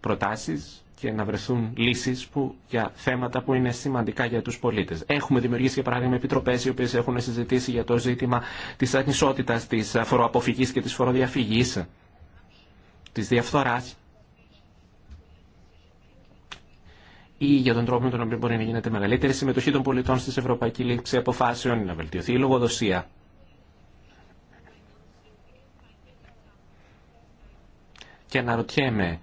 προτάσεις και να βρεθούν λύσεις για θέματα που είναι σημαντικά για τους πολίτες. Έχουμε δημιουργήσει, για παράδειγμα, επιτροπές οι οποίες έχουν συζητήσει για το ζήτημα της ανισότητας, της φοροαποφυγής και της φοροδιαφυγής, της διαφθοράς ή για τον τρόπο με τον οποίο μπορεί να γίνεται μεγαλύτερη συμμετοχή των πολιτών στις ευρωπαϊκή λήψη αποφάσεων, να βελτιωθεί η λογοδοσία και αναρωτιέμαι,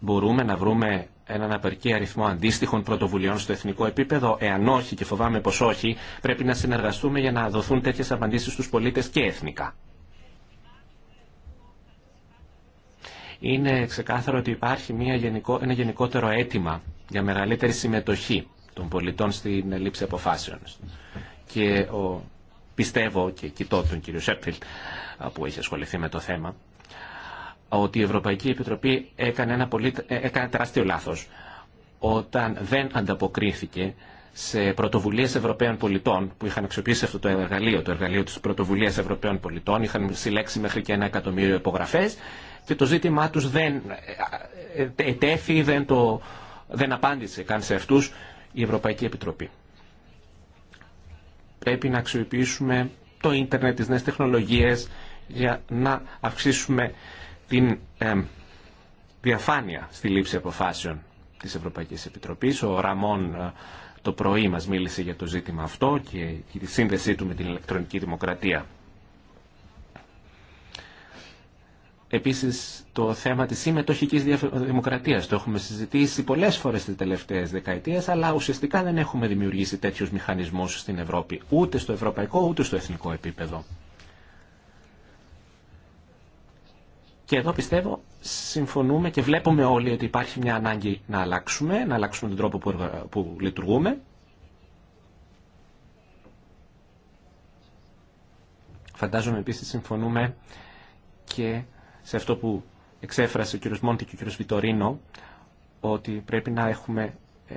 μπορούμε να βρούμε έναν απερκή αριθμό αντίστοιχων πρωτοβουλειών στο εθνικό επίπεδο. Εάν όχι και φοβάμαι πως όχι, πρέπει να συνεργαστούμε για να δοθούν τέτοιες απαντήσεις στους πολίτες και εθνικά. Είναι ξεκάθαρο ότι υπάρχει μια γενικό, ένα γενικότερο αίτημα για μεγαλύτερη συμμετοχή των πολιτών στην λήψη αποφάσεων. Και ο, πιστεύω και κοιτώ τον κύριο Σέπφιλτ που έχει ασχοληθεί με το θέμα ότι η Ευρωπαϊκή Επιτροπή έκανε ένα πολύ, ε, τεράστιο λάθος όταν δεν ανταποκρίθηκε σε πρωτοβουλίε Ευρωπαίων πολιτών που είχαν αξιοποιήσει αυτό το εργαλείο, το εργαλείο τη πρωτοβουλία Ευρωπαίων πολιτών, είχαν συλλέξει μέχρι και ένα εκατομμύριο υπογραφέ και το ζήτημά του δεν ε, ε, ετέθη, δεν, το, δεν απάντησε καν σε αυτού η Ευρωπαϊκή Επιτροπή. Πρέπει να αξιοποιήσουμε το ίντερνετ, τις νέες τεχνολογίες για να αυξήσουμε την διαφάνεια στη λήψη αποφάσεων της Ευρωπαϊκής Επιτροπής. Ο Ραμόν ε, το πρωί μας μίλησε για το ζήτημα αυτό και, και τη σύνδεσή του με την ηλεκτρονική δημοκρατία. Επίσης το θέμα της συμμετοχικής δημοκρατίας το έχουμε συζητήσει πολλές φορές τις τελευταίες δεκαετίες αλλά ουσιαστικά δεν έχουμε δημιουργήσει τέτοιους μηχανισμούς στην Ευρώπη ούτε στο ευρωπαϊκό ούτε στο εθνικό επίπεδο. Και εδώ πιστεύω συμφωνούμε και βλέπουμε όλοι ότι υπάρχει μια ανάγκη να αλλάξουμε, να αλλάξουμε τον τρόπο που, λειτουργούμε. Φαντάζομαι επίσης συμφωνούμε και σε αυτό που εξέφρασε ο κ. Μόντι και ο κ. Βιτορίνο, ότι πρέπει να έχουμε ε,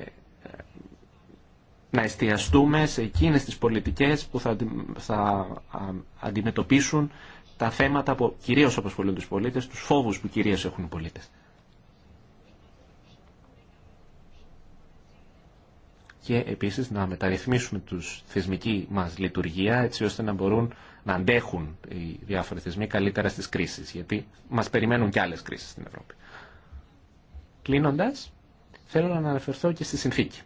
να εστιαστούμε σε εκείνες τις πολιτικές που θα, θα αντιμετωπίσουν τα θέματα που κυρίως απασχολούν τους πολίτες, τους φόβους που κυρίως έχουν οι πολίτες. Και επίσης να μεταρρυθμίσουμε τους θεσμική μας λειτουργία έτσι ώστε να μπορούν να αντέχουν οι διάφοροι θεσμοί καλύτερα στις κρίσεις. Γιατί μας περιμένουν και άλλες κρίσεις στην Ευρώπη. Κλείνοντα θέλω να αναφερθώ και στη συνθήκη.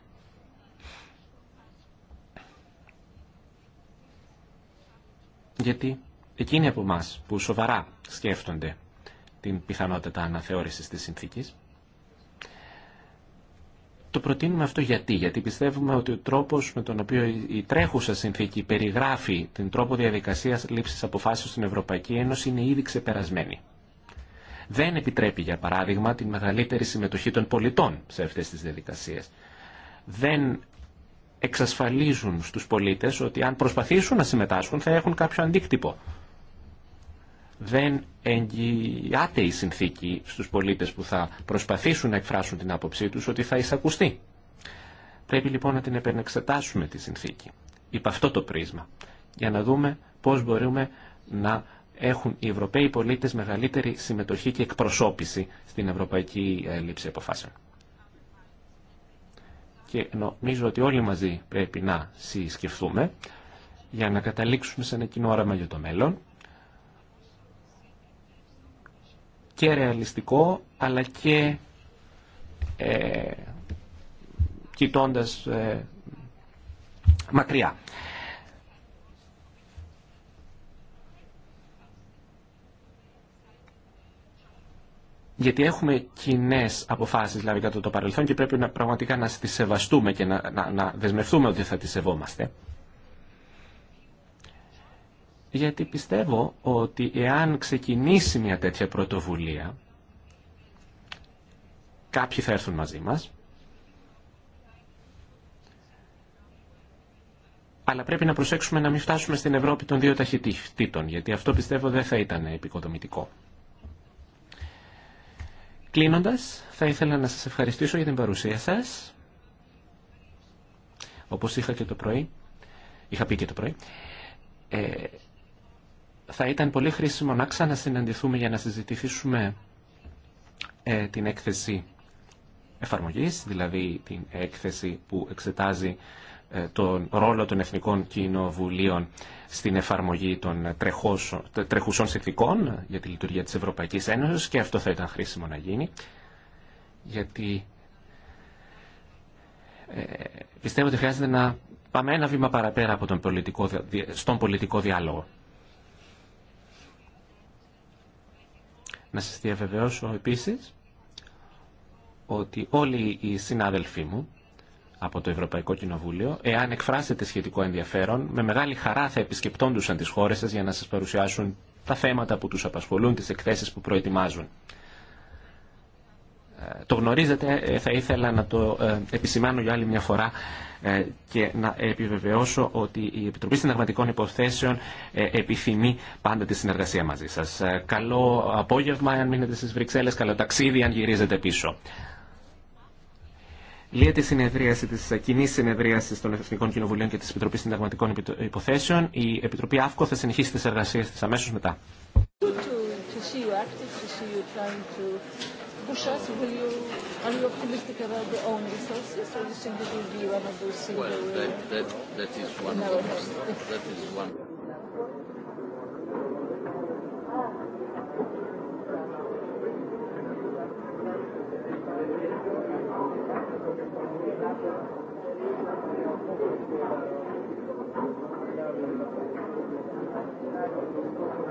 Γιατί εκείνοι από εμά που σοβαρά σκέφτονται την πιθανότητα αναθεώρησης της συνθήκης, το προτείνουμε αυτό γιατί. Γιατί πιστεύουμε ότι ο τρόπος με τον οποίο η τρέχουσα συνθήκη περιγράφει την τρόπο διαδικασίας λήψης αποφάσεων στην Ευρωπαϊκή Ένωση είναι ήδη ξεπερασμένη. Δεν επιτρέπει, για παράδειγμα, την μεγαλύτερη συμμετοχή των πολιτών σε αυτές τις διαδικασίες. Δεν εξασφαλίζουν στους πολίτες ότι αν προσπαθήσουν να συμμετάσχουν θα έχουν κάποιο αντίκτυπο δεν εγγυάται η συνθήκη στους πολίτες που θα προσπαθήσουν να εκφράσουν την άποψή τους ότι θα εισακουστεί. Πρέπει λοιπόν να την επενεξετάσουμε τη συνθήκη υπ' αυτό το πρίσμα για να δούμε πώς μπορούμε να έχουν οι Ευρωπαίοι πολίτες μεγαλύτερη συμμετοχή και εκπροσώπηση στην ευρωπαϊκή ε, λήψη αποφάσεων. Και νομίζω ότι όλοι μαζί πρέπει να συσκεφθούμε για να καταλήξουμε σε ένα κοινό όραμα για το μέλλον και ρεαλιστικό αλλά και ε, κοιτώντας ε, μακριά. Γιατί έχουμε κοινέ αποφάσει δηλαδή κατά το παρελθόν και πρέπει να, πραγματικά να τι σεβαστούμε και να, να, να δεσμευτούμε ότι θα τι σεβόμαστε γιατί πιστεύω ότι εάν ξεκινήσει μια τέτοια πρωτοβουλία, κάποιοι θα έρθουν μαζί μας, αλλά πρέπει να προσέξουμε να μην φτάσουμε στην Ευρώπη των δύο ταχυτήτων, γιατί αυτό πιστεύω δεν θα ήταν επικοδομητικό. Κλείνοντας, θα ήθελα να σας ευχαριστήσω για την παρουσία σας. Όπως είχα και το πρωί, είχα πει και το πρωί, ε, θα ήταν πολύ χρήσιμο να ξανασυναντηθούμε για να συζητηθήσουμε ε, την έκθεση εφαρμογής, δηλαδή την έκθεση που εξετάζει ε, τον ρόλο των Εθνικών Κοινοβουλίων στην εφαρμογή των τρεχουσών συνθηκών για τη λειτουργία της Ευρωπαϊκής Ένωσης και αυτό θα ήταν χρήσιμο να γίνει γιατί ε, πιστεύω ότι χρειάζεται να πάμε ένα βήμα παραπέρα από τον πολιτικό, στον πολιτικό διάλογο. Να σας διαβεβαιώσω επίσης ότι όλοι οι συνάδελφοί μου από το Ευρωπαϊκό Κοινοβούλιο, εάν εκφράσετε σχετικό ενδιαφέρον, με μεγάλη χαρά θα επισκεπτόντουσαν τις χώρες σας για να σας παρουσιάσουν τα θέματα που τους απασχολούν, τις εκθέσεις που προετοιμάζουν το γνωρίζετε, ε, θα ήθελα να το ε, επισημάνω για άλλη μια φορά ε, και να επιβεβαιώσω ότι η Επιτροπή Συνταγματικών Υποθέσεων επιθυμεί πάντα τη συνεργασία μαζί σας. Καλό απόγευμα αν μείνετε στις Βρυξέλλες, καλό ταξίδι αν γυρίζετε πίσω. λια τη συνεδρίαση τη κοινή συνεδρίαση των Εθνικών Κοινοβουλίων και τη Επιτροπή Συνταγματικών Υποθέσεων. Η Επιτροπή ΑΦΚΟ θα συνεχίσει τι εργασίε τη αμέσω μετά push us? Will you, are you optimistic about the own resources, or do you think it will be one of those single? Well, that, that, that is one of those, That is one.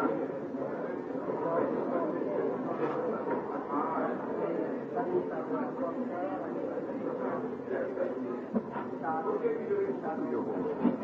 Thank you. Υπότιτλοι AUTHORWAVE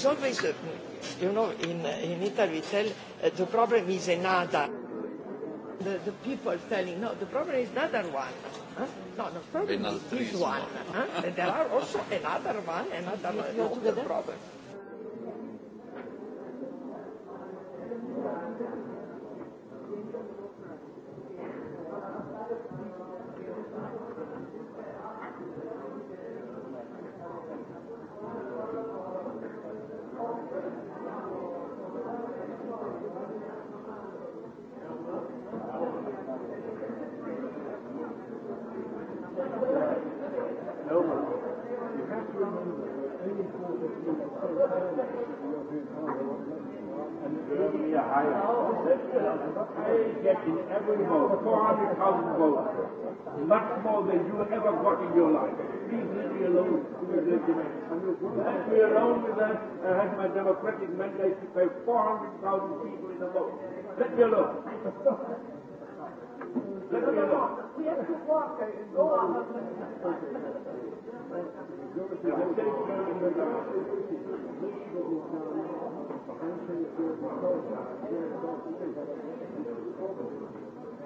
is always, you know, in, in Italy we tell uh the problem is another. The, the people telling, no, the problem is another one. No, the problem is this one. And there are also another one, another problem. much more than you ever got in your life. Please leave me alone with Let me alone with that. I had my democratic mandate to pay 400,000 people in a vote. Let me alone. Let me alone. We have to walk and go on. Thank you.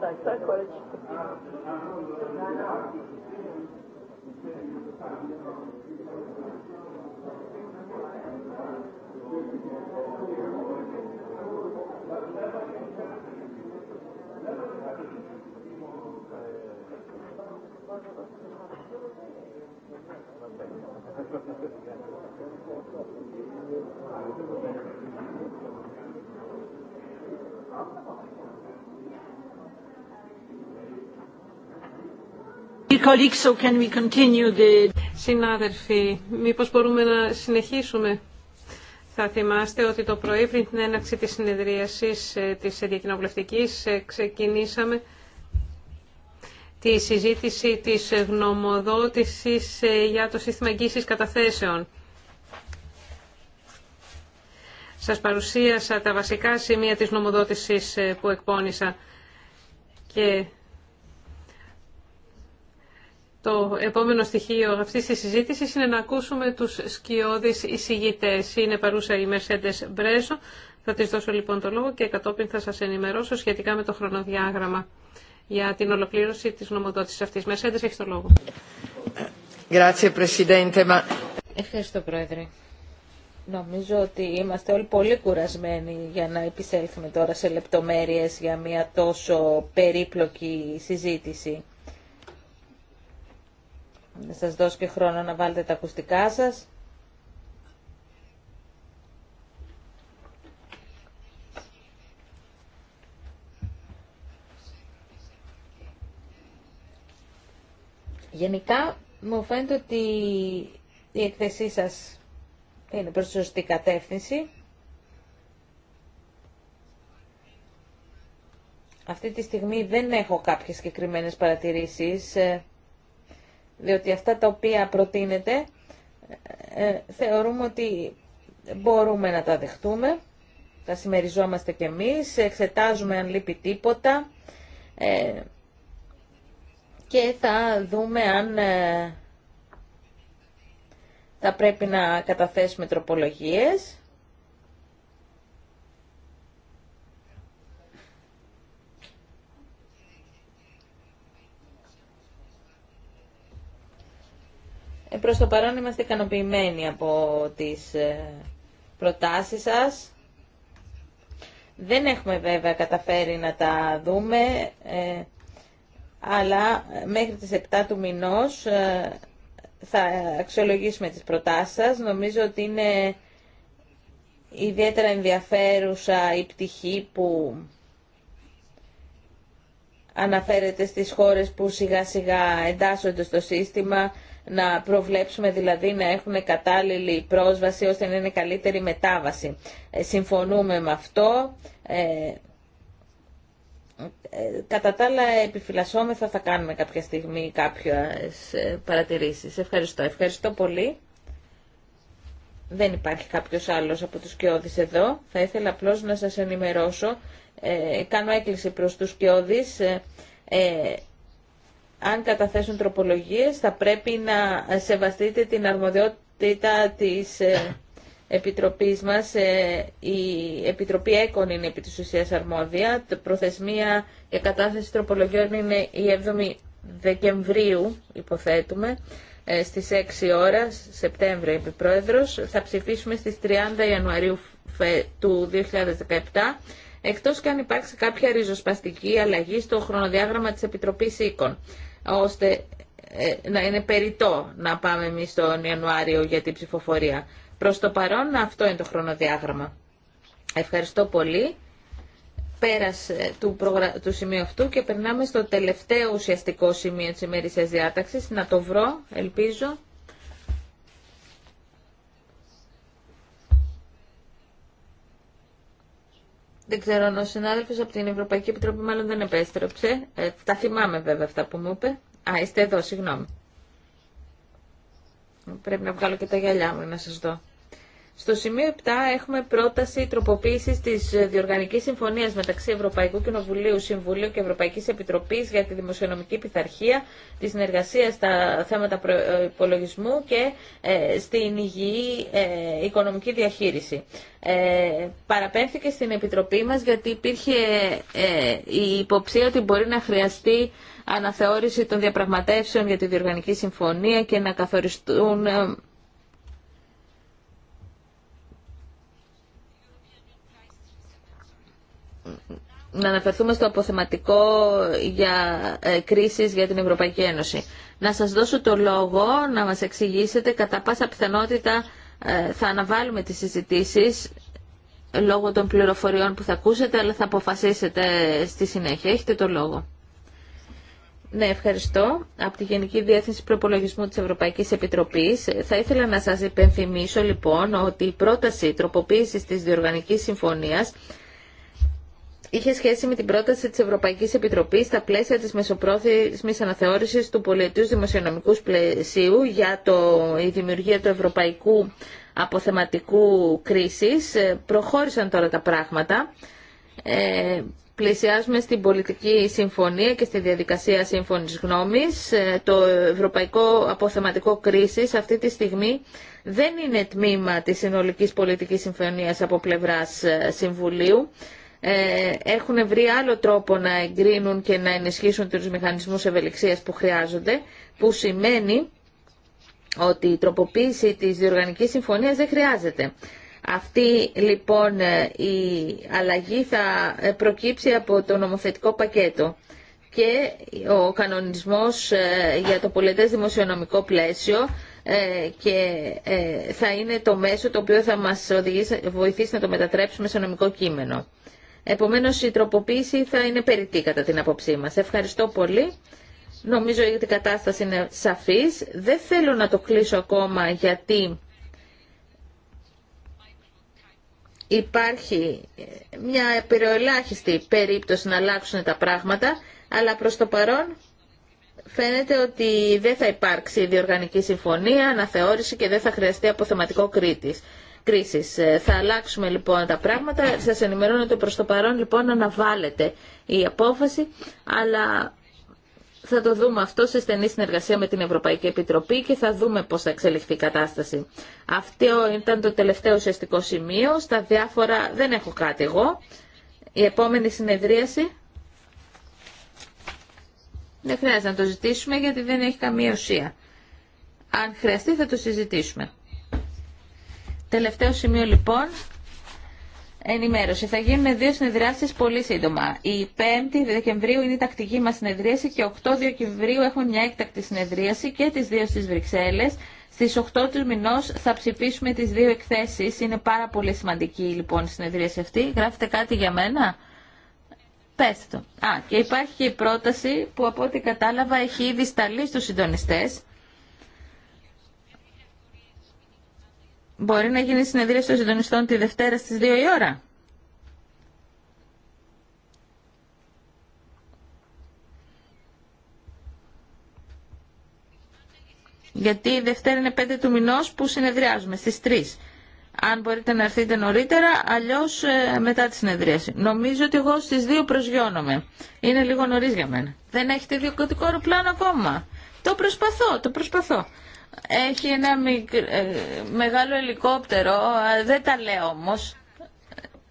Так, так, короче. Thank you. Συνάδελφοι, μήπως μπορούμε να συνεχίσουμε. Θα θυμάστε ότι το πρωί πριν την έναρξη της συνεδρίασης ε, της διακοινοβουλευτικής ε, ξεκινήσαμε τη συζήτηση της γνωμοδότησης ε, για το σύστημα εγγύησης καταθέσεων. Σας παρουσίασα τα βασικά σημεία της γνωμοδότησης που εκπώνησα και το επόμενο στοιχείο αυτή τη συζήτηση είναι να ακούσουμε του σκιώδει εισηγητέ. Είναι παρούσα η Μερσέντε Μπρέζο. Θα τη δώσω λοιπόν το λόγο και κατόπιν θα σα ενημερώσω σχετικά με το χρονοδιάγραμμα για την ολοκλήρωση τη νομοδότηση αυτή. Μερσέντε έχει το λόγο. Ευχαριστώ, Πρόεδρε. Νομίζω ότι είμαστε όλοι πολύ κουρασμένοι για να επισέλθουμε τώρα σε λεπτομέρειες για μια τόσο περίπλοκη συζήτηση. Να σας δώσω και χρόνο να βάλετε τα ακουστικά σας. Γενικά μου φαίνεται ότι η εκθεσή σας είναι προς σωστή κατεύθυνση. Αυτή τη στιγμή δεν έχω κάποιες συγκεκριμένε παρατηρήσεις. Ε, διότι αυτά τα οποία προτείνεται ε, θεωρούμε ότι μπορούμε να τα δεχτούμε, τα συμμεριζόμαστε κι εμείς, εξετάζουμε αν λείπει τίποτα ε, και θα δούμε αν ε, θα πρέπει να καταθέσουμε τροπολογίες. Ε, προς το παρόν είμαστε ικανοποιημένοι από τις ε, προτάσεις σας. Δεν έχουμε βέβαια καταφέρει να τα δούμε, ε, αλλά μέχρι τις 7 του μηνός θα αξιολογήσουμε τις προτάσεις σας. Νομίζω ότι είναι ιδιαίτερα ενδιαφέρουσα η πτυχή που αναφέρεται στις χώρες που σιγά σιγά εντάσσονται στο σύστημα να προβλέψουμε δηλαδή να έχουν κατάλληλη πρόσβαση ώστε να είναι καλύτερη μετάβαση. Ε, συμφωνούμε με αυτό. Ε, ε, κατά τα άλλα επιφυλασσόμεθα θα κάνουμε κάποια στιγμή κάποιες ε, παρατηρήσεις. Ευχαριστώ. Ευχαριστώ πολύ. Δεν υπάρχει κάποιος άλλος από τους Κιώδης εδώ. Θα ήθελα απλώ να σας ενημερώσω. Ε, κάνω έκκληση προς τους Κιώδης. Ε, αν καταθέσουν τροπολογίες θα πρέπει να σεβαστείτε την αρμοδιότητα της ε, Επιτροπής μας. Ε, η Επιτροπή ΕΚΟΝ είναι επί της ουσίας αρμόδια. προθεσμία για κατάθεση τροπολογιών είναι η 7η Δεκεμβρίου, υποθέτουμε, ε, στις 6 ώρα, Σεπτέμβριο Επιπρόεδρος. Θα ψηφίσουμε στις 30 Ιανουαρίου του 2017 εκτός και αν υπάρξει κάποια ριζοσπαστική αλλαγή στο χρονοδιάγραμμα της Επιτροπής ΕΚΟΝ ώστε ε, να είναι περιττό να πάμε εμεί τον Ιανουάριο για την ψηφοφορία. Προς το παρόν αυτό είναι το χρονοδιάγραμμα. Ευχαριστώ πολύ. Πέρασε του, προγρα... σημείου αυτού και περνάμε στο τελευταίο ουσιαστικό σημείο της ημερήσιας διάταξης. Να το βρω, ελπίζω. Δεν ξέρω αν ο συνάδελφος από την Ευρωπαϊκή Επιτροπή μάλλον δεν επέστρεψε. Ε, τα θυμάμαι βέβαια αυτά που μου είπε. Α, είστε εδώ, συγγνώμη. Πρέπει να βγάλω και τα γυαλιά μου να σας δω. Στο σημείο 7 έχουμε πρόταση τροποποίηση τη Διοργανική Συμφωνία μεταξύ Ευρωπαϊκού Κοινοβουλίου, Συμβουλίου και Ευρωπαϊκή Επιτροπή για τη Δημοσιονομική Πειθαρχία, τη συνεργασία στα θέματα υπολογισμού και ε, στην υγιή ε, οικονομική διαχείριση. Ε, παραπέμφθηκε στην Επιτροπή μας γιατί υπήρχε ε, η υποψία ότι μπορεί να χρειαστεί αναθεώρηση των διαπραγματεύσεων για τη Διοργανική Συμφωνία και να καθοριστούν ε, να αναφερθούμε στο αποθεματικό για ε, για την Ευρωπαϊκή Ένωση. Να σας δώσω το λόγο να μας εξηγήσετε κατά πάσα πιθανότητα ε, θα αναβάλουμε τις συζητήσεις λόγω των πληροφοριών που θα ακούσετε, αλλά θα αποφασίσετε στη συνέχεια. Έχετε το λόγο. Ναι, ευχαριστώ. Από τη Γενική Διεύθυνση Προπολογισμού της Ευρωπαϊκής Επιτροπής ε, θα ήθελα να σας υπενθυμίσω λοιπόν ότι η πρόταση τροποποίησης της Διοργανικής Συμφωνίας είχε σχέση με την πρόταση της Ευρωπαϊκής Επιτροπής στα πλαίσια της μεσοπρόθεσμης αναθεώρησης του πολιτικού δημοσιονομικού πλαισίου για το, η δημιουργία του Ευρωπαϊκού Αποθεματικού Κρίσης. Ε, προχώρησαν τώρα τα πράγματα. Ε, πλησιάζουμε στην πολιτική συμφωνία και στη διαδικασία σύμφωνης γνώμης. Ε, το Ευρωπαϊκό Αποθεματικό Κρίσης αυτή τη στιγμή δεν είναι τμήμα της συνολικής πολιτικής συμφωνίας από πλευράς ε, Συμβουλίου. Ε, έχουν βρει άλλο τρόπο να εγκρίνουν και να ενισχύσουν τους μηχανισμούς ευελιξίας που χρειάζονται, που σημαίνει ότι η τροποποίηση της διοργανικής συμφωνίας δεν χρειάζεται. Αυτή λοιπόν ε, η αλλαγή θα ε, προκύψει από το νομοθετικό πακέτο και ο κανονισμός για το πολιτές δημοσιονομικό πλαίσιο και θα είναι το μέσο το οποίο θα μας οδηγήσει, βοηθήσει να το μετατρέψουμε σε νομικό κείμενο. Επομένως η τροποποίηση θα είναι περιττή κατά την απόψή μας. Ευχαριστώ πολύ. Νομίζω ότι η κατάσταση είναι σαφής. Δεν θέλω να το κλείσω ακόμα γιατί υπάρχει μια επιρροελάχιστη περίπτωση να αλλάξουν τα πράγματα, αλλά προς το παρόν φαίνεται ότι δεν θα υπάρξει διοργανική συμφωνία, αναθεώρηση και δεν θα χρειαστεί αποθεματικό κρίτης. Ε, θα αλλάξουμε λοιπόν τα πράγματα. Σας ενημερώνω ότι προς το παρόν λοιπόν αναβάλλεται η απόφαση, αλλά θα το δούμε αυτό σε στενή συνεργασία με την Ευρωπαϊκή Επιτροπή και θα δούμε πώς θα εξελιχθεί η κατάσταση. Αυτό ήταν το τελευταίο ουσιαστικό σημείο. Στα διάφορα δεν έχω κάτι εγώ. Η επόμενη συνεδρίαση δεν χρειάζεται να το ζητήσουμε γιατί δεν έχει καμία ουσία. Αν χρειαστεί θα το συζητήσουμε. Τελευταίο σημείο λοιπόν, ενημέρωση. Θα γίνουν δύο συνεδριάσεις πολύ σύντομα. Η 5η Δεκεμβρίου είναι η τακτική μας συνεδρίαση και 8 Δεκεμβρίου έχουμε μια έκτακτη συνεδρίαση και τις δύο στις Βρυξέλλες. Στις 8 του μηνός θα ψηφίσουμε τις δύο εκθέσεις. Είναι πάρα πολύ σημαντική λοιπόν η συνεδρίαση αυτή. Γράφετε κάτι για μένα. Πες το. Α, και υπάρχει και η πρόταση που από ό,τι κατάλαβα έχει ήδη σταλεί στους συντονιστές. Μπορεί να γίνει συνεδρίαση των συντονιστών τη Δευτέρα στις 2 η ώρα. Γιατί η Δευτέρα είναι 5 του μηνός που συνεδριάζουμε στις 3. Αν μπορείτε να έρθετε νωρίτερα, αλλιώς ε, μετά τη συνεδρίαση. Νομίζω ότι εγώ στις 2 προσγειώνομαι. Είναι λίγο νωρίς για μένα. Δεν έχετε διοικητικό αεροπλάνο ακόμα. Το προσπαθώ, το προσπαθώ έχει ένα ε, μεγάλο ελικόπτερο, δεν τα λέω όμως.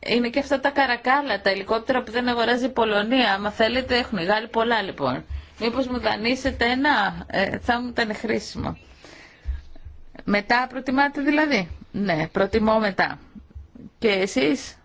Είναι και αυτά τα καρακάλα, τα ελικόπτερα που δεν αγοράζει η Πολωνία. Άμα θέλετε έχουν οι πολλά λοιπόν. Μήπως μου δανείσετε ένα, ε, θα μου ήταν χρήσιμο. Μετά προτιμάτε δηλαδή. Ναι, προτιμώ μετά. Και εσείς.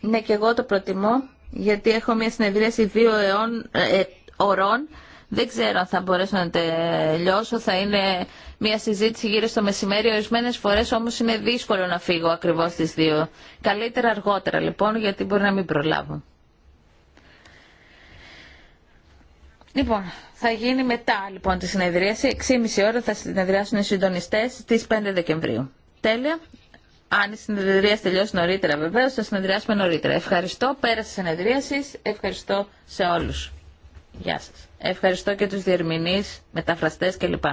Ναι, και εγώ το προτιμώ, γιατί έχω μια συνεδρίαση δύο αιών, ε, ωρών δεν ξέρω αν θα μπορέσω να τελειώσω. Θα είναι μια συζήτηση γύρω στο μεσημέρι. Ορισμένε φορέ όμω είναι δύσκολο να φύγω ακριβώ στι δύο. Καλύτερα αργότερα λοιπόν, γιατί μπορεί να μην προλάβω. Λοιπόν, θα γίνει μετά λοιπόν τη συνεδρίαση. 6,5 ώρα θα συνεδριάσουν οι συντονιστέ στι 5 Δεκεμβρίου. Τέλεια. Αν η συνεδρία τελειώσει νωρίτερα βεβαίω, θα συνεδριάσουμε νωρίτερα. Ευχαριστώ. Πέρασε τη συνεδρίαση. Ευχαριστώ σε όλου. Γεια σας. Ευχαριστώ και τους διερμηνείς, μεταφραστές κλπ.